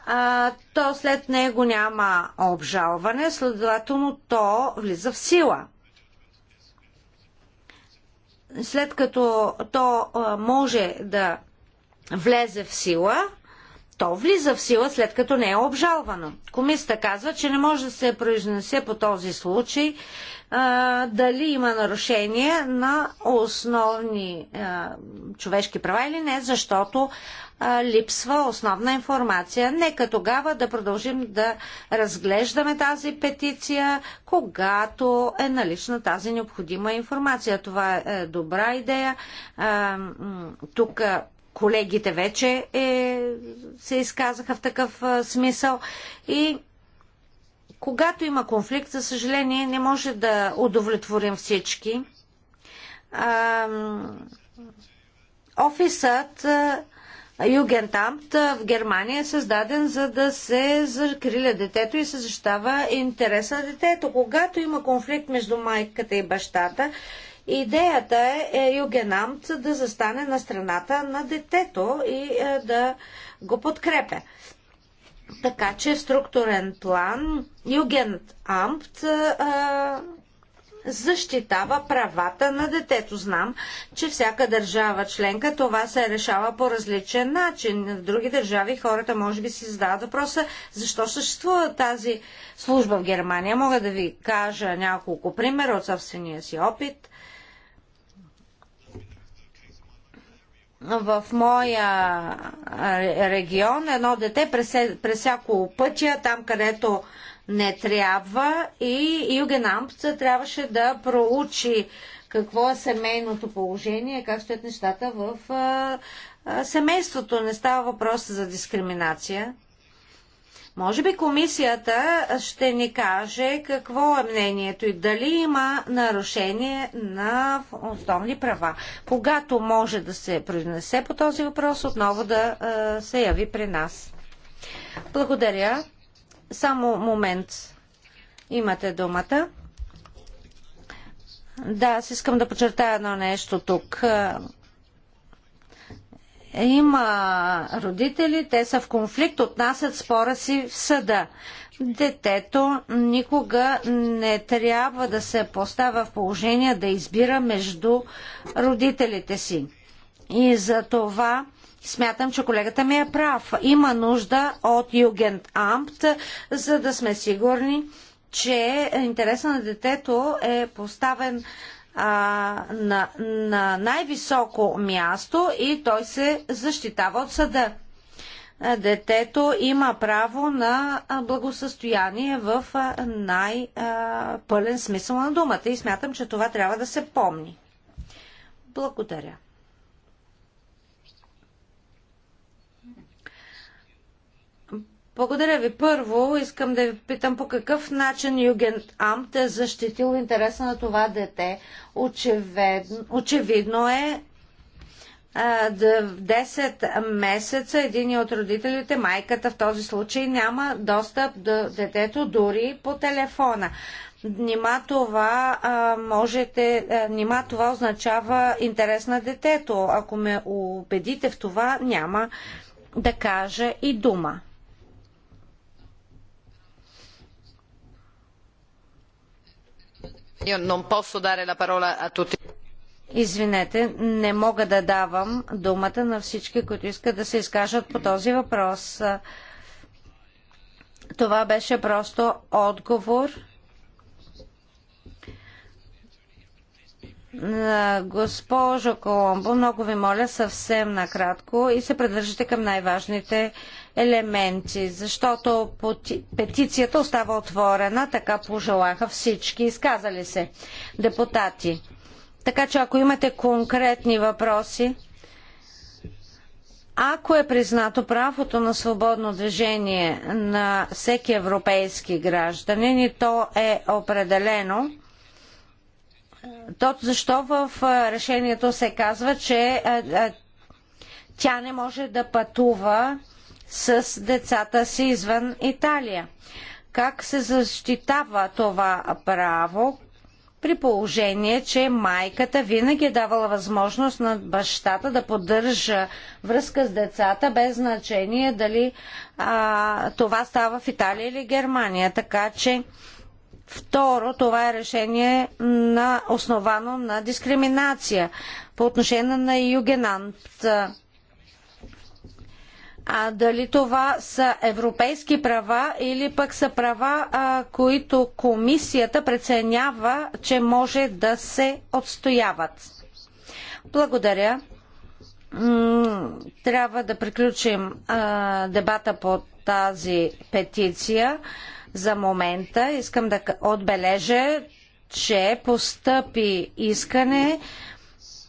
а, то след него няма обжалване, следователно то влиза в сила след като то може да влезе в сила, то влиза в сила след като не е обжалвано. Комисията казва, че не може да се произнесе по този случай а, дали има нарушение на основни а, човешки права или не, защото липсва основна информация. Нека тогава да продължим да разглеждаме тази петиция, когато е налична тази необходима информация. Това е добра идея. Тук колегите вече е, се изказаха в такъв смисъл и когато има конфликт, за съжаление, не може да удовлетворим всички. офисът а, Югентамт в Германия е създаден за да се закриля детето и се защитава интереса на детето. Когато има конфликт между майката и бащата, идеята е, е Югентамт да застане на страната на детето и е, да го подкрепя. Така че в структурен план Югентамт защитава правата на детето. Знам, че всяка държава членка това се решава по различен начин. В други държави хората може би си задават въпроса защо съществува тази служба в Германия. Мога да ви кажа няколко примера от собствения си опит. в моя регион едно дете пресяко пътя, там където не трябва и Югенамт трябваше да проучи какво е семейното положение, как стоят нещата в а, а, семейството. Не става въпрос за дискриминация. Може би комисията ще ни каже какво е мнението и дали има нарушение на основни права. Когато може да се произнесе по този въпрос, отново да а, се яви при нас. Благодаря. Само момент. Имате думата. Да, аз искам да подчертая едно нещо тук. Има родители, те са в конфликт, отнасят спора си в съда. Детето никога не трябва да се поставя в положение да избира между родителите си. И за това Смятам, че колегата ми е прав. Има нужда от Югент Ампт, за да сме сигурни, че интереса на детето е поставен а, на, на най-високо място и той се защитава от съда. Детето има право на благосъстояние в най-пълен смисъл на думата и смятам, че това трябва да се помни. Благодаря. Благодаря ви. Първо искам да ви питам по какъв начин Юген Амт е защитил интереса на това дете. Очевидно, очевидно е а, в 10 месеца един от родителите, майката в този случай, няма достъп до детето дори по телефона. Нима това, а, можете, а, нима това означава интерес на детето. Ако ме убедите в това, няма да кажа и дума. Извинете, не мога да давам думата на всички, които искат да се изкажат по този въпрос. Това беше просто отговор На Госпожо Коломбо, много ви моля съвсем накратко и се придържате към най-важните елементи, защото петицията остава отворена, така пожелаха всички изказали се депутати. Така че ако имате конкретни въпроси, ако е признато правото на свободно движение на всеки европейски гражданин и то е определено, то защо в решението се казва, че тя не може да пътува с децата си извън Италия. Как се защитава това право, при положение, че майката винаги е давала възможност на бащата да поддържа връзка с децата, без значение дали а, това става в Италия или Германия. Така че, второ, това е решение на, основано на дискриминация по отношение на Югенант а дали това са европейски права или пък са права, а, които комисията преценява, че може да се отстояват. Благодаря. Трябва да приключим а, дебата по тази петиция за момента. Искам да отбележа, че постъпи искане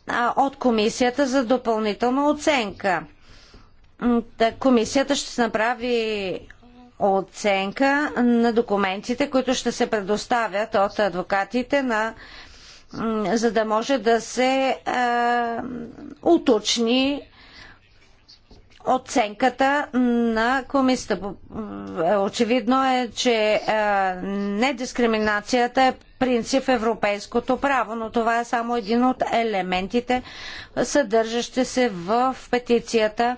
а, от комисията за допълнителна оценка комисията ще се направи оценка на документите, които ще се предоставят от адвокатите на за да може да се е, уточни оценката на комисията. Е, очевидно е, че е, недискриминацията е принцип в европейското право, но това е само един от елементите, съдържащи се в петицията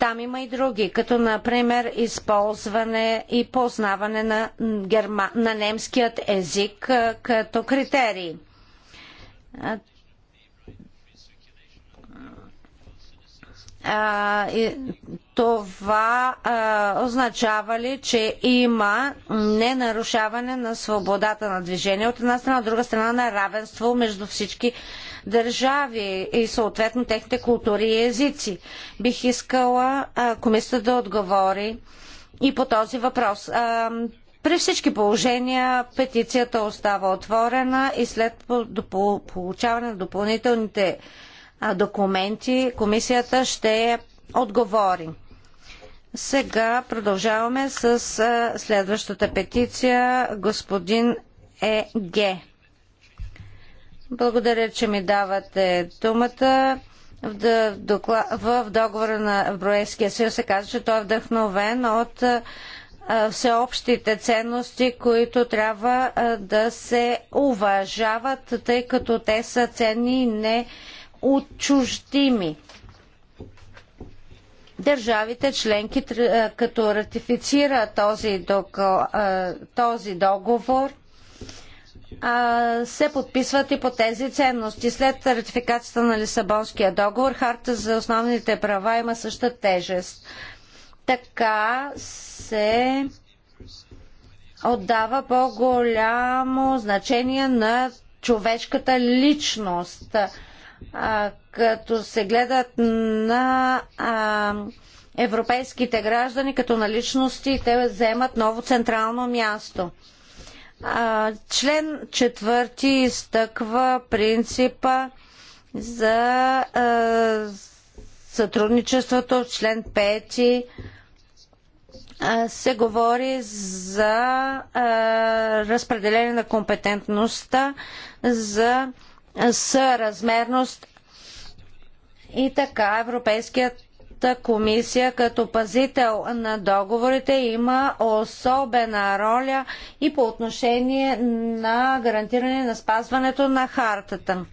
там има и други, като например използване и познаване на, герма... на немският език като критерии. А, и, това а, означава ли, че има ненарушаване на свободата на движение от една страна, от друга страна на равенство между всички държави и съответно техните култури и езици. Бих искала а, комисията да отговори и по този въпрос. А, при всички положения петицията остава отворена и след получаване на допълнителните документи комисията ще отговори. Сега продължаваме с следващата петиция господин Е.Г. Благодаря, че ми давате думата. В, в договора на Европейския съюз се казва, че той е вдъхновен от всеобщите ценности, които трябва да се уважават, тъй като те са ценни и не отчуждими. Държавите членки, като ратифицира този, този договор, се подписват и по тези ценности. След ратификацията на Лисабонския договор, харта за основните права има същата тежест. Така се отдава по-голямо значение на човешката личност, а, като се гледат на а, европейските граждани като на личности, те вземат ново централно място. Член четвърти изтъква принципа за сътрудничеството. Член пети се говори за разпределение на компетентността, за съразмерност и така Европейският Европейската комисия като пазител на договорите има особена роля и по отношение на гарантиране на спазването на хартата.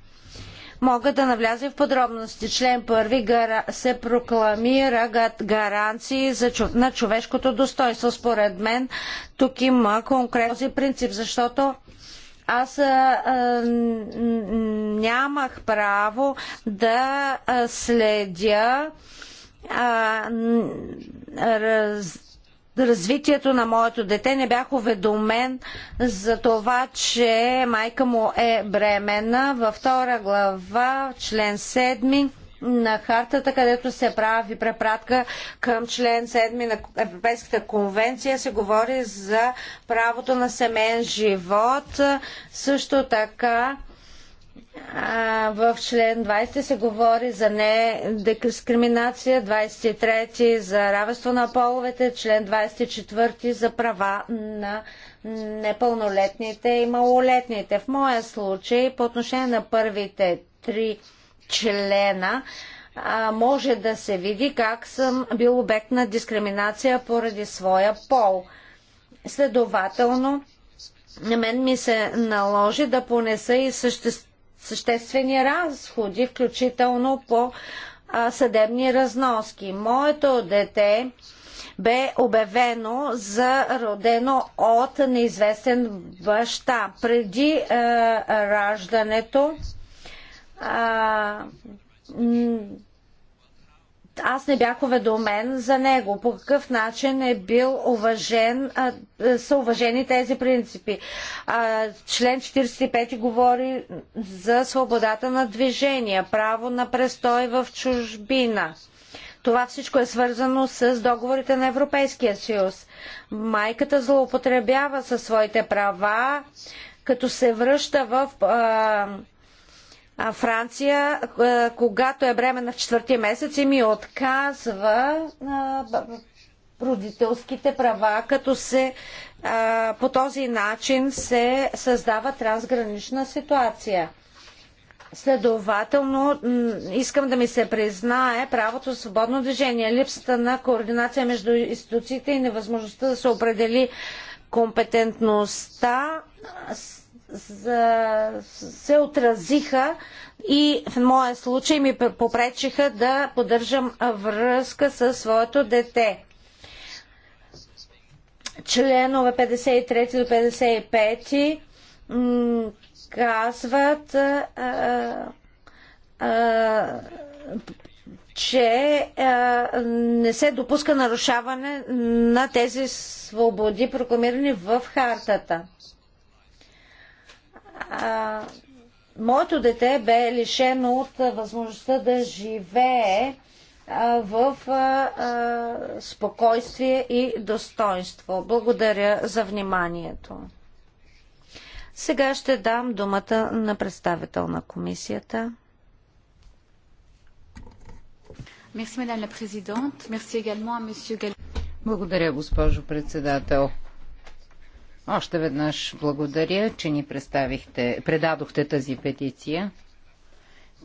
Мога да навляза в подробности. Член първи се прокламира гаранции на човешкото достоинство. Според мен тук има конкретно този принцип, защото аз а, нямах право да следя а, раз, развитието на моето дете не бях уведомен за това, че майка му е бремена. Във втора глава, член 7 на хартата, където се прави препратка към член 7 на Европейската конвенция, се говори за правото на семейен живот. Също така в член 20 се говори за не дискриминация, 23 за равенство на половете, член 24 за права на непълнолетните и малолетните. В моя случай, по отношение на първите три члена, може да се види как съм бил обект на дискриминация поради своя пол. Следователно, на мен ми се наложи да понеса и съществуването съществени разходи, включително по а, съдебни разноски. Моето дете бе обявено за родено от неизвестен баща. Преди а, е, раждането а, аз не бях уведомен за него. По какъв начин е бил уважен, а, е, са уважени тези принципи. А, член 45 говори за свободата на движение, право на престой в чужбина. Това всичко е свързано с договорите на Европейския съюз. Майката злоупотребява със своите права, като се връща в а, Франция, когато е бременна в четвъртия месец и ми отказва родителските права, като се по този начин се създава трансгранична ситуация. Следователно, искам да ми се признае правото за свободно движение, липсата на координация между институциите и невъзможността да се определи компетентността за, се отразиха и в моя случай ми попречиха да поддържам връзка със своето дете. Членове 53 до 55 казват, а, а, че а, не се допуска нарушаване на тези свободи, прокламирани в хартата а, моето дете бе лишено от възможността да живее а, в а, спокойствие и достоинство. Благодаря за вниманието. Сега ще дам думата на представител на комисията. Благодаря, госпожо председател. Още веднъж благодаря, че ни представихте, предадохте тази петиция.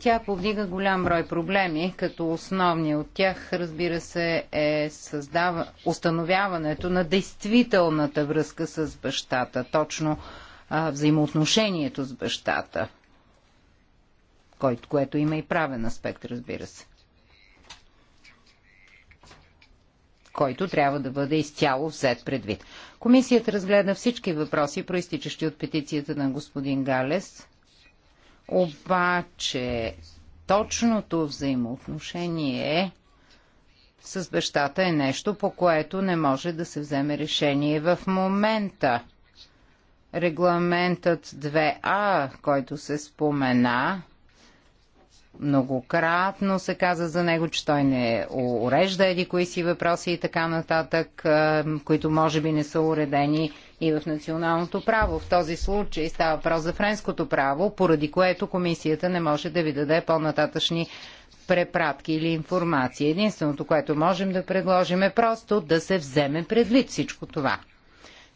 Тя повдига голям брой проблеми, като основният от тях, разбира се, е създава, установяването на действителната връзка с бащата, точно а, взаимоотношението с бащата, който, което има и правен аспект, разбира се. който трябва да бъде изцяло взет предвид. Комисията разгледа всички въпроси, проистичащи от петицията на господин Галес, обаче точното взаимоотношение с бащата е нещо, по което не може да се вземе решение в момента. Регламентът 2А, който се спомена, Многократно се каза за него, че той не урежда еди кои си въпроси и така нататък, които може би не са уредени и в националното право. В този случай става въпрос за френското право, поради което комисията не може да ви даде по-нататъчни препратки или информация. Единственото, което можем да предложим е просто да се вземе предвид всичко това.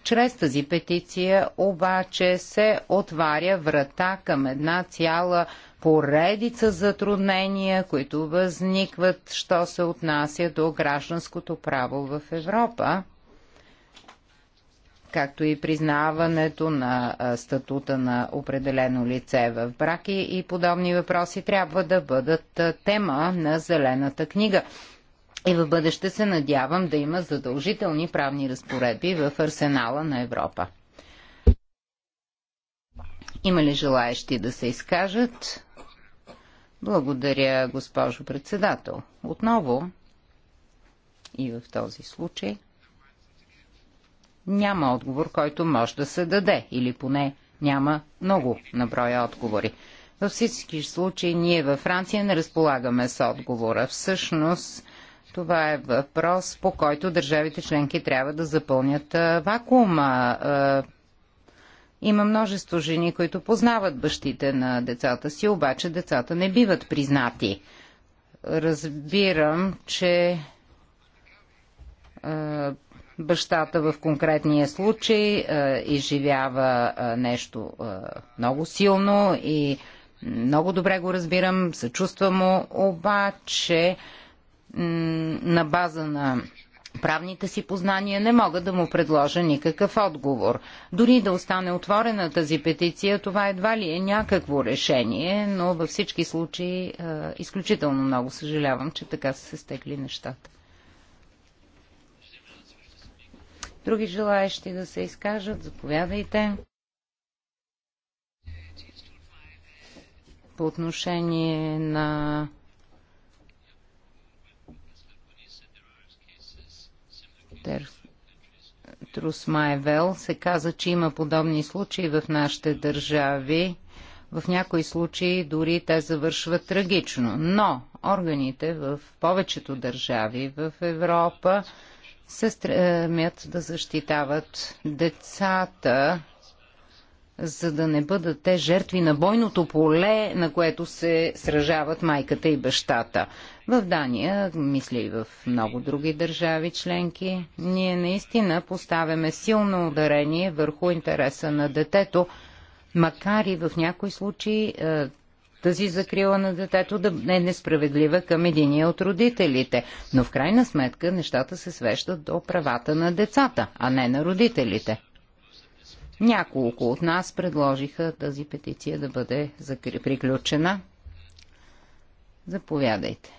Чрез тази петиция обаче се отваря врата към една цяла поредица затруднения, които възникват, що се отнася до гражданското право в Европа, както и признаването на статута на определено лице в браки и подобни въпроси трябва да бъдат тема на Зелената книга. И в бъдеще се надявам да има задължителни правни разпоредби в арсенала на Европа. Има ли желаещи да се изкажат? Благодаря, госпожо председател. Отново и в този случай няма отговор, който може да се даде, или поне няма много наброя отговори. Във всички случаи ние във Франция не разполагаме с отговора. Всъщност това е въпрос, по който държавите членки трябва да запълнят вакуума. Има множество жени, които познават бащите на децата си, обаче децата не биват признати. Разбирам, че бащата в конкретния случай а, изживява а, нещо а, много силно и много добре го разбирам, съчувствам му, обаче на база на правните си познания не мога да му предложа никакъв отговор. Дори да остане отворена тази петиция, това едва ли е някакво решение, но във всички случаи е, изключително много съжалявам, че така са се стекли нещата. Други желаящи да се изкажат, заповядайте. По отношение на Тер... Трусмаевел се каза, че има подобни случаи в нашите държави. В някои случаи дори те завършват трагично. Но органите в повечето държави в Европа се стремят да защитават децата за да не бъдат те жертви на бойното поле, на което се сражават майката и бащата. В Дания, мисля и в много други държави членки, ние наистина поставяме силно ударение върху интереса на детето, макар и в някои случаи е, тази закрила на детето да не е несправедлива към единия от родителите. Но в крайна сметка нещата се свещат до правата на децата, а не на родителите. Няколко от нас предложиха тази петиция да бъде приключена. Заповядайте.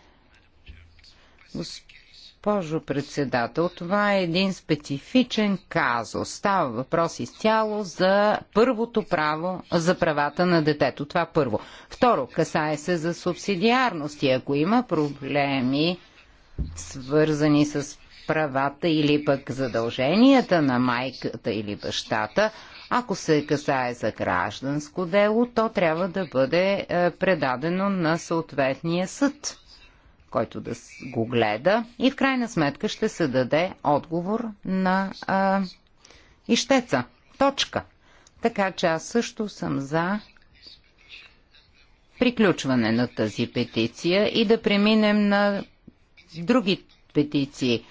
Госпожо председател, това е един специфичен казус. Става въпрос изцяло за първото право, за правата на детето. Това първо. Второ, касае се за субсидиарност и ако има проблеми, свързани с правата или пък задълженията на майката или бащата, ако се касае за гражданско дело, то трябва да бъде е, предадено на съответния съд, който да го гледа и в крайна сметка ще се даде отговор на а, ищеца. Точка. Така че аз също съм за приключване на тази петиция и да преминем на други петиции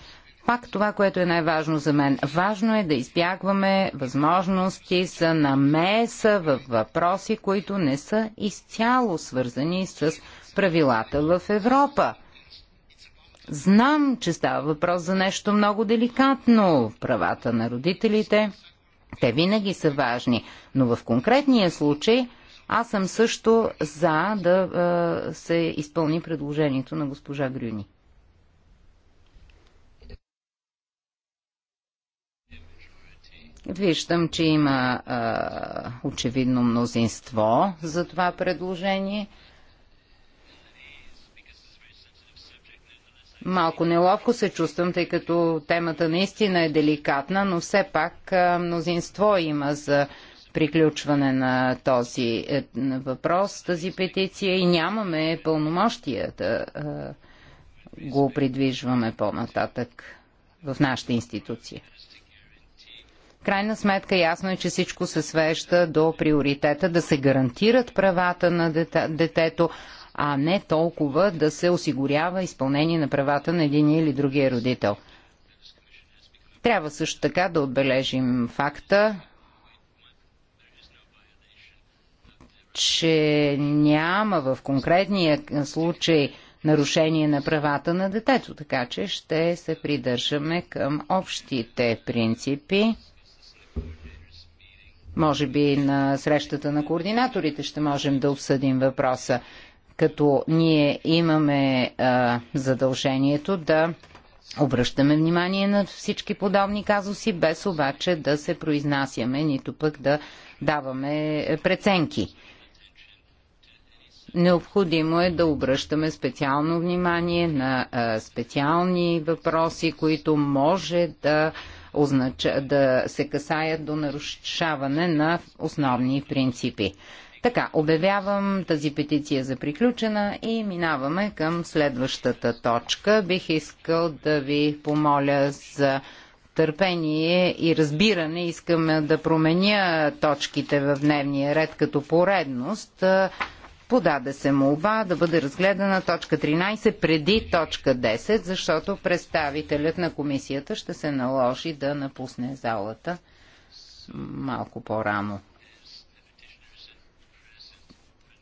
пак това, което е най-важно за мен. Важно е да избягваме възможности за намеса в въпроси, които не са изцяло свързани с правилата в Европа. Знам, че става въпрос за нещо много деликатно правата на родителите. Те винаги са важни, но в конкретния случай аз съм също за да се изпълни предложението на госпожа Грюни. Виждам, че има а, очевидно мнозинство за това предложение. Малко неловко се чувствам, тъй като темата наистина е деликатна, но все пак а, мнозинство има за приключване на този е, на въпрос, тази петиция и нямаме пълномощия да а, го придвижваме по-нататък в нашата институция крайна сметка ясно е, че всичко се свежда до приоритета да се гарантират правата на дете, детето, а не толкова да се осигурява изпълнение на правата на един или другия родител. Трябва също така да отбележим факта, че няма в конкретния случай нарушение на правата на детето, така че ще се придържаме към общите принципи. Може би на срещата на координаторите ще можем да обсъдим въпроса, като ние имаме а, задължението да обръщаме внимание на всички подобни казуси, без обаче да се произнасяме, нито пък да даваме преценки. Необходимо е да обръщаме специално внимание на специални въпроси, които може да означ... да се касаят до нарушаване на основни принципи. Така, обявявам тази петиция за приключена и минаваме към следващата точка. Бих искал да ви помоля за търпение и разбиране. Искам да променя точките в дневния ред като поредност. Подаде се молба да бъде разгледана точка 13 преди точка 10, защото представителят на комисията ще се наложи да напусне залата малко по-рано.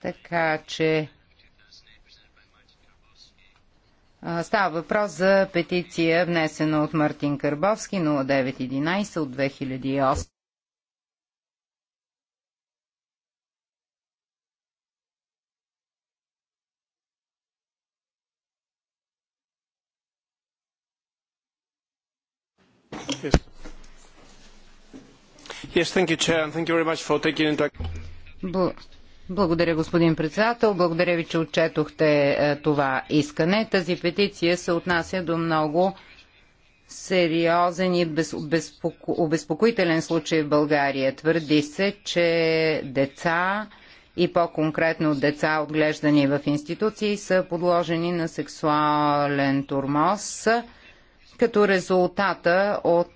Така че Става въпрос за петиция, внесена от Мартин Карбовски 0911 от 2008. Благодаря, господин председател. Благодаря ви, че отчетохте е, това искане. Тази петиция се отнася до много сериозен и обезпокоителен случай в България. Твърди се, че деца и по-конкретно деца, отглеждани в институции, са подложени на сексуален турмоз като резултата от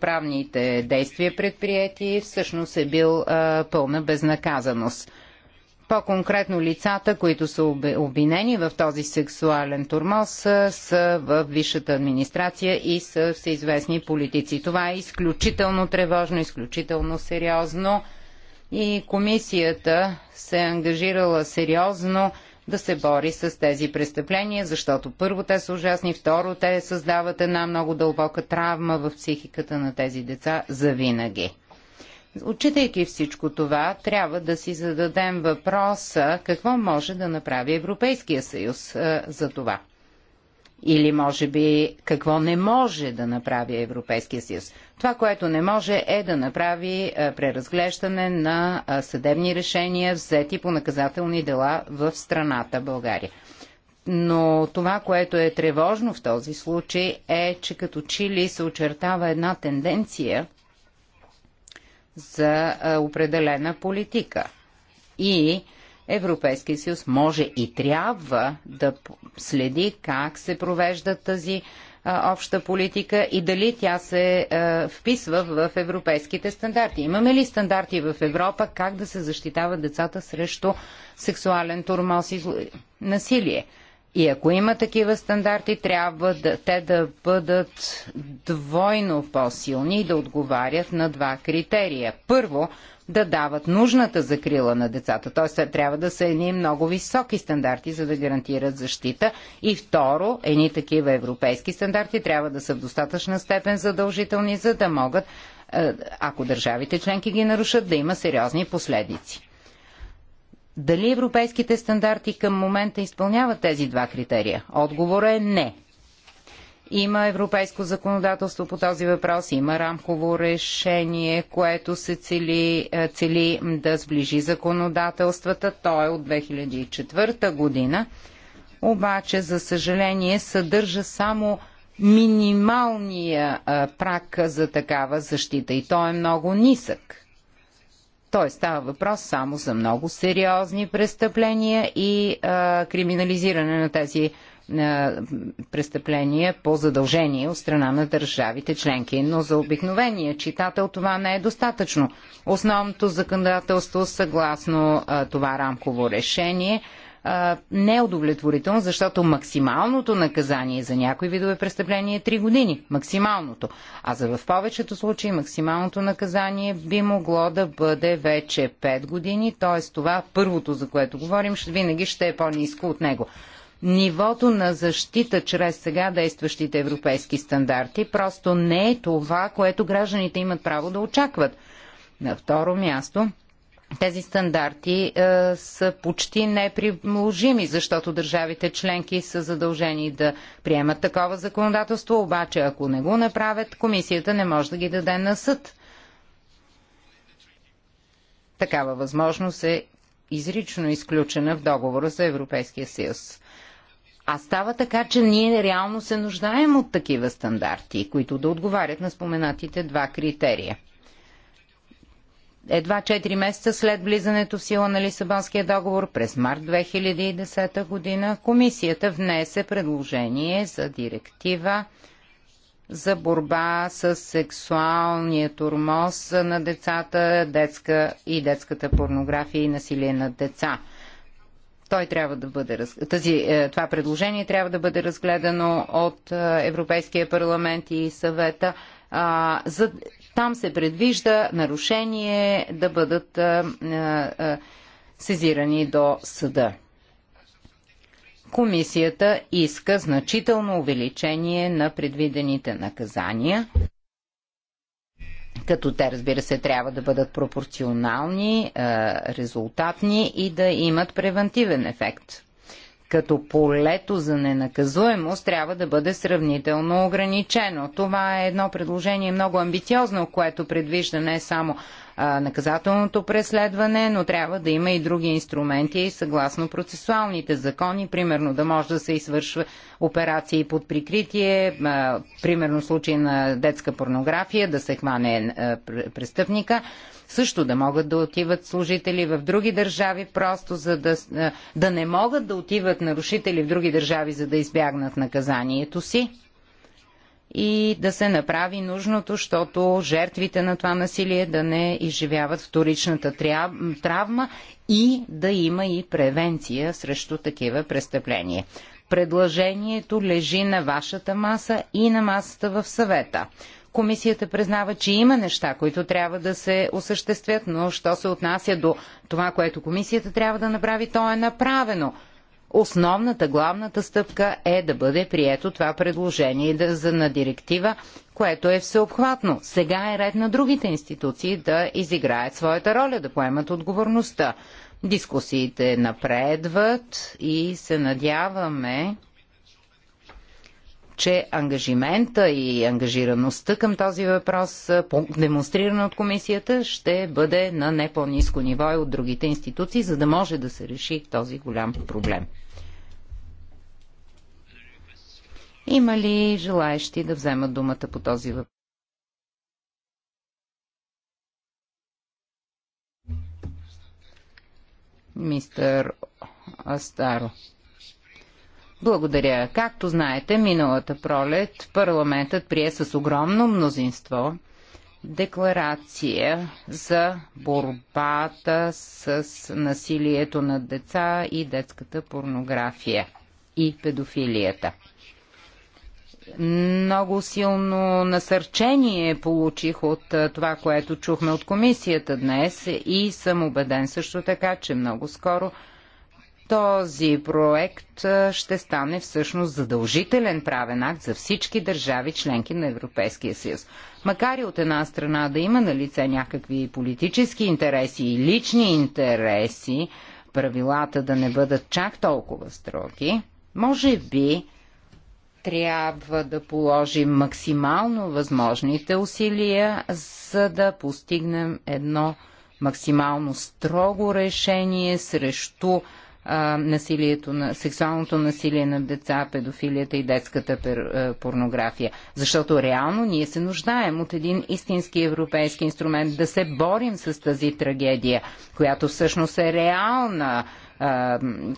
правните действия предприяти всъщност е бил пълна безнаказаност. По-конкретно лицата, които са обвинени в този сексуален турмоз, са в висшата администрация и са всеизвестни политици. Това е изключително тревожно, изключително сериозно и комисията се е ангажирала сериозно да се бори с тези престъпления, защото първо те са ужасни, второ те създават една много дълбока травма в психиката на тези деца завинаги. Отчитайки всичко това, трябва да си зададем въпроса какво може да направи Европейския съюз за това или може би какво не може да направи Европейския съюз. Това, което не може е да направи е, преразглеждане на е, съдебни решения, взети по наказателни дела в страната България. Но това, което е тревожно в този случай е, че като Чили се очертава една тенденция за е, определена политика. И Европейския съюз може и трябва да следи как се провежда тази а, обща политика и дали тя се а, вписва в европейските стандарти. Имаме ли стандарти в Европа как да се защитават децата срещу сексуален турмоз и насилие? И ако има такива стандарти, трябва да, те да бъдат двойно по-силни и да отговарят на два критерия. Първо, да дават нужната закрила на децата. Т.е. трябва да са едни много високи стандарти, за да гарантират защита. И второ, едни такива европейски стандарти трябва да са в достатъчна степен задължителни, за да могат, е, ако държавите членки ги нарушат, да има сериозни последици. Дали европейските стандарти към момента изпълняват тези два критерия? Отговорът е не. Има европейско законодателство по този въпрос, има рамково решение, което се цели, е, цели да сближи законодателствата. То е от 2004 година. Обаче, за съжаление, съдържа само минималния е, прак за такава защита и той е много нисък. Той става въпрос само за много сериозни престъпления и а, е, криминализиране на тези е, престъпления по задължение от страна на държавите членки. Но за обикновения читател това не е достатъчно. Основното законодателство съгласно е, това рамково решение е, не е удовлетворително, защото максималното наказание за някои видове престъпление е 3 години. Максималното. А за в повечето случаи максималното наказание би могло да бъде вече 5 години, т.е. това първото, за което говорим, винаги ще е по-низко от него нивото на защита чрез сега действащите европейски стандарти просто не е това, което гражданите имат право да очакват. На второ място, тези стандарти е, са почти неприложими, защото държавите членки са задължени да приемат такова законодателство, обаче ако не го направят, комисията не може да ги даде на съд. Такава възможност е изрично изключена в договора за Европейския съюз. А става така, че ние реално се нуждаем от такива стандарти, които да отговарят на споменатите два критерия. Едва 4 месеца след влизането в сила на Лисабонския договор през март 2010 година комисията внесе предложение за директива за борба с сексуалния турмоз на децата, детска и детската порнография и насилие над деца – той трябва да бъде, тази, е, това предложение трябва да бъде разгледано от е, Европейския парламент и съвета. А, за, там се предвижда нарушение да бъдат а, е, а, сезирани до съда. Комисията иска значително увеличение на предвидените наказания като те, разбира се, трябва да бъдат пропорционални, е, резултатни и да имат превентивен ефект. Като полето за ненаказуемост трябва да бъде сравнително ограничено. Това е едно предложение много амбициозно, което предвижда не само наказателното преследване, но трябва да има и други инструменти съгласно процесуалните закони, примерно да може да се извършва операции под прикритие, примерно случай на детска порнография, да се хване престъпника също да могат да отиват служители в други държави, просто за да, да не могат да отиват нарушители в други държави, за да избягнат наказанието си и да се направи нужното, защото жертвите на това насилие да не изживяват вторичната травма и да има и превенция срещу такива престъпления. Предложението лежи на вашата маса и на масата в съвета. Комисията признава, че има неща, които трябва да се осъществят, но що се отнася до това, което комисията трябва да направи, то е направено основната, главната стъпка е да бъде прието това предложение за на директива, което е всеобхватно. Сега е ред на другите институции да изиграят своята роля, да поемат отговорността. Дискусиите напредват и се надяваме, че ангажимента и ангажираността към този въпрос, демонстрирана от комисията, ще бъде на не по-ниско ниво и от другите институции, за да може да се реши този голям проблем. Има ли желаещи да вземат думата по този въпрос? Мистер Астаро. Благодаря. Както знаете, миналата пролет парламентът прие с огромно мнозинство декларация за борбата с насилието на деца и детската порнография и педофилията много силно насърчение получих от това, което чухме от комисията днес и съм убеден също така, че много скоро този проект ще стане всъщност задължителен правен акт за всички държави членки на Европейския съюз. Макар и от една страна да има на лице някакви политически интереси и лични интереси, правилата да не бъдат чак толкова строги, може би трябва да положим максимално възможните усилия, за да постигнем едно максимално строго решение срещу а, насилието на, сексуалното насилие на деца, педофилията и детската пер, а, порнография. Защото реално ние се нуждаем от един истински европейски инструмент да се борим с тази трагедия, която всъщност е реална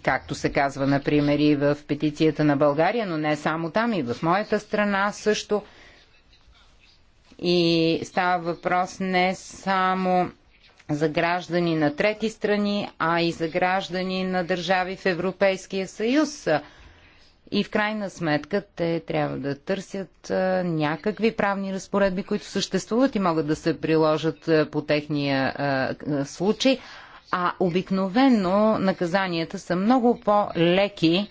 както се казва, например, и в петицията на България, но не само там, и в моята страна също. И става въпрос не само за граждани на трети страни, а и за граждани на държави в Европейския съюз. И в крайна сметка те трябва да търсят някакви правни разпоредби, които съществуват и могат да се приложат по техния случай, а обикновено наказанията са много по-леки,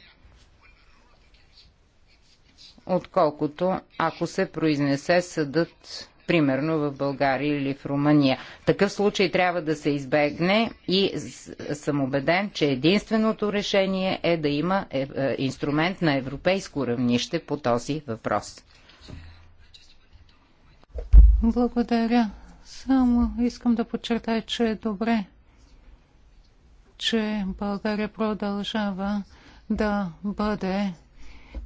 отколкото ако се произнесе съдът, примерно в България или в Румъния. Такъв случай трябва да се избегне и съм убеден, че единственото решение е да има е, е, инструмент на европейско равнище по този въпрос. Благодаря. Само искам да подчертая, че е добре че България продължава да бъде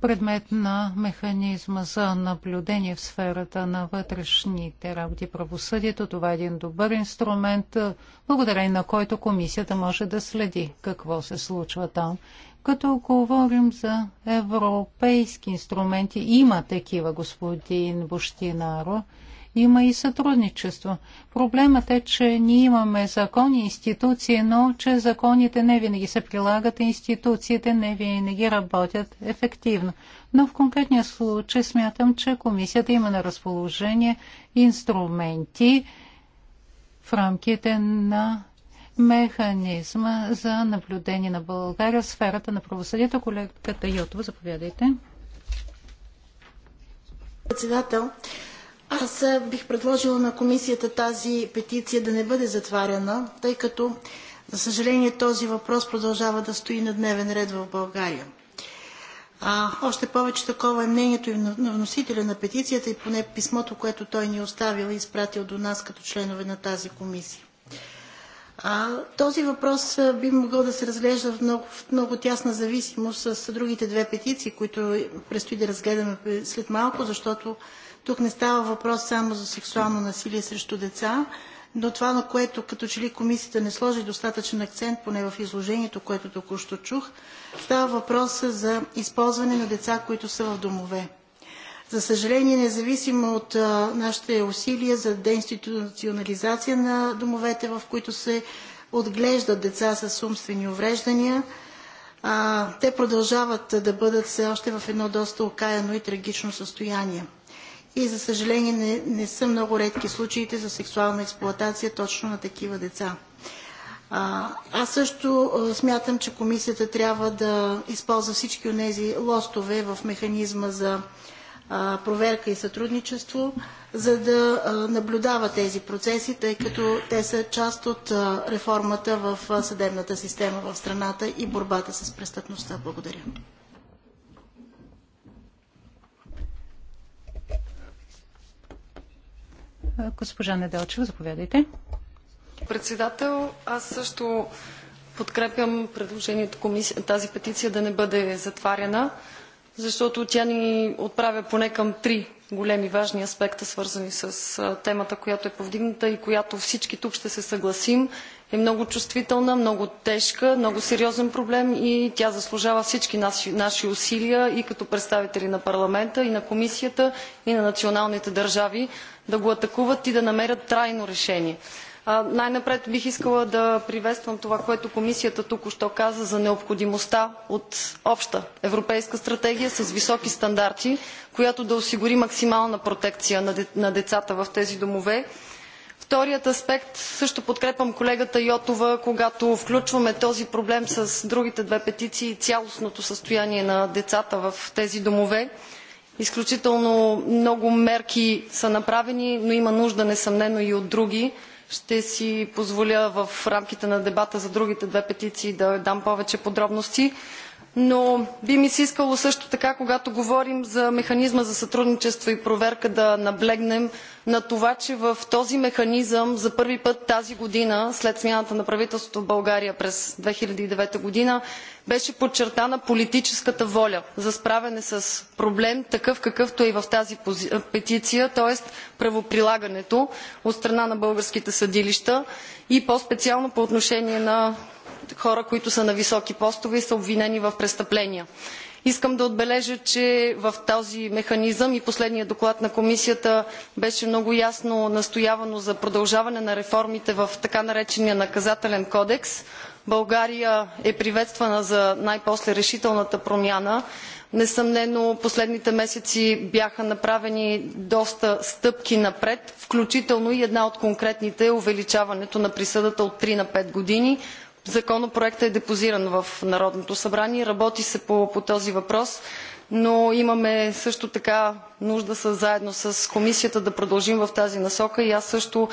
предмет на механизма за наблюдение в сферата на вътрешните работи правосъдието. Това е един добър инструмент, благодарение на който комисията може да следи какво се случва там. Като говорим за европейски инструменти, има такива, господин Буштинаро има и сътрудничество. Проблемът е, че ние имаме закони и институции, но че законите не винаги се прилагат и институциите не винаги работят ефективно. Но в конкретния случай смятам, че комисията има на разположение инструменти в рамките на механизма за наблюдение на България в сферата на правосъдието. Колегата Йотова, заповядайте. Председател, аз бих предложила на комисията тази петиция да не бъде затваряна, тъй като, за съжаление, този въпрос продължава да стои на дневен ред в България. А, още повече такова е мнението и на вносителя на петицията и поне писмото, което той ни е оставил и изпратил до нас като членове на тази комисия. А, този въпрос би могъл да се разглежда в много, в много тясна зависимост с другите две петиции, които предстои да разгледаме след малко, защото тук не става въпрос само за сексуално насилие срещу деца, но това, на което като че ли комисията не сложи достатъчен акцент, поне в изложението, което току-що чух, става въпрос за използване на деца, които са в домове. За съжаление, независимо от а, нашите усилия за деинституционализация на домовете, в които се отглеждат деца с умствени увреждания, а, те продължават да бъдат все още в едно доста окаяно и трагично състояние и за съжаление не, не са много редки случаите за сексуална експлоатация точно на такива деца. А, аз също смятам, че комисията трябва да използва всички от тези лостове в механизма за проверка и сътрудничество, за да наблюдава тези процеси, тъй като те са част от реформата в съдебната система в страната и борбата с престъпността. Благодаря. Госпожа Неделчева, заповядайте. Председател, аз също подкрепям предложението тази петиция да не бъде затваряна, защото тя ни отправя поне към три големи важни аспекта, свързани с темата, която е повдигната и която всички тук ще се съгласим, е много чувствителна, много тежка, много сериозен проблем и тя заслужава всички наши усилия и като представители на парламента, и на комисията, и на националните държави да го атакуват и да намерят трайно решение. Най-напред бих искала да приветствам това, което комисията тук още каза за необходимостта от обща европейска стратегия с високи стандарти, която да осигури максимална протекция на децата в тези домове Вторият аспект, също подкрепям колегата Йотова, когато включваме този проблем с другите две петиции и цялостното състояние на децата в тези домове. Изключително много мерки са направени, но има нужда несъмнено и от други. Ще си позволя в рамките на дебата за другите две петиции да дам повече подробности но би ми се искало също така, когато говорим за механизма за сътрудничество и проверка, да наблегнем на това, че в този механизъм за първи път тази година, след смяната на правителството в България през 2009 година, беше подчертана политическата воля за справяне с проблем, такъв какъвто е и в тази петиция, т.е. правоприлагането от страна на българските съдилища и по-специално по отношение на хора, които са на високи постове и са обвинени в престъпления. Искам да отбележа, че в този механизъм и последният доклад на комисията беше много ясно настоявано за продължаване на реформите в така наречения наказателен кодекс. България е приветствана за най-после решителната промяна. Несъмнено последните месеци бяха направени доста стъпки напред, включително и една от конкретните е увеличаването на присъдата от 3 на 5 години. Законопроектът е депозиран в Народното събрание, работи се по този въпрос но имаме също така нужда с, заедно с комисията да продължим в тази насока и аз също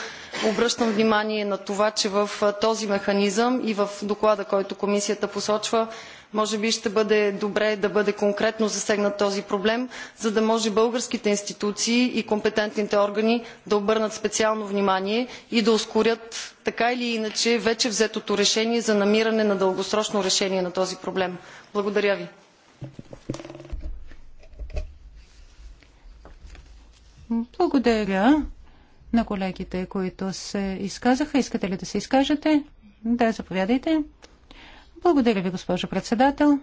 обръщам внимание на това, че в този механизъм и в доклада, който комисията посочва, може би ще бъде добре да бъде конкретно засегнат този проблем, за да може българските институции и компетентните органи да обърнат специално внимание и да ускорят така или иначе вече взетото решение за намиране на дългосрочно решение на този проблем. Благодаря ви. Благодаря на колегите, които се изказаха. Искате ли да се изкажете? Да, заповядайте. Благодаря ви, госпожо председател.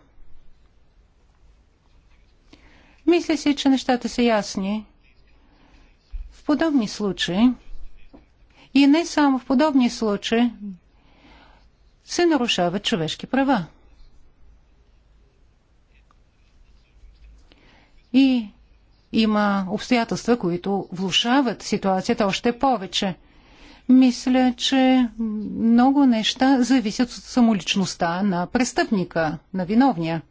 Мисля си, че нещата са ясни. В подобни случаи и не само в подобни случаи се нарушават човешки права. И има обстоятелства, които влушават ситуацията още повече. Мисля, че много неща зависят от самоличността на престъпника, на виновния.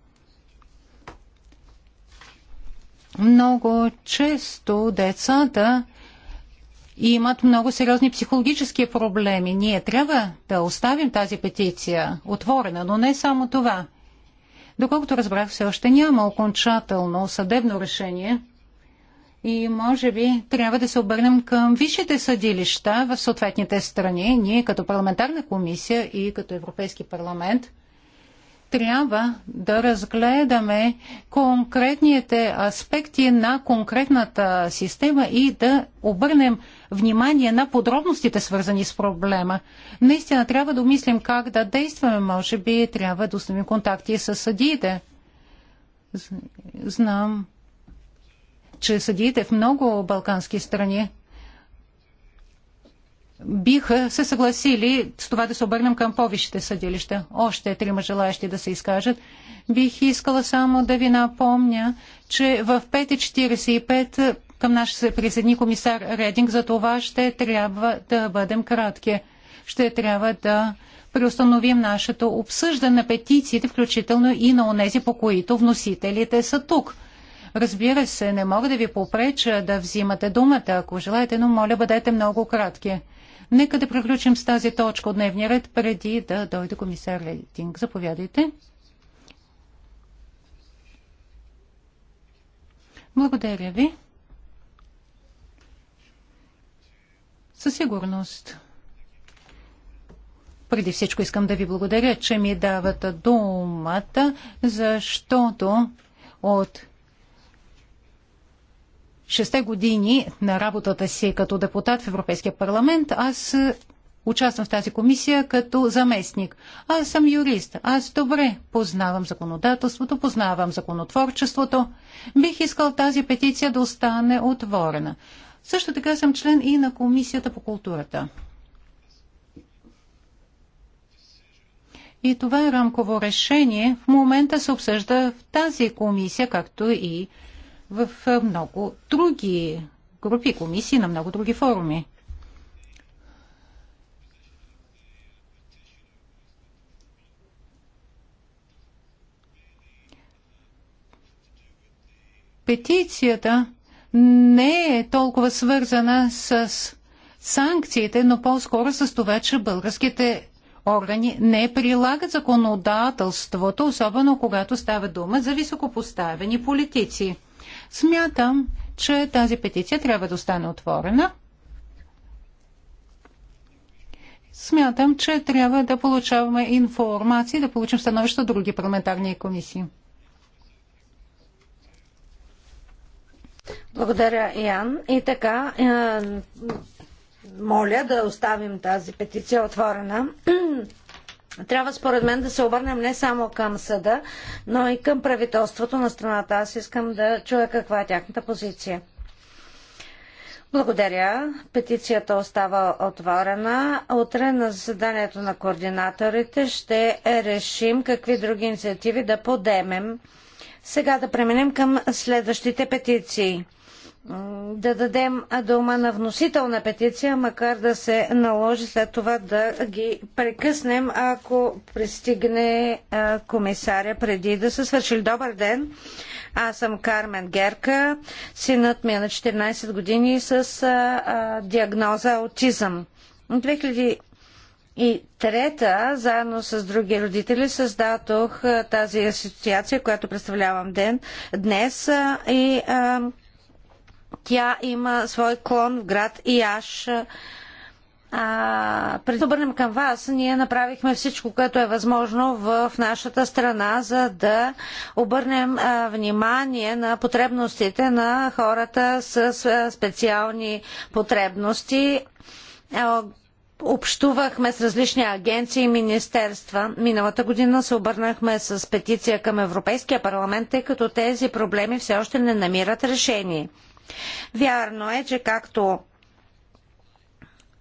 Много често децата имат много сериозни психологически проблеми. Ние трябва да оставим тази петиция отворена, но не само това. Доколкото разбрах, все още няма окончателно съдебно решение – и може би трябва да се обърнем към висшите съдилища в съответните страни. Ние като парламентарна комисия и като Европейски парламент трябва да разгледаме конкретните аспекти на конкретната система и да обърнем внимание на подробностите, свързани с проблема. Наистина трябва да мислим как да действаме. Може би трябва да установим контакти с съдиите. Знам, че съдиите в много балкански страни биха се съгласили с това да се обърнем към повишите съдилища. Още трима желаящи да се изкажат. Бих искала само да ви напомня, че в 5.45 към нашия се присъедини комисар Рединг, за това ще трябва да бъдем кратки. Ще трябва да преустановим нашето обсъждане на петициите, включително и на онези, по които вносителите са тук. Разбира се, не мога да ви попреча да взимате думата, ако желаете, но моля бъдете много кратки. Нека да приключим с тази точка от дневния ред, преди да дойде комисар Рейтинг. Заповядайте. Благодаря ви. Със сигурност. Преди всичко искам да ви благодаря, че ми дават думата, защото от шесте години на работата си като депутат в Европейския парламент, аз е, участвам в тази комисия като заместник. Аз съм юрист. Аз добре познавам законодателството, познавам законотворчеството. Бих искал тази петиция да остане отворена. Също така съм член и на Комисията по културата. И това рамково решение в момента се обсъжда в тази комисия, както и в много други групи, комисии, на много други форуми. Петицията не е толкова свързана с санкциите, но по-скоро с това, че българските органи не прилагат законодателството, особено когато става дума за високопоставени политици. Смятам, че тази петиция трябва да остане отворена. Смятам, че трябва да получаваме информации, да получим становища от други парламентарни комисии. Благодаря, Ян. И така, е, моля да оставим тази петиция отворена трябва според мен да се обърнем не само към съда, но и към правителството на страната. Аз искам да чуя каква е тяхната позиция. Благодаря. Петицията остава отворена. Утре на заседанието на координаторите ще решим какви други инициативи да подемем. Сега да преминем към следващите петиции да дадем дума на вносител на петиция, макар да се наложи след това да ги прекъснем, ако пристигне комисаря преди да се свършили. Добър ден! Аз съм Кармен Герка. Синът ми е на 14 години с диагноза аутизъм. 2000 и трета, заедно с други родители, създадох тази асоциация, която представлявам ден, днес и а, тя има свой клон в град Яш. А, преди да обърнем към вас, ние направихме всичко, което е възможно в нашата страна, за да обърнем а, внимание на потребностите на хората с а, специални потребности. А, общувахме с различни агенции и министерства. Миналата година се обърнахме с петиция към Европейския парламент, тъй като тези проблеми все още не намират решение. Вярно е, че както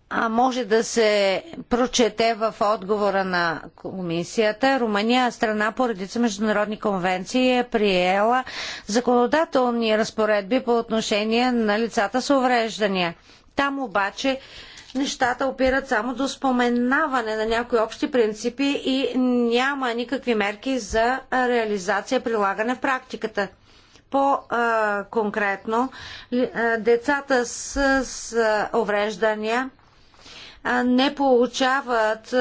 а може да се прочете в отговора на комисията. Румъния, страна по редица международни конвенции, е приела законодателни разпоредби по отношение на лицата с увреждания. Там обаче нещата опират само до споменаване на някои общи принципи и няма никакви мерки за реализация, прилагане в практиката. По-конкретно, е, е, децата с, с е, увреждания не получават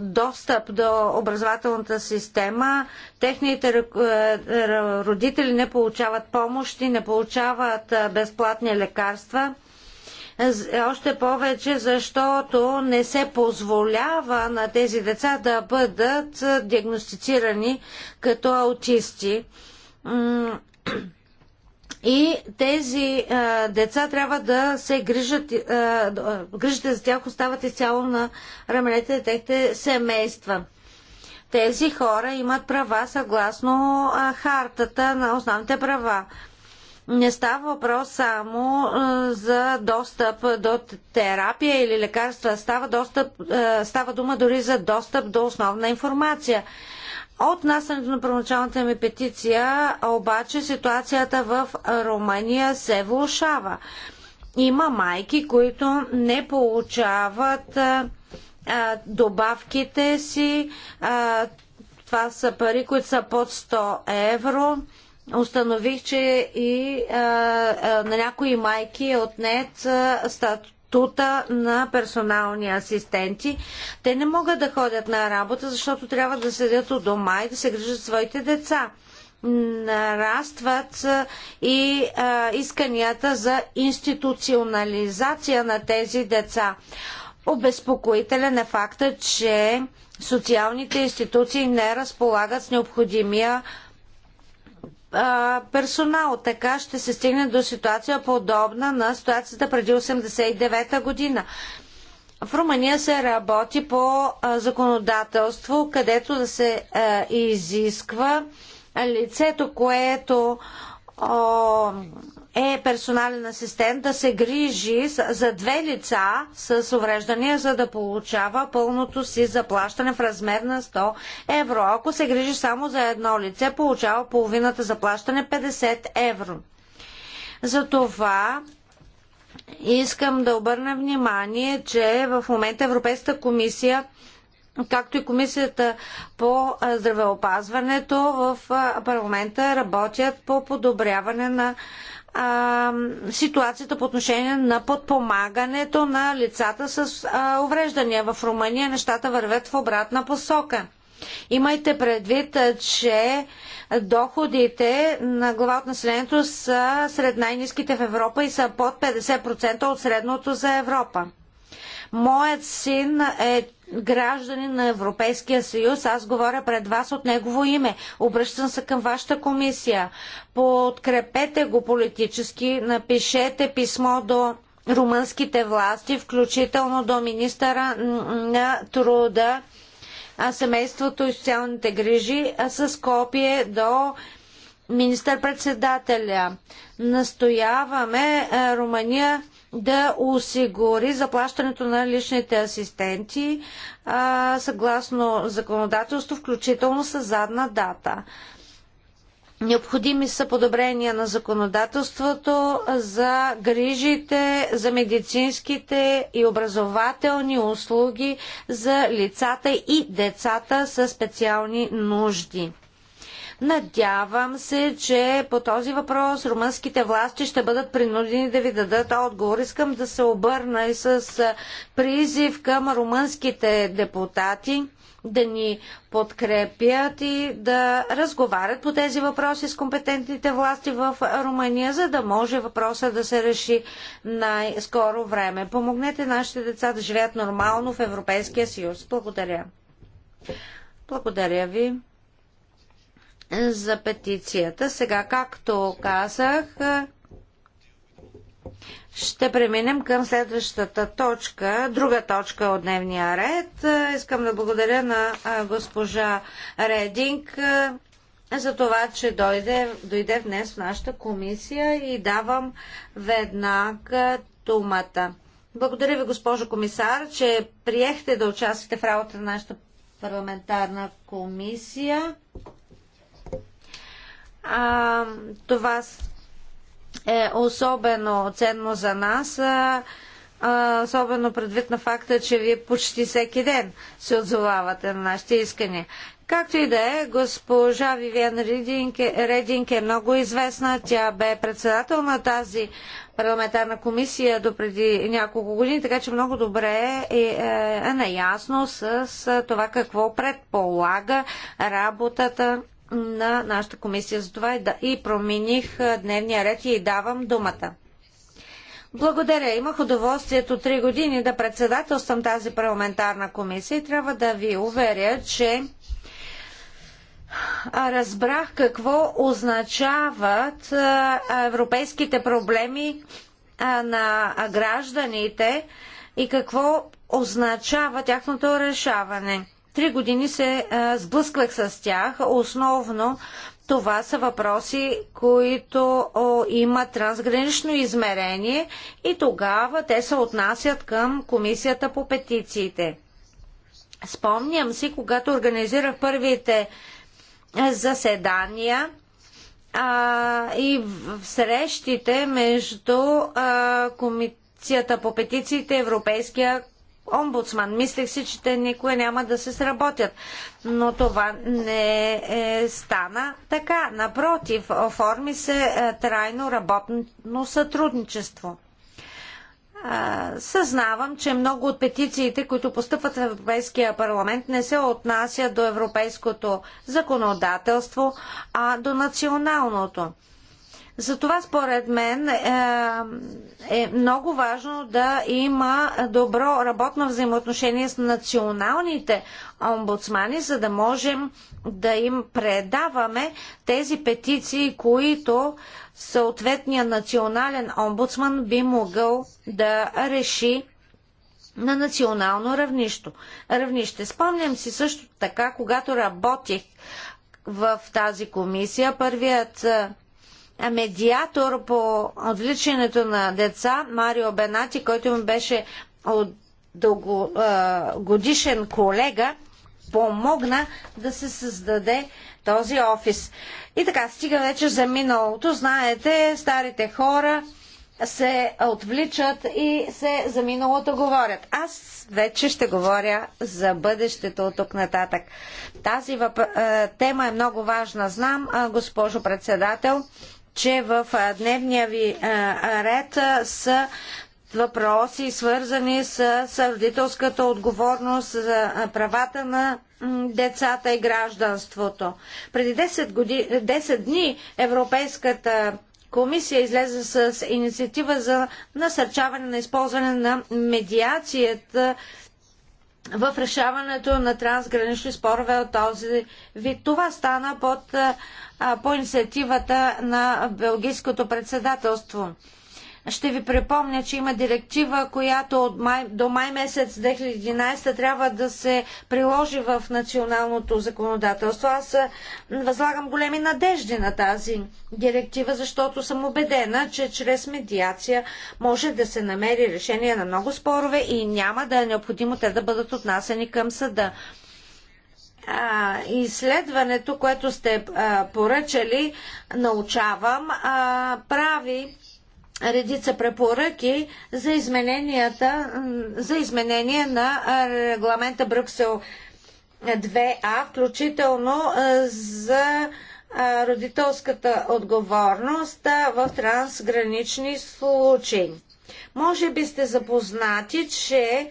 достъп до образователната система, техните родители не получават помощи, не получават безплатни лекарства. Още повече, защото не се позволява на тези деца да бъдат диагностицирани като аутисти и тези а, деца трябва да се грижат, а, грижите за тях остават изцяло на раменете на техните семейства. Тези хора имат права съгласно а, хартата на основните права. Не става въпрос само а, за достъп до терапия или лекарства, става, достъп, а, става дума дори за достъп до основна информация. От на първоначалната ми петиция, обаче ситуацията в Румъния се влушава. Има майки, които не получават а, добавките си. А, това са пари, които са под 100 евро. Установих, че и а, на някои майки е отнет статут статута на персонални асистенти. Те не могат да ходят на работа, защото трябва да седят у дома и да се грижат своите деца. Нарастват и а, исканията за институционализация на тези деца. Обезпокоителен е факта, че социалните институции не разполагат с необходимия персонал. Така ще се стигне до ситуация подобна на ситуацията преди 1989 година. В Румъния се работи по а, законодателство, където да се а, изисква лицето, което е персонален асистент да се грижи за две лица с увреждания, за да получава пълното си заплащане в размер на 100 евро. Ако се грижи само за едно лице, получава половината заплащане 50 евро. Затова искам да обърна внимание, че в момента Европейската комисия както и комисията по здравеопазването в парламента работят по подобряване на а, ситуацията по отношение на подпомагането на лицата с а, увреждания. В Румъния нещата вървят в обратна посока. Имайте предвид, че доходите на глава от населението са сред най-низките в Европа и са под 50% от средното за Европа. Моят син е гражданин на Европейския съюз. Аз говоря пред вас от негово име. Обръщам се към вашата комисия. Подкрепете го политически, напишете писмо до румънските власти, включително до министъра на труда, семейството и социалните грижи, с копие до министър-председателя. Настояваме Румъния да осигури заплащането на личните асистенти а, съгласно законодателство, включително с задна дата. Необходими са подобрения на законодателството за грижите, за медицинските и образователни услуги за лицата и децата със специални нужди. Надявам се, че по този въпрос румънските власти ще бъдат принудени да ви дадат отговор. Искам да се обърна и с призив към румънските депутати да ни подкрепят и да разговарят по тези въпроси с компетентните власти в Румъния, за да може въпроса да се реши най-скоро време. Помогнете нашите деца да живеят нормално в Европейския съюз. Благодаря. Благодаря ви за петицията. Сега, както казах, ще преминем към следващата точка, друга точка от дневния ред. Искам да благодаря на госпожа Рединг за това, че дойде, дойде днес в нашата комисия и давам веднага думата. Благодаря ви, госпожо комисар, че приехте да участвате в работа на нашата парламентарна комисия. А, това е особено ценно за нас, а, а, особено предвид на факта, че вие почти всеки ден се отзовавате на нашите искания. Както и да е, госпожа Вивиан Рединг, е- Рединг е много известна. Тя бе председател на тази парламентарна комисия до преди няколко години, така че много добре е, е, е наясно с, с това какво предполага работата на нашата комисия. това и, да, и промених дневния ред и давам думата. Благодаря. Имах удоволствието три години да председателствам тази парламентарна комисия и трябва да ви уверя, че разбрах какво означават европейските проблеми на гражданите и какво означава тяхното решаване. Три години се а, сблъсквах с тях. Основно това са въпроси, които о, имат трансгранично измерение и тогава те се отнасят към комисията по петициите. Спомням си, когато организирах първите заседания а, и в срещите между а, Комисията по петициите Европейския омбудсман. Мислех си, че те никой няма да се сработят. Но това не е, е, стана така. Напротив, оформи се е, трайно работно сътрудничество. съзнавам, че много от петициите, които постъпват в Европейския парламент, не се отнасят до европейското законодателство, а до националното. Затова според мен е, е много важно да има добро работно взаимоотношение с националните омбудсмани, за да можем да им предаваме тези петиции, които съответният национален омбудсман би могъл да реши на национално равнище. равнище. Спомням си също така, когато работих в тази комисия, първият е медиатор по отвличането на деца Марио Бенати, който ми беше от дългогодишен е, колега, помогна да се създаде този офис. И така, стига вече за миналото. Знаете, старите хора се отвличат и се за миналото говорят. Аз вече ще говоря за бъдещето от тук нататък. Тази въп... Е, тема е много важна. Знам, госпожо председател, че в дневния ви ред са въпроси, свързани с родителската отговорност за правата на децата и гражданството. Преди 10, години, 10 дни Европейската комисия излезе с инициатива за насърчаване на използване на медиацията в решаването на трансгранични спорове от този вид. Това стана под, по инициативата на Белгийското председателство. Ще ви припомня, че има директива, която от май, до май месец 2011 трябва да се приложи в националното законодателство. Аз възлагам големи надежди на тази директива, защото съм убедена, че чрез медиация може да се намери решение на много спорове и няма да е необходимо те да бъдат отнасени към съда. А, изследването, което сте а, поръчали, научавам, а, прави редица препоръки за, измененията, за изменение на регламента Брюксел 2А, включително за родителската отговорност в трансгранични случаи. Може би сте запознати, че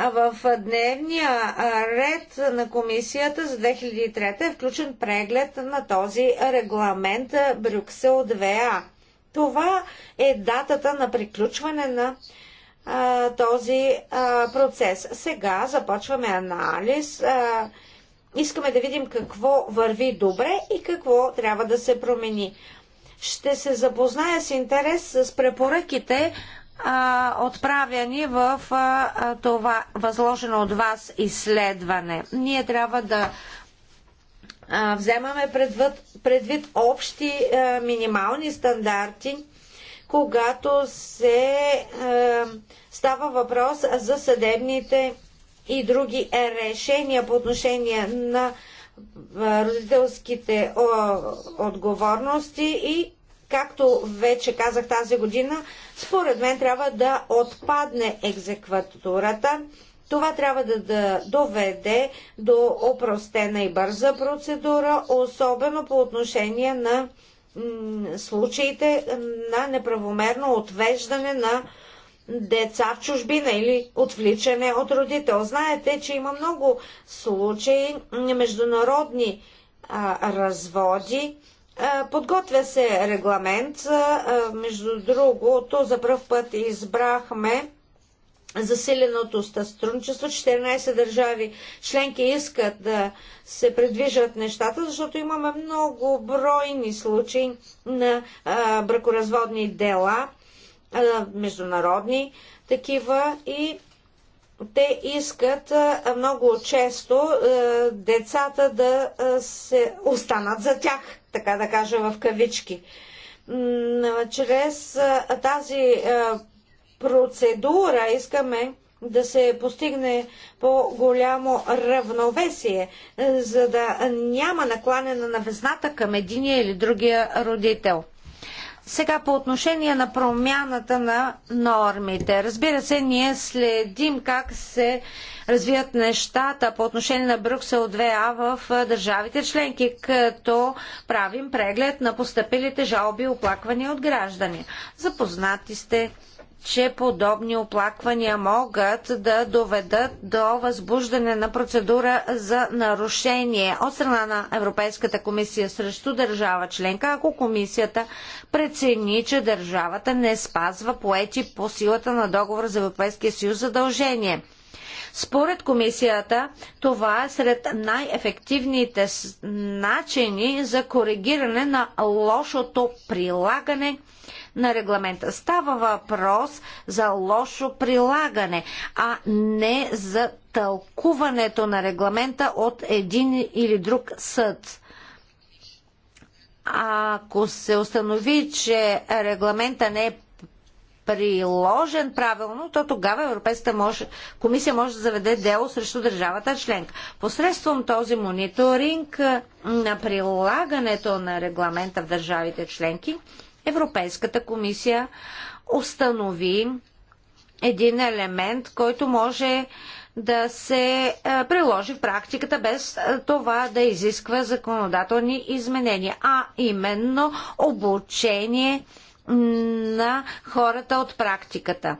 в дневния ред на комисията за 2003 е включен преглед на този регламент Брюксел 2А. Това е датата на приключване на а, този а, процес. Сега започваме анализ. А, искаме да видим какво върви добре и какво трябва да се промени. Ще се запозная с интерес с препоръките, а, отправяни в а, това възложено от вас изследване. Ние трябва да вземаме предвид, предвид общи минимални стандарти, когато се става въпрос за съдебните и други решения по отношение на родителските о, отговорности и както вече казах тази година, според мен трябва да отпадне екзекватурата. Това трябва да, да доведе до опростена и бърза процедура, особено по отношение на случаите на неправомерно отвеждане на деца в чужбина или отвличане от родител. Знаете, че има много случаи на международни а, разводи. А, подготвя се регламент. А, между другото, за първ път избрахме засиленото сътрудничество. 14 държави членки искат да се предвижат нещата, защото имаме много бройни случаи на а, бракоразводни дела, а, международни такива и те искат а, много често а, децата да а, се останат за тях, така да кажа в кавички. М чрез тази процедура искаме да се постигне по-голямо равновесие, е, за да няма накланена на везната към единия или другия родител. Сега по отношение на промяната на нормите. Разбира се, ние следим как се развият нещата по отношение на Брюксел 2А в е, държавите членки, като правим преглед на постъпилите жалби и оплаквания от граждани. Запознати сте че подобни оплаквания могат да доведат до възбуждане на процедура за нарушение от страна на Европейската комисия срещу държава членка, ако комисията прецени, че държавата не спазва поети по силата на договор за Европейския съюз задължение. Според комисията, това е сред най-ефективните начини за коригиране на лошото прилагане на регламента. Става въпрос за лошо прилагане, а не за тълкуването на регламента от един или друг съд. Ако се установи, че регламента не е приложен правилно, то тогава Европейската може, комисия може да заведе дело срещу държавата членка. Посредством този мониторинг на прилагането на регламента в държавите членки, Европейската комисия установи един елемент, който може да се е, приложи в практиката без е, това да изисква законодателни изменения, а именно обучение на хората от практиката.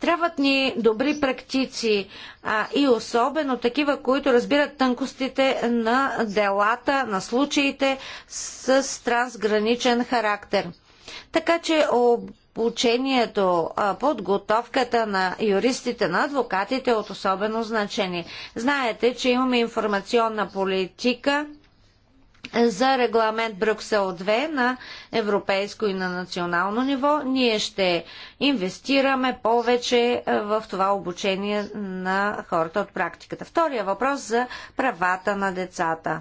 Трябват ни добри практици а, и особено такива, които разбират тънкостите на делата, на случаите с трансграничен характер. Така че обучението, подготовката на юристите, на адвокатите е от особено значение. Знаете, че имаме информационна политика за регламент Брюксел 2 на европейско и на национално ниво. Ние ще инвестираме повече в това обучение на хората от практиката. Втория въпрос за правата на децата.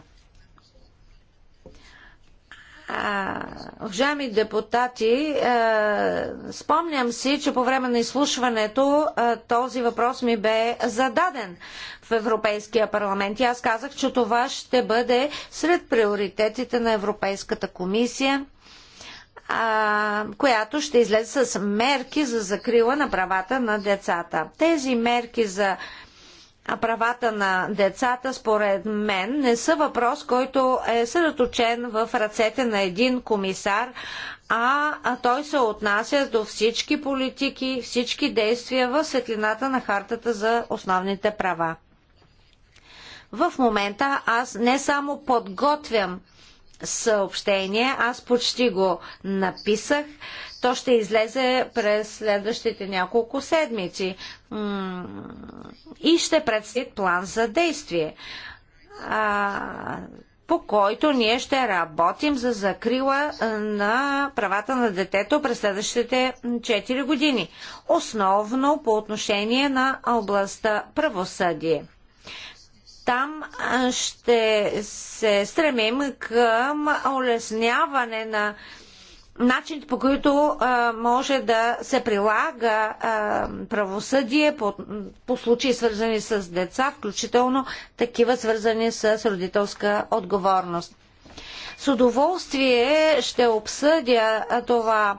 А, уважаеми депутати, а, спомням си, че по време на изслушването а, този въпрос ми бе зададен в Европейския парламент и аз казах, че това ще бъде сред приоритетите на Европейската комисия която ще излезе с мерки за закрила на правата на децата. Тези мерки за правата на децата, според мен, не са въпрос, който е съдоточен в ръцете на един комисар, а, а той се отнася до всички политики, всички действия в светлината на хартата за основните права. В момента аз не само подготвям съобщение, аз почти го написах, то ще излезе през следващите няколко седмици и ще представи план за действие по който ние ще работим за закрила на правата на детето през следващите 4 години. Основно по отношение на областта правосъдие. Там ще се стремим към улесняване на Начин по който а, може да се прилага а, правосъдие по, по случаи свързани с деца, включително такива свързани с родителска отговорност. С удоволствие ще обсъдя това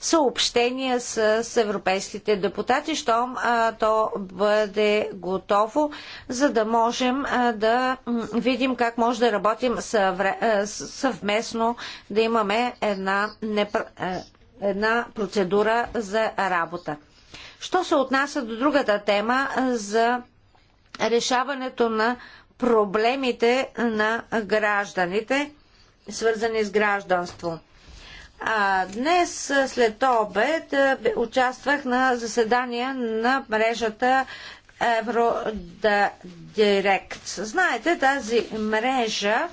съобщение с, с европейските депутати, щом а, то бъде готово, за да можем а, да видим как може да работим съвре, а, съвместно, да имаме една, непр... една процедура за работа. Що се отнася до другата тема за решаването на проблемите на гражданите, свързани с гражданство. А, днес след обед участвах на заседание на мрежата Евродирект. Знаете, тази мрежа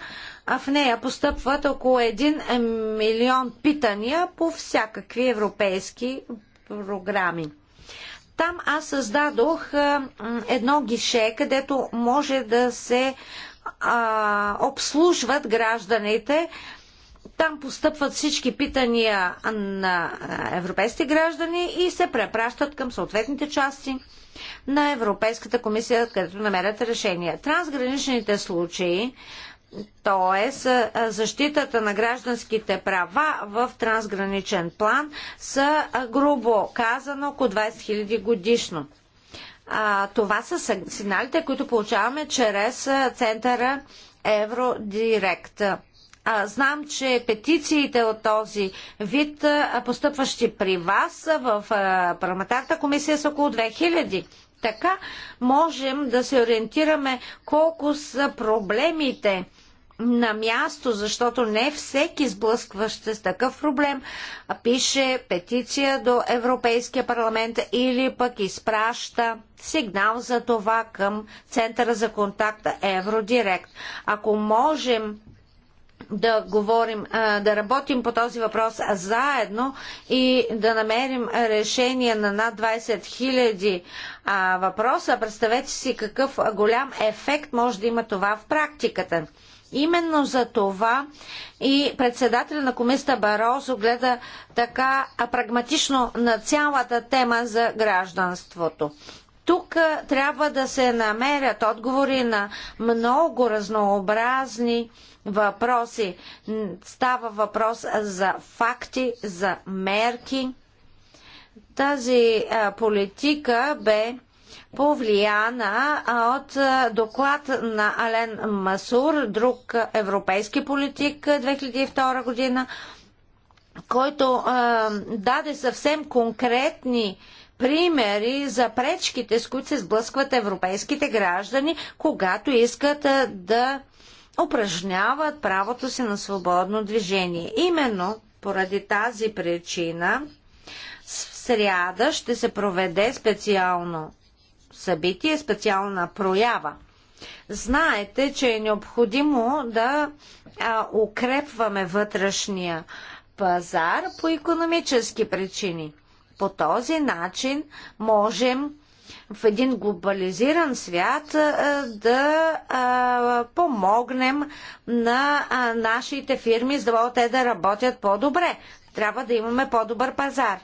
а в нея постъпват около 1 милион питания по всякакви европейски програми. Там аз създадох едно гише, където може да се а, обслужват гражданите, там постъпват всички питания на европейските граждани и се препращат към съответните части на Европейската комисия, където намерят решения. Трансграничните случаи, т.е. защитата на гражданските права в трансграничен план, са грубо казано около 20 000 годишно. А, това са сигналите, които получаваме чрез центъра Евродирект знам, че петициите от този вид, поступващи постъпващи при вас в парламентарната комисия са около 2000. Така можем да се ориентираме колко са проблемите на място, защото не всеки сблъскващ с такъв проблем пише петиция до Европейския парламент или пък изпраща сигнал за това към Центъра за контакт Евродирект. Ако можем да говорим, да работим по този въпрос заедно и да намерим решение на над 20 000 въпроса. Представете си какъв голям ефект може да има това в практиката. Именно за това и председателя на комисията Барозо гледа така прагматично на цялата тема за гражданството. Тук трябва да се намерят отговори на много разнообразни въпроси. Става въпрос за факти, за мерки. Тази политика бе повлияна от доклад на Ален Масур, друг европейски политик 2002 година, който даде съвсем конкретни а, примери за пречките, с които се сблъскват европейските граждани, когато искат да упражняват правото си на свободно движение. Именно поради тази причина в сряда ще се проведе специално събитие, специална проява. Знаете, че е необходимо да а, укрепваме вътрешния пазар по економически причини. По този начин можем в един глобализиран свят да помогнем на нашите фирми, за да те да работят по-добре. Трябва да имаме по-добър пазар.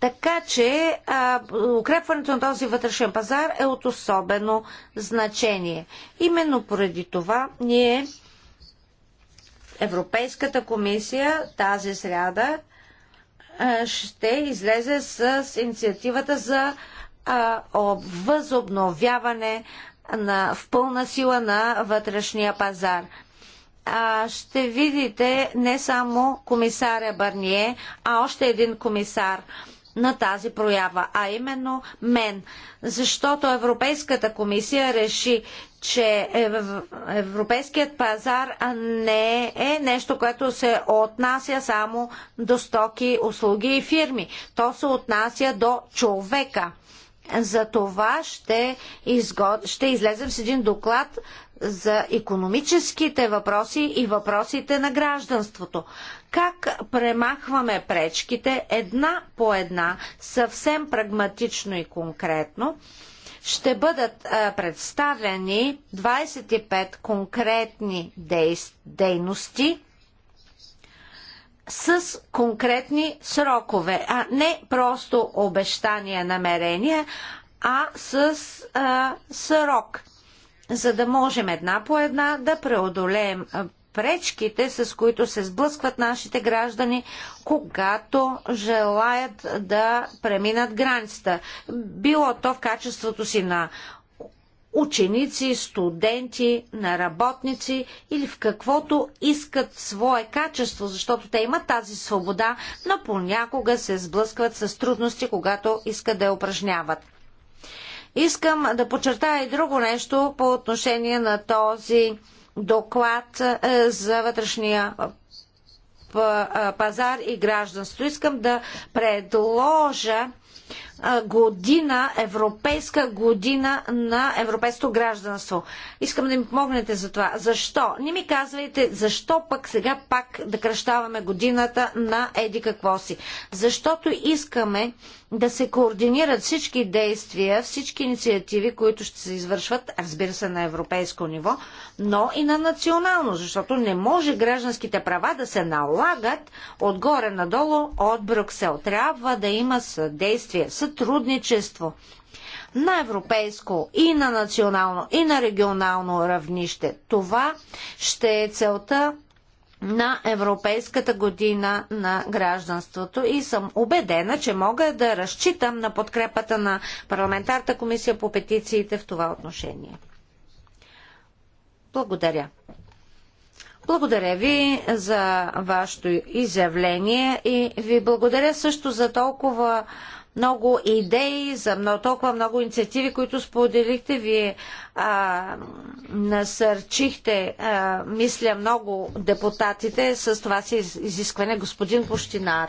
Така че а, укрепването на този вътрешен пазар е от особено значение. Именно поради това ние Европейската комисия тази сряда ще излезе с инициативата за възобновяване на, в пълна сила на вътрешния пазар. А, ще видите не само комисаря Барние, а още един комисар – на тази проява, а именно мен. Защото Европейската комисия реши, че европейският пазар не е нещо, което се отнася само до стоки, услуги и фирми. То се отнася до човека. За това ще, изгод... ще излезем с един доклад за економическите въпроси и въпросите на гражданството. Как премахваме пречките една по една, съвсем прагматично и конкретно, ще бъдат е, представени 25 конкретни дей... дейности, с конкретни срокове, а не просто обещания, намерения, а с а, срок, за да можем една по една да преодолеем пречките, с които се сблъскват нашите граждани, когато желаят да преминат границата. Било то в качеството си на ученици, студенти, на работници или в каквото искат свое качество, защото те имат тази свобода, но понякога се сблъскват с трудности, когато искат да я упражняват. Искам да подчертая и друго нещо по отношение на този доклад е, за вътрешния е, е, пазар и гражданство. Искам да предложа година, европейска година на европейското гражданство. Искам да ми помогнете за това. Защо? Не ми казвайте защо пък сега пак да кръщаваме годината на еди какво си. Защото искаме да се координират всички действия, всички инициативи, които ще се извършват, разбира се, на европейско ниво, но и на национално, защото не може гражданските права да се налагат отгоре надолу от Брюксел. Трябва да има съдействие, сътрудничество на европейско и на национално и на регионално равнище. Това ще е целта на Европейската година на гражданството и съм убедена, че мога да разчитам на подкрепата на парламентарната комисия по петициите в това отношение. Благодаря. Благодаря ви за вашето изявление и ви благодаря също за толкова много идеи, за много, толкова много инициативи, които споделихте. Вие а, насърчихте, а, мисля, много депутатите с това си изискване, господин Пощинар.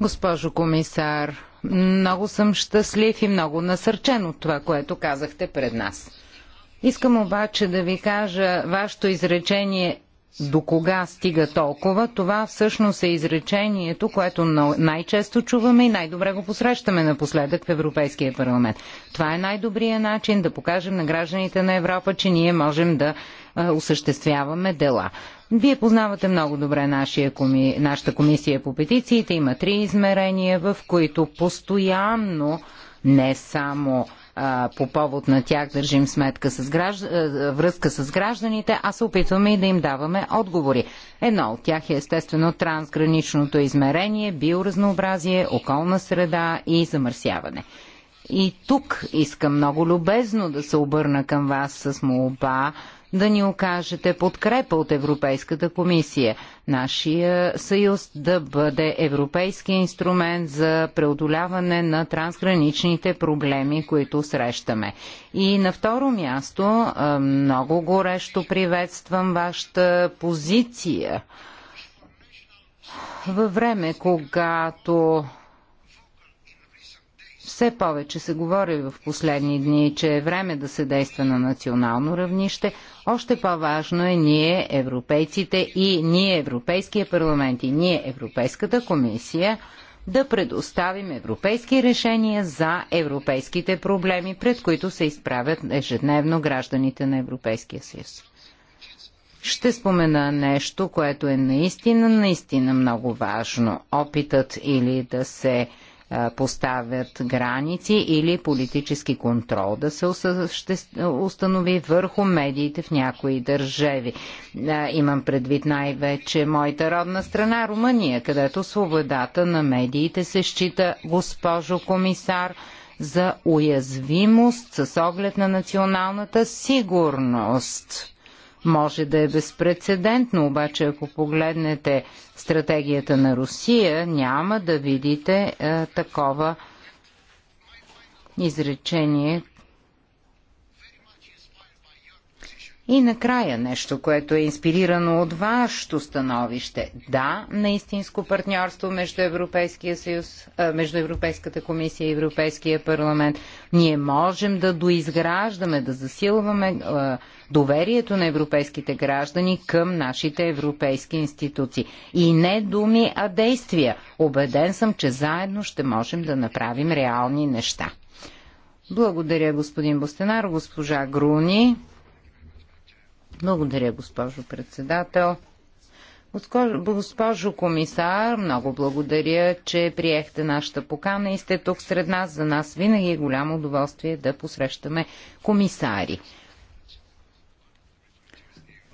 Госпожо комисар, много съм щастлив и много насърчен от това, което казахте пред нас. Искам обаче да ви кажа, вашето изречение до кога стига толкова, това всъщност е изречението, което най-често чуваме и най-добре го посрещаме напоследък в Европейския парламент. Това е най-добрият начин да покажем на гражданите на Европа, че ние можем да а, осъществяваме дела. Вие познавате много добре нашия коми... нашата комисия по петициите. Има три измерения, в които постоянно не само а, по повод на тях държим сметка с гражд... връзка с гражданите, а се опитваме и да им даваме отговори. Едно от тях е естествено трансграничното измерение, биоразнообразие, околна среда и замърсяване. И тук искам много любезно да се обърна към вас с молба да ни окажете подкрепа от Европейската комисия. Нашия съюз да бъде европейски инструмент за преодоляване на трансграничните проблеми, които срещаме. И на второ място, много горещо приветствам вашата позиция във време, когато все повече се говори в последни дни, че е време да се действа на национално равнище. Още по-важно е ние, европейците и ние, Европейския парламент и ние, Европейската комисия, да предоставим европейски решения за европейските проблеми, пред които се изправят ежедневно гражданите на Европейския съюз. Ще спомена нещо, което е наистина, наистина много важно. Опитът или да се поставят граници или политически контрол да се установи върху медиите в някои държави. Имам предвид най-вече моята родна страна Румъния, където свободата на медиите се счита, госпожо комисар, за уязвимост с оглед на националната сигурност може да е безпредседентно, обаче ако погледнете стратегията на Русия, няма да видите а, е, такова изречение И накрая нещо, което е инспирирано от вашето становище. Да, на истинско партньорство между Европейския съюз, между Европейската комисия и Европейския парламент. Ние можем да доизграждаме, да засилваме доверието на европейските граждани към нашите европейски институции. И не думи, а действия. Обеден съм, че заедно ще можем да направим реални неща. Благодаря, господин Бостенар, госпожа Груни. Благодаря, госпожо председател. Госпожо комисар, много благодаря, че приехте нашата покана и сте тук сред нас. За нас винаги е голямо удоволствие да посрещаме комисари.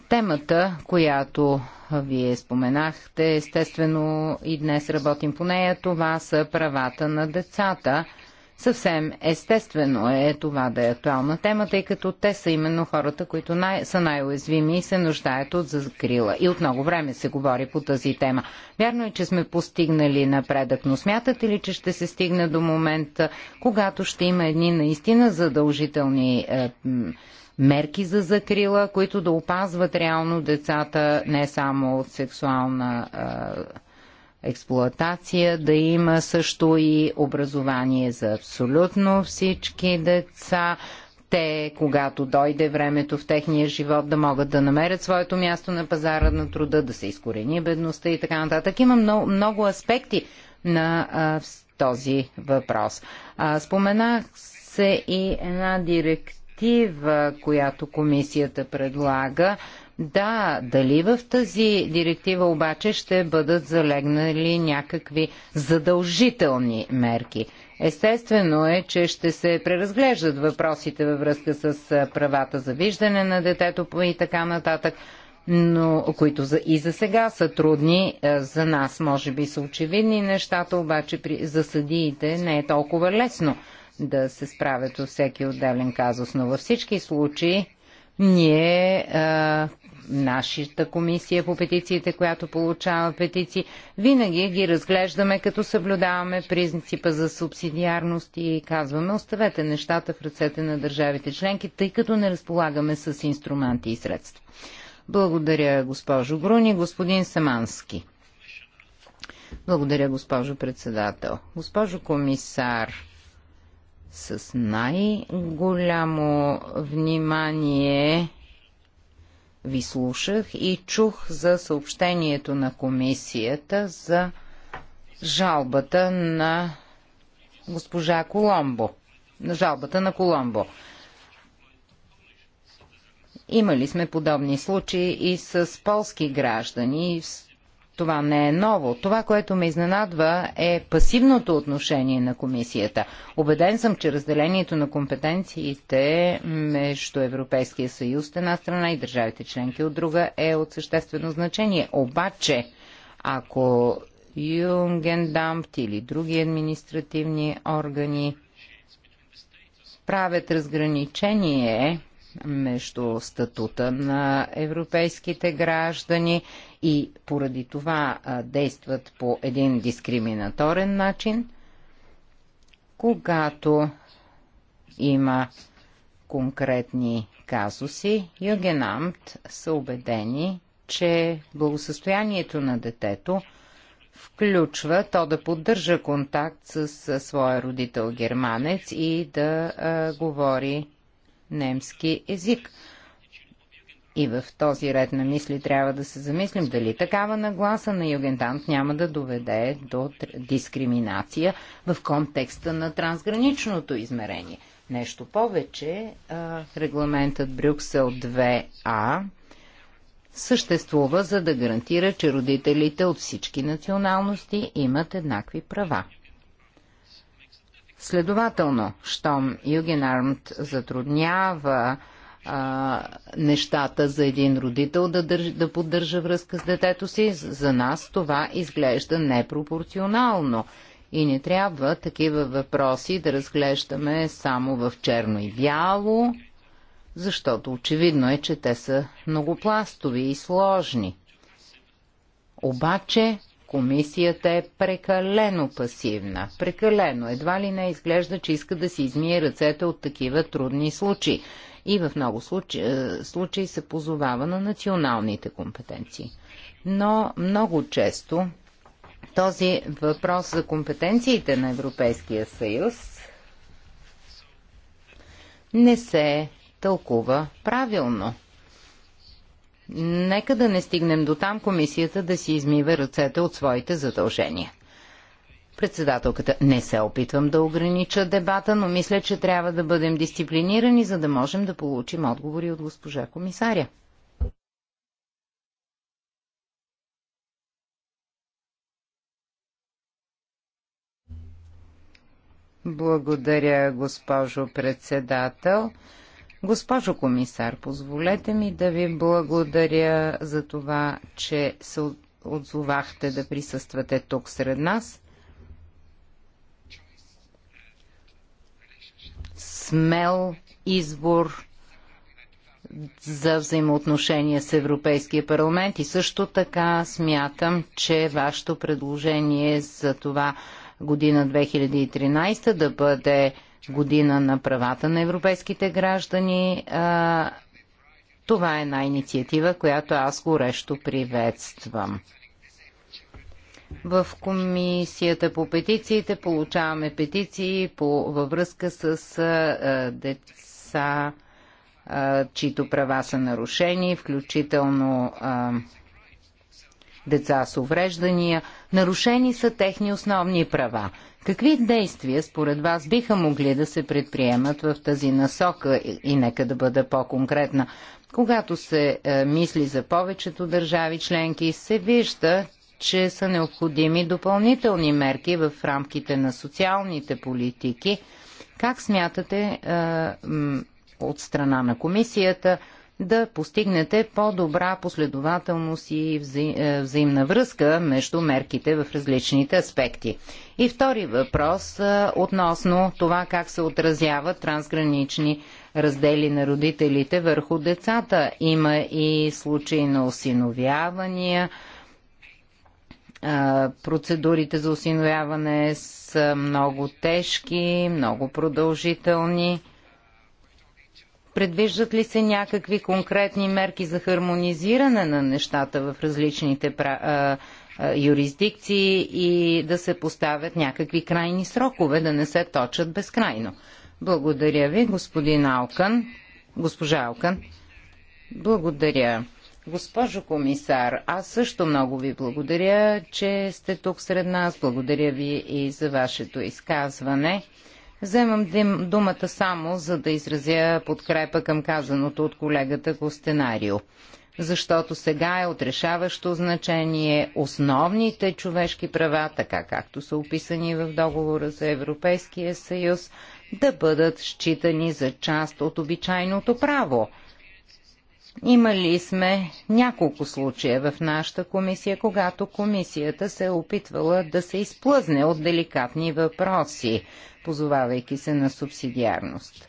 Темата, която вие споменахте, естествено и днес работим по нея, това са правата на децата – Съвсем естествено е това да е актуална тема, тъй като те са именно хората, които най- са най-уязвими и се нуждаят от закрила. И от много време се говори по тази тема. Вярно е, че сме постигнали напредък, но смятате ли, че ще се стигне до момента, когато ще има едни наистина задължителни е, мерки за закрила, които да опазват реално децата не само от сексуална. Е, експлоатация, да има също и образование за абсолютно всички деца. Те, когато дойде времето в техния живот, да могат да намерят своето място на пазара на труда, да се изкорени бедността и така нататък. Има много, много аспекти на а, този въпрос. А, споменах се и една директива, която комисията предлага да, дали в тази директива обаче ще бъдат залегнали някакви задължителни мерки? Естествено е, че ще се преразглеждат въпросите във връзка с правата за виждане на детето и така нататък, но които за, и за сега са трудни. За нас може би са очевидни нещата, обаче при, за съдиите не е толкова лесно да се справят от всеки отделен казус. Но във всички случаи ние а, нашата комисия по петициите, която получава петиции, винаги ги разглеждаме като съблюдаваме принципа за субсидиарност и казваме оставете нещата в ръцете на държавите членки, тъй като не разполагаме с инструменти и средства. Благодаря, госпожо Груни. Господин Самански. Благодаря, госпожо председател. Госпожо комисар, с най-голямо внимание ви слушах и чух за съобщението на комисията за жалбата на госпожа Коломбо. На жалбата на Коломбо. Имали сме подобни случаи и с полски граждани. Това не е ново. Това, което ме изненадва е пасивното отношение на комисията. Обеден съм, че разделението на компетенциите между Европейския съюз от една страна и държавите членки от друга е от съществено значение. Обаче, ако Юнгендамт или други административни органи правят разграничение между статута на европейските граждани и поради това действат по един дискриминаторен начин, когато има конкретни казуси, Югенамт са убедени, че благосъстоянието на детето включва то да поддържа контакт с своя родител германец и да а, говори немски език. И в този ред на мисли трябва да се замислим дали такава нагласа на югентант няма да доведе до дискриминация в контекста на трансграничното измерение. Нещо повече, регламентът Брюксел 2А съществува за да гарантира, че родителите от всички националности имат еднакви права. Следователно, щом Юген Армт затруднява а, нещата за един родител да, държ, да поддържа връзка с детето си, за нас това изглежда непропорционално. И не трябва такива въпроси да разглеждаме само в черно и бяло, защото очевидно е, че те са многопластови и сложни. Обаче комисията е прекалено пасивна. Прекалено. Едва ли не изглежда, че иска да си измие ръцете от такива трудни случаи. И в много случаи, случаи се позовава на националните компетенции. Но много често този въпрос за компетенциите на Европейския съюз не се тълкува правилно. Нека да не стигнем до там комисията да си измива ръцете от своите задължения. Председателката, не се опитвам да огранича дебата, но мисля, че трябва да бъдем дисциплинирани, за да можем да получим отговори от госпожа комисаря. Благодаря, госпожо председател. Госпожо комисар, позволете ми да ви благодаря за това, че се отзовахте да присъствате тук сред нас. Смел избор за взаимоотношения с Европейския парламент и също така смятам, че вашето предложение за това година 2013 да бъде година на правата на европейските граждани. Това е една инициатива, която аз горещо приветствам. В комисията по петициите получаваме петиции по, във връзка с а, деца, а, чието права са нарушени, включително а, деца с увреждания. Нарушени са техни основни права. Какви действия според вас биха могли да се предприемат в тази насока и, нека да бъда по-конкретна? Когато се е, мисли за повечето държави членки, се вижда, че са необходими допълнителни мерки в рамките на социалните политики. Как смятате е, от страна на комисията да постигнете по-добра последователност и е, взаимна връзка между мерките в различните аспекти. И втори въпрос е, относно това как се отразяват трансгранични раздели на родителите върху децата. Има и случаи на осиновявания. Е, процедурите за осиновяване са много тежки, много продължителни Предвиждат ли се някакви конкретни мерки за хармонизиране на нещата в различните юрисдикции и да се поставят някакви крайни срокове, да не се точат безкрайно? Благодаря ви, господин Алкан. Госпожа Алкан. Благодаря. Госпожо комисар, аз също много ви благодаря, че сте тук сред нас. Благодаря ви и за вашето изказване. Вземам думата само за да изразя подкрепа към казаното от колегата Костенарио защото сега е отрешаващо значение основните човешки права, така както са описани в договора за Европейския съюз, да бъдат считани за част от обичайното право. Имали сме няколко случая в нашата комисия, когато комисията се е опитвала да се изплъзне от деликатни въпроси, позовавайки се на субсидиарност.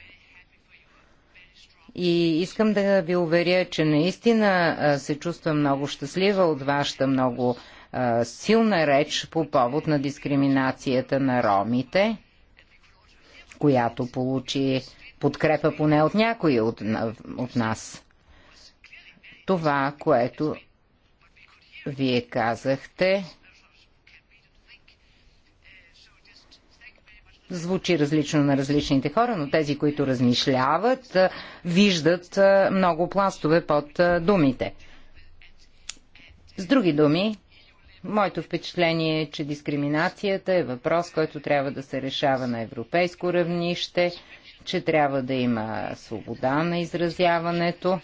И искам да ви уверя, че наистина се чувствам много щастлива от вашата много силна реч по повод на дискриминацията на ромите, която получи подкрепа поне от някои от, от нас. Това, което вие казахте, звучи различно на различните хора, но тези, които размишляват, виждат много пластове под думите. С други думи, моето впечатление е, че дискриминацията е въпрос, който трябва да се решава на европейско равнище, че трябва да има свобода на изразяването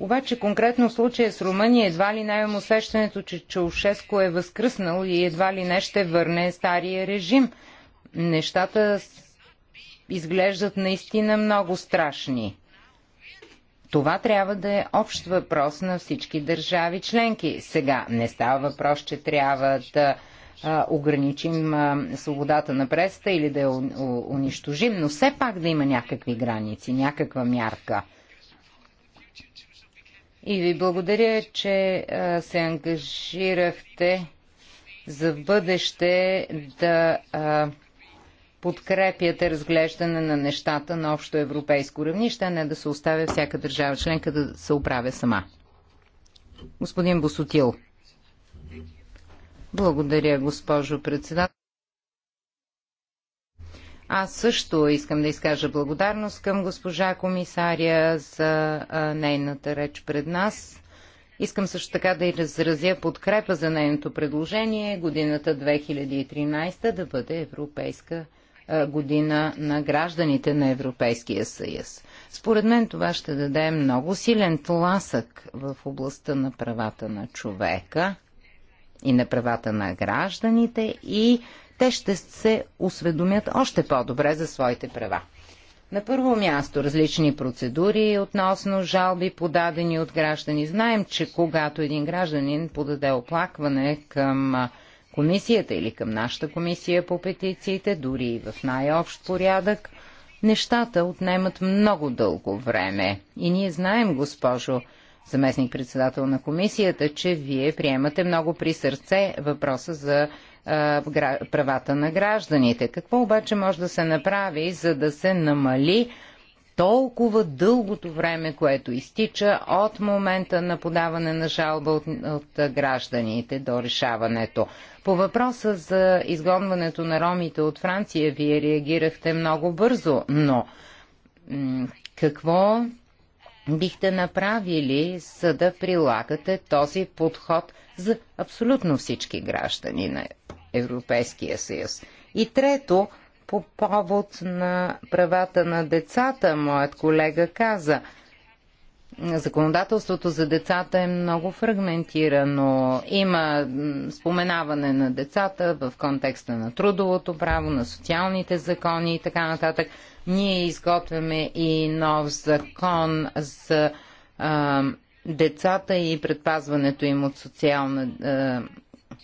обаче конкретно в случая с Румъния едва ли не имам усещането, че Чаушеско е възкръснал и едва ли не ще върне стария режим. Нещата изглеждат наистина много страшни. Това трябва да е общ въпрос на всички държави членки. Сега не става въпрос, че трябва да а, ограничим а, свободата на преста или да я унищожим, но все пак да има някакви граници, някаква мярка – и ви благодаря, че се ангажирахте за в бъдеще да подкрепяте разглеждане на нещата на общо европейско равнище, а не да се оставя всяка държава членка да се оправя сама. Господин Босотил. Благодаря, госпожо председател. Аз също искам да изкажа благодарност към госпожа комисаря за нейната реч пред нас. Искам също така да изразя подкрепа за нейното предложение годината 2013 да бъде Европейска година на гражданите на Европейския съюз. Според мен това ще даде много силен тласък в областта на правата на човека и на правата на гражданите и те ще се осведомят още по-добре за своите права. На първо място различни процедури относно жалби, подадени от граждани. Знаем, че когато един гражданин подаде оплакване към комисията или към нашата комисия по петициите, дори и в най-общ порядък, нещата отнемат много дълго време. И ние знаем, госпожо заместник-председател на комисията, че вие приемате много при сърце въпроса за правата на гражданите. Какво обаче може да се направи, за да се намали толкова дългото време, което изтича от момента на подаване на жалба от, от гражданите до решаването. По въпроса за изгонването на ромите от Франция, вие реагирахте много бързо, но какво бихте направили, за да прилагате този подход за абсолютно всички граждани на Европейския съюз. И трето, по повод на правата на децата, моят колега каза, законодателството за децата е много фрагментирано. Има споменаване на децата в контекста на трудовото право, на социалните закони и така нататък. Ние изготвяме и нов закон за а, децата и предпазването им от социална, е,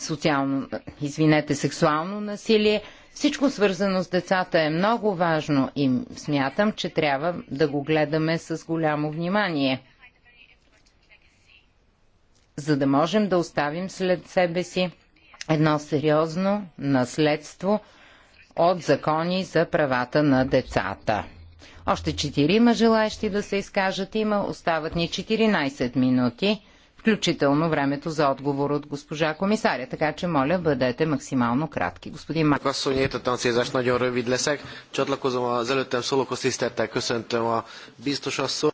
социално, извинете, сексуално насилие. Всичко свързано с децата е много важно и смятам, че трябва да го гледаме с голямо внимание, за да можем да оставим след себе си едно сериозно наследство от закони за правата на децата. Още четирима желаящи да се изкажат има. Остават ни 14 минути, включително времето за отговор от госпожа комисаря. Така че, моля, бъдете максимално кратки. Господин Мак. Asszony, értettem célzást, nagyon rövid leszek. Csatlakozom солоко си сте така köszöntöm a biztos asszony.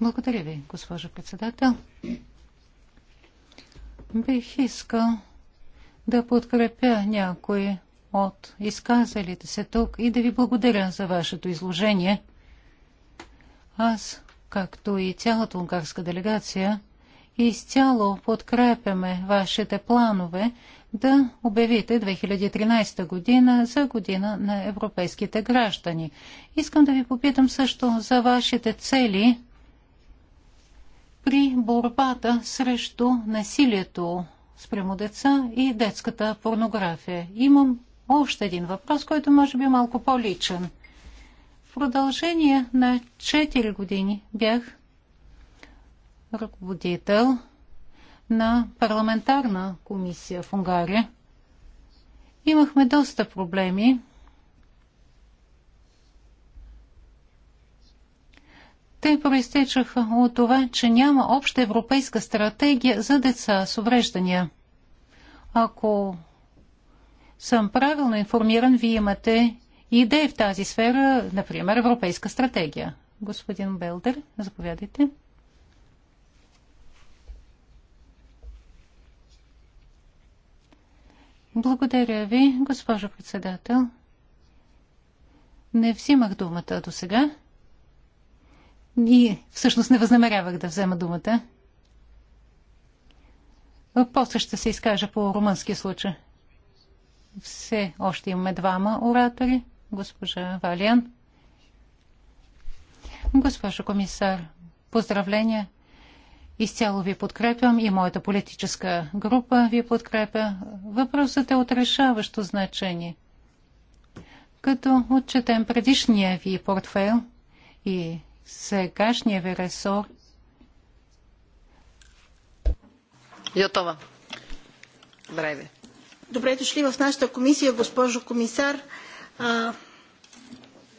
Благодаря ви, госпожо председател. Бих искал да подкрепя някои от изказалите се тук и да ви благодаря за вашето изложение. Аз, както и цялата унгарска делегация, изцяло подкрепяме вашите планове да обявите 2013 година за година на европейските граждани. Искам да ви попитам също за вашите цели при борбата срещу насилието спрямо деца и детската порнография. Имам още един въпрос, който може би е малко по-личен – в продължение на 4 години бях ръководител на парламентарна комисия в Унгария. Имахме доста проблеми. Те проистечаха от това, че няма обща европейска стратегия за деца с увреждания. Ако съм правилно информиран, вие имате идеи в тази сфера, например, Европейска стратегия. Господин Белдер, заповядайте. Благодаря ви, госпожо председател. Не взимах думата до сега. И всъщност не възнамерявах да взема думата. После ще се изкажа по румънски случай. Все още имаме двама оратори госпожа Валиан. Госпожо комисар, поздравления. Изцяло ви подкрепям и моята политическа група ви подкрепя. Въпросът е от решаващо значение. Като отчетем предишния ви портфейл и сегашния ви ресор. Йотова. Здравей. Добре дошли в нашата комисия, госпожо комисар. А,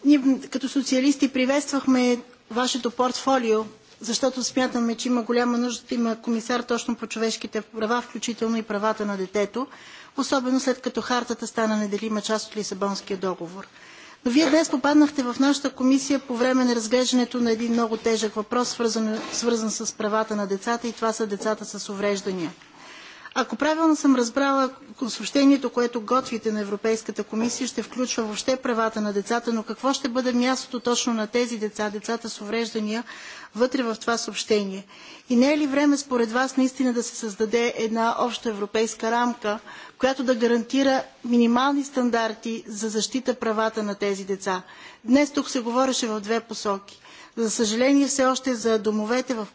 ние като социалисти приветствахме вашето портфолио, защото смятаме, че има голяма нужда да има комисар точно по човешките права, включително и правата на детето, особено след като хартата стана неделима част от Лисабонския договор. Но вие днес попаднахте в нашата комисия по време на разглеждането на един много тежък въпрос, свързан, свързан с правата на децата и това са децата с увреждания – ако правилно съм разбрала, съобщението, което готвите на Европейската комисия, ще включва въобще правата на децата, но какво ще бъде мястото точно на тези деца, децата с увреждания, вътре в това съобщение? И не е ли време според вас наистина да се създаде една обща европейска рамка, която да гарантира минимални стандарти за защита правата на тези деца? Днес тук се говореше в две посоки. За съжаление, все още за домовете в,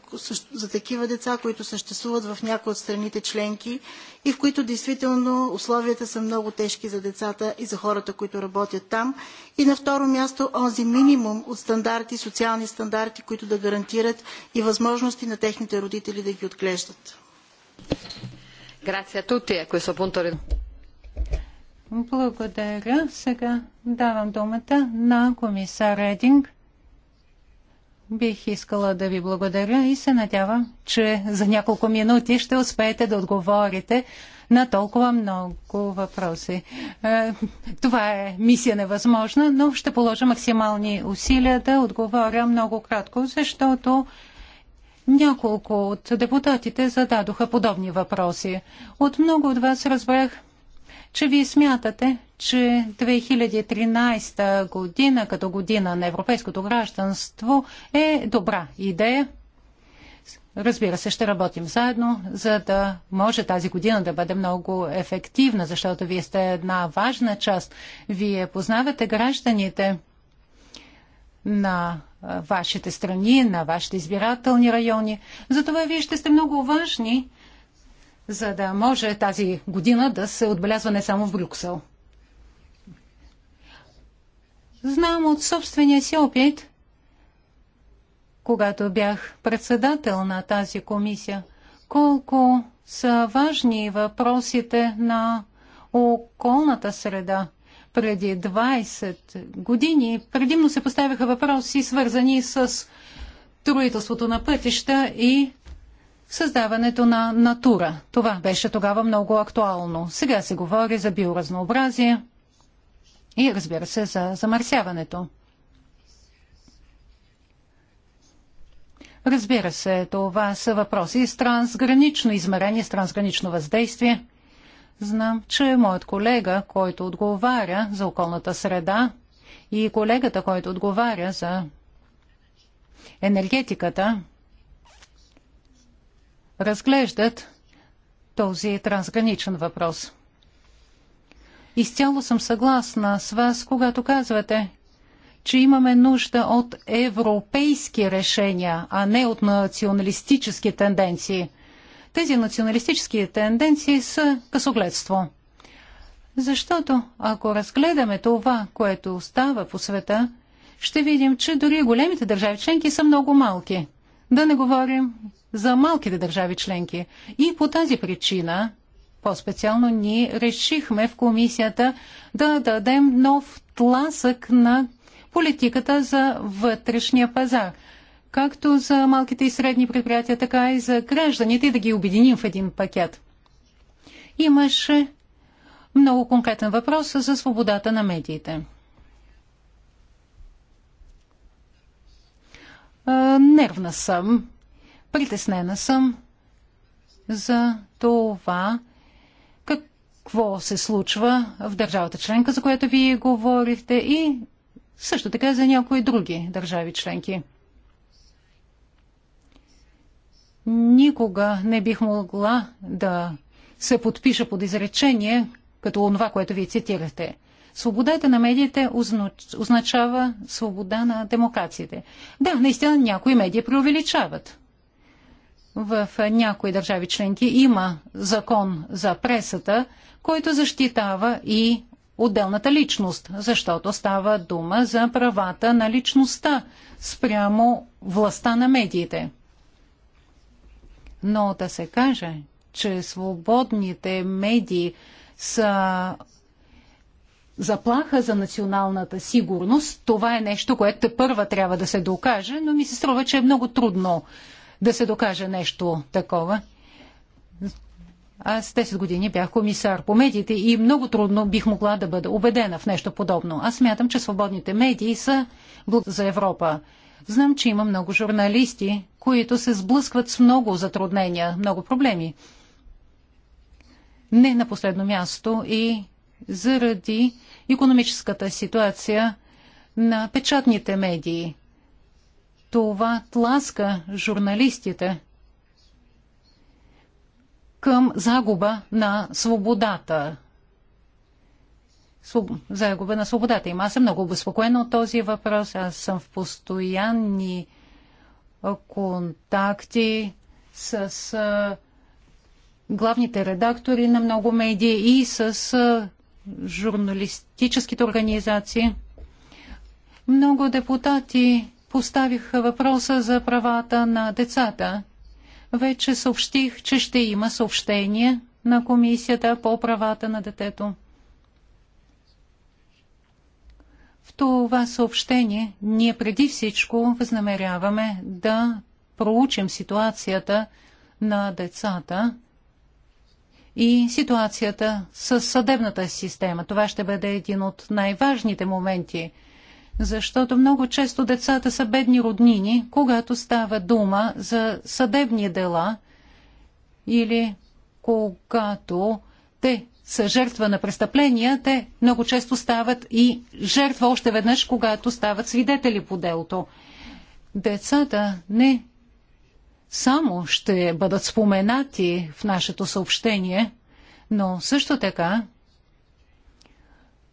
за такива деца, които съществуват в някои от страните членки и в които действително условията са много тежки за децата и за хората, които работят там. И на второ място, онзи минимум от стандарти, социални стандарти, които да гарантират и възможности на техните родители да ги отглеждат. Е Благодаря. Сега давам думата на комисар Рединг Бих искала да ви благодаря и се надявам, че за няколко минути ще успеете да отговорите на толкова много въпроси. Е, това е мисия невъзможна, но ще положа максимални усилия да отговоря много кратко, защото няколко от депутатите зададоха подобни въпроси. От много от вас разбрах, че вие смятате, че 2013 година като година на европейското гражданство е добра идея. Разбира се, ще работим заедно, за да може тази година да бъде много ефективна, защото вие сте една важна част. Вие познавате гражданите на вашите страни, на вашите избирателни райони. Затова вие ще сте много важни за да може тази година да се отбелязва не само в Брюксел. Знам от собствения си опит, когато бях председател на тази комисия, колко са важни въпросите на околната среда. Преди 20 години предимно се поставяха въпроси, свързани с строителството на пътища и създаването на натура. Това беше тогава много актуално. Сега се говори за биоразнообразие и разбира се за замърсяването. Разбира се, това са въпроси с трансгранично измерение, с трансгранично въздействие. Знам, че моят колега, който отговаря за околната среда и колегата, който отговаря за енергетиката, разглеждат този трансграничен въпрос. Изцяло съм съгласна с вас, когато казвате, че имаме нужда от европейски решения, а не от националистически тенденции. Тези националистически тенденции са късогледство. Защото ако разгледаме това, което става по света, ще видим, че дори големите държави членки са много малки. Да не говорим за малките държави членки. И по тази причина, по-специално, ние решихме в комисията да дадем нов тласък на политиката за вътрешния пазар както за малките и средни предприятия, така и за гражданите и да ги обединим в един пакет. Имаше много конкретен въпрос за свободата на медиите. Нервна съм Притеснена съм за това, какво се случва в държавата членка, за която вие говорихте и също така за някои други държави членки. Никога не бих могла да се подпиша под изречение, като това, което вие цитирахте. Свободата на медиите означава свобода на демокрациите. Да, наистина някои медии преувеличават. В някои държави членки има закон за пресата, който защитава и отделната личност, защото става дума за правата на личността спрямо властта на медиите. Но да се каже, че свободните медии са заплаха за националната сигурност, това е нещо, което първа трябва да се докаже, но ми се струва, че е много трудно да се докаже нещо такова. Аз 10 години бях комисар по медиите и много трудно бих могла да бъда убедена в нещо подобно. Аз смятам, че свободните медии са благ за Европа. Знам, че има много журналисти, които се сблъскват с много затруднения, много проблеми. Не на последно място и заради економическата ситуация на печатните медии това тласка журналистите към загуба на свободата. Загуба на свободата Има Аз съм много обеспокоена от този въпрос. Аз съм в постоянни контакти с главните редактори на много медии и с журналистическите организации. Много депутати поставих въпроса за правата на децата. Вече съобщих, че ще има съобщение на Комисията по правата на детето. В това съобщение ние преди всичко възнамеряваме да проучим ситуацията на децата и ситуацията с съдебната система. Това ще бъде един от най-важните моменти – защото много често децата са бедни роднини, когато става дума за съдебни дела или когато те са жертва на престъпления, те много често стават и жертва още веднъж, когато стават свидетели по делото. Децата не само ще бъдат споменати в нашето съобщение, но също така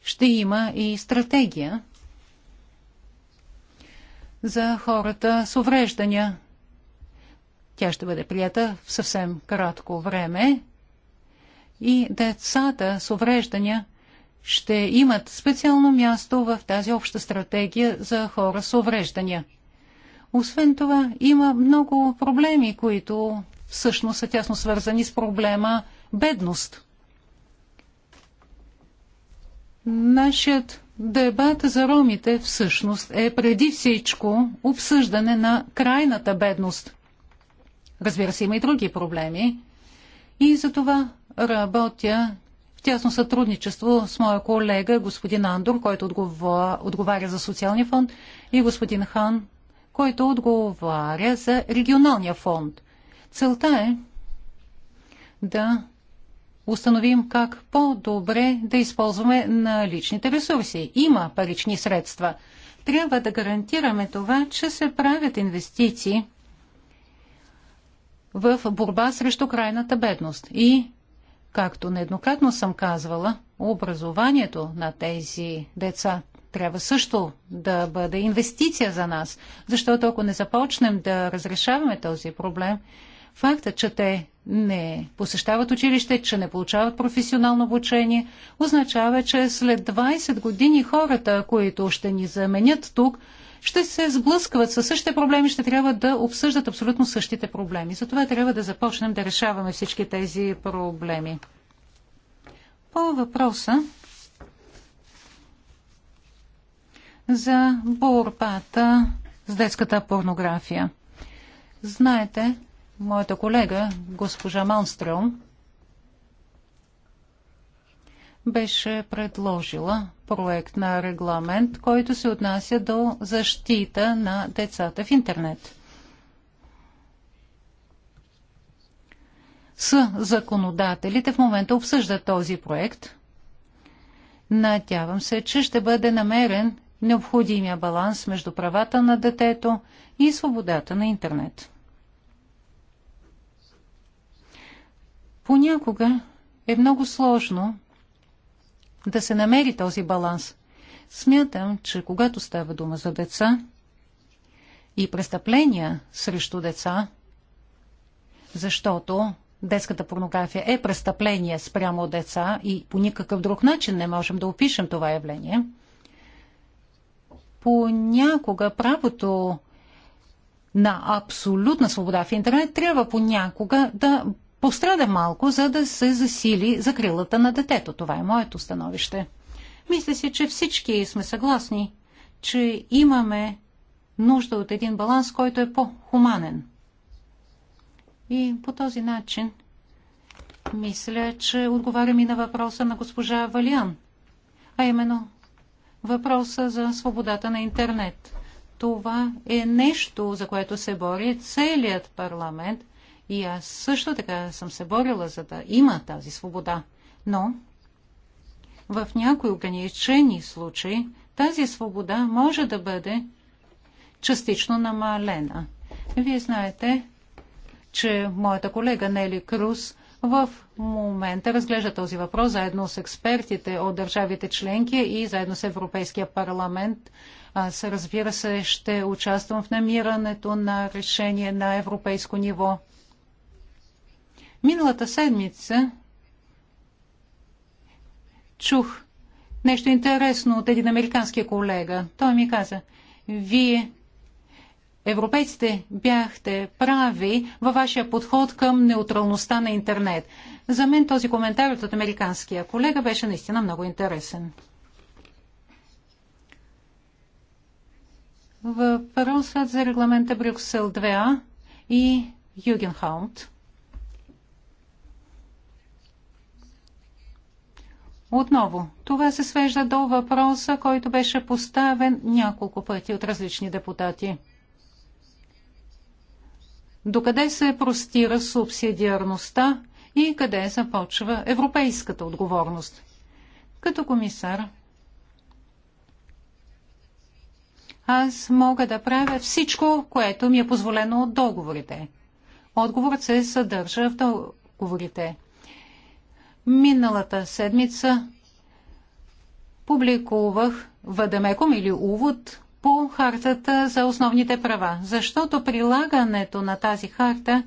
ще има и стратегия – за хората с увреждания. Тя ще бъде прията в съвсем кратко време и децата с увреждания ще имат специално място в тази обща стратегия за хора с увреждания. Освен това, има много проблеми, които всъщност са тясно свързани с проблема бедност. Нашият Дебат за ромите всъщност е преди всичко обсъждане на крайната бедност. Разбира се, има и други проблеми. И за това работя в тясно сътрудничество с моя колега господин Андор, който отговаря за социалния фонд, и господин Хан, който отговаря за регионалния фонд. Целта е да установим как по-добре да използваме наличните ресурси. Има парични средства. Трябва да гарантираме това, че се правят инвестиции в борба срещу крайната бедност. И, както нееднократно съм казвала, образованието на тези деца трябва също да бъде инвестиция за нас, защото ако не започнем да разрешаваме този проблем, Факта, че те не посещават училище, че не получават професионално обучение, означава, че след 20 години хората, които ще ни заменят тук, ще се сблъскват със същите проблеми, ще трябва да обсъждат абсолютно същите проблеми. Затова трябва да започнем да решаваме всички тези проблеми. По въпроса за борбата с детската порнография. Знаете, моята колега, госпожа Малмстрем, беше предложила проект на регламент, който се отнася до защита на децата в интернет. С законодателите в момента обсъждат този проект. Надявам се, че ще бъде намерен необходимия баланс между правата на детето и свободата на интернет. Понякога е много сложно да се намери този баланс. Смятам, че когато става дума за деца и престъпления срещу деца, защото детската порнография е престъпление спрямо деца и по никакъв друг начин не можем да опишем това явление, понякога правото на абсолютна свобода в интернет трябва понякога да пострада малко, за да се засили закрилата на детето. Това е моето становище. Мисля си, че всички сме съгласни, че имаме нужда от един баланс, който е по-хуманен. И по този начин мисля, че отговарям и на въпроса на госпожа Валиан, а именно въпроса за свободата на интернет. Това е нещо, за което се бори целият парламент – и аз също така съм се борила, за да има тази свобода. Но в някои ограничени случаи тази свобода може да бъде частично намалена. Вие знаете, че моята колега Нели Круз в момента разглежда този въпрос заедно с експертите от държавите членки и заедно с Европейския парламент. Аз, разбира се, ще участвам в намирането на решение на европейско ниво. Миналата седмица чух нещо интересно от един американски колега. Той ми каза, вие, европейците, бяхте прави във вашия подход към неутралността на интернет. За мен този коментар от американския колега беше наистина много интересен. Въпросът за регламента Брюксел 2А и Югенхаунд – Отново, това се свежда до въпроса, който беше поставен няколко пъти от различни депутати. Докъде се простира субсидиарността и къде започва европейската отговорност? Като комисар, аз мога да правя всичко, което ми е позволено от договорите. Отговорът се съдържа в договорите. Миналата седмица публикувах въдемеком или увод по хартата за основните права, защото прилагането на тази харта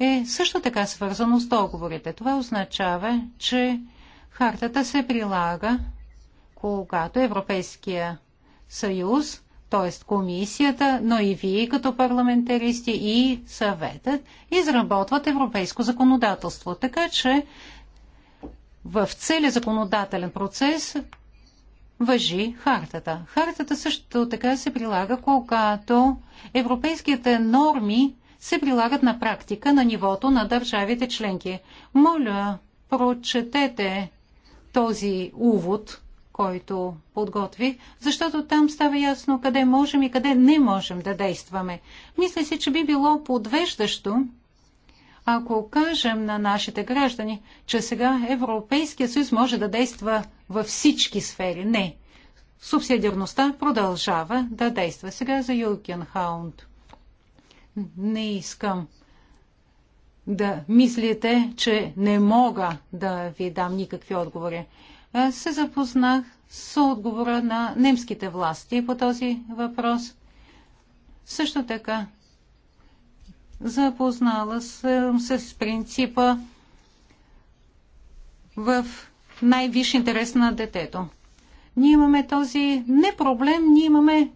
е също така свързано с договорите. Това означава, че хартата се прилага, когато Европейския съюз, т.е. комисията, но и вие като парламентаристи и съветът изработват европейско законодателство. Така че в целия законодателен процес въжи хартата. Хартата също така се прилага, когато европейските норми се прилагат на практика на нивото на държавите членки. Моля, прочетете този увод, който подготви, защото там става ясно къде можем и къде не можем да действаме. Мисля си, че би било подвеждащо ако кажем на нашите граждани, че сега Европейския съюз може да действа във всички сфери. Не. Субсидиарността продължава да действа. Сега за Хаунд. Не искам да мислите, че не мога да ви дам никакви отговори. Аз се запознах с отговора на немските власти по този въпрос. Също така Запознала съм се с принципа в най-висш интерес на детето. Ние имаме този не проблем, ние имаме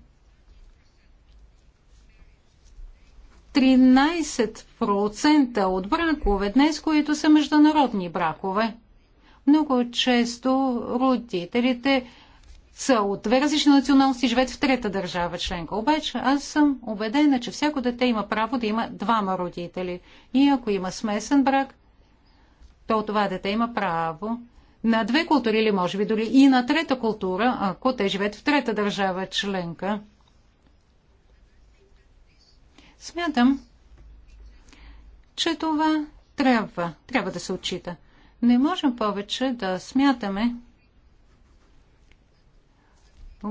13% от бракове днес, които са международни бракове. Много често родителите са от две различни националности и живеят в трета държава членка. Обаче аз съм убедена, че всяко дете има право да има двама родители. И ако има смесен брак, то това дете има право на две култури или може би дори и на трета култура, ако те живеят в трета държава членка. Смятам, че това трябва, трябва да се отчита. Не можем повече да смятаме,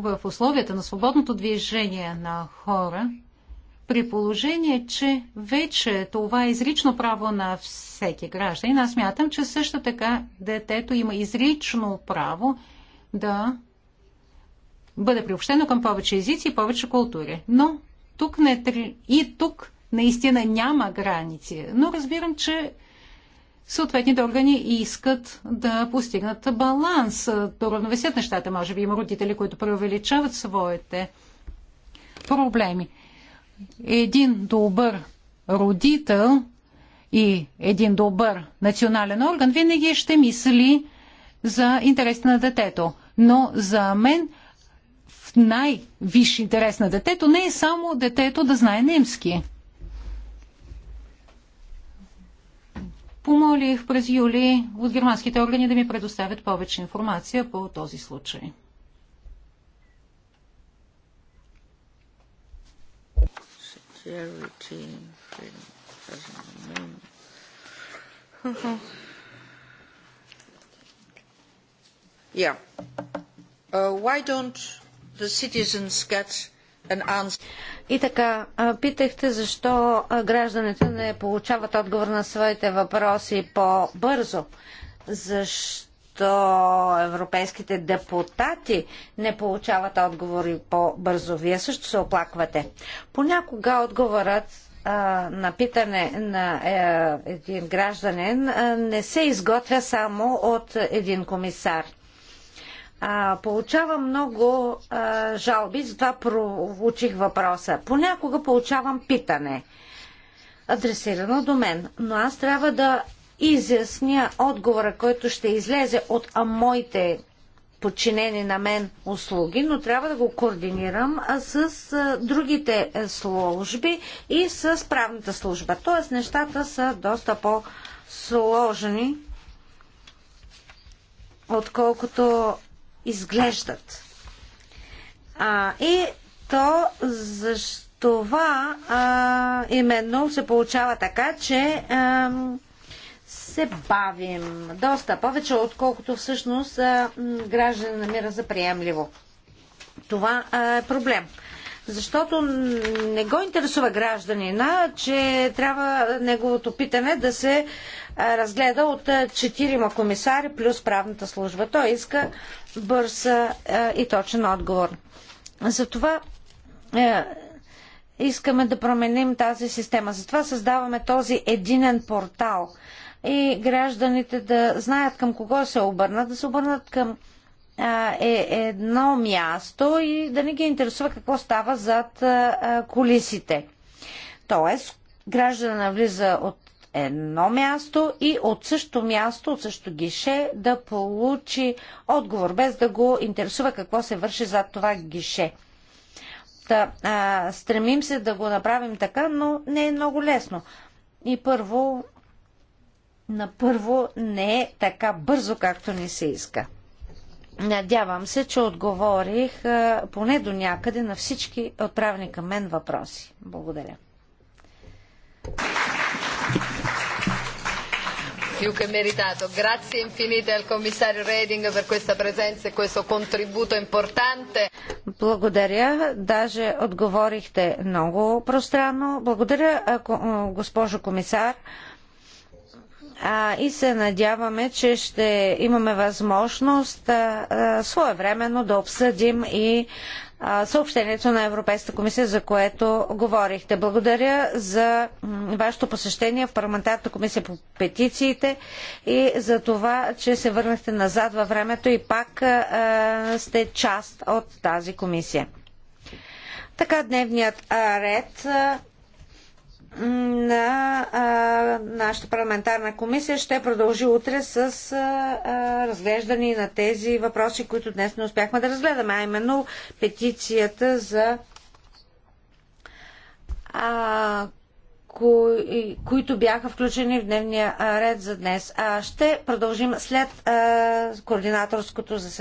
в условията на свободното движение на хора, при положение, че вече това е изрично право на всеки гражданин, аз мятам, че също така детето има изрично право да бъде приобщено към повече езици и повече култури. Но тук не, и тук наистина няма граници. Но разбирам, че съответните органи искат да постигнат баланс, да уравновесят нещата. Може би има родители, които преувеличават своите проблеми. Един добър родител и един добър национален орган винаги ще мисли за интересите на детето. Но за мен в най-висши интерес на детето не е само детето да знае немски. Помолих през юли от германските органи да ми предоставят повече информация по този случай. yeah. Uh, why don't the citizens get и така, питахте защо гражданите не получават отговор на своите въпроси по-бързо. Защо европейските депутати не получават отговори по-бързо? Вие също се оплаквате. Понякога отговорът на питане на е, един гражданин не се изготвя само от един комисар – а, получавам много а, жалби, затова проучих въпроса. Понякога получавам питане, адресирано до мен, но аз трябва да изясня отговора, който ще излезе от а, моите подчинени на мен услуги, но трябва да го координирам с а, другите е, служби и с правната служба. Тоест нещата са доста по-сложни, отколкото изглеждат. А, и то защо това а, именно се получава така, че а, се бавим доста повече, отколкото всъщност а, гражданин намира за приемливо. Това а, е проблем защото не го интересува гражданина, че трябва неговото питане да се разгледа от четирима комисари плюс правната служба. Той иска бърз и точен отговор. Затова искаме да променим тази система. Затова създаваме този единен портал и гражданите да знаят към кого се обърнат, да се обърнат към е едно място и да не ги интересува какво става зад колисите. Тоест, граждана влиза от едно място и от същото място, от същото гише да получи отговор, без да го интересува какво се върши зад това гише. Та, а, стремим се да го направим така, но не е много лесно. И първо, на първо не е така бързо, както ни се иска. Надявам се, че отговорих поне до някъде на всички отправни към мен въпроси. Благодаря. Più che meritato. Grazie infinite al commissario Reding per questa presenza e questo contributo importante. Благодаря. Даже отговорихте много пространно. Благодаря, госпожо комисар и се надяваме, че ще имаме възможност своевременно да обсъдим и съобщението на Европейската комисия, за което говорихте. Благодаря за вашето посещение в парламентарната комисия по петициите и за това, че се върнахте назад във времето и пак сте част от тази комисия. Така, дневният ред на а, нашата парламентарна комисия ще продължи утре с а, а, разглеждане на тези въпроси, които днес не успяхме да разгледаме, а именно петицията за а, кои, които бяха включени в дневния ред за днес. А, ще продължим след а, координаторското заседание.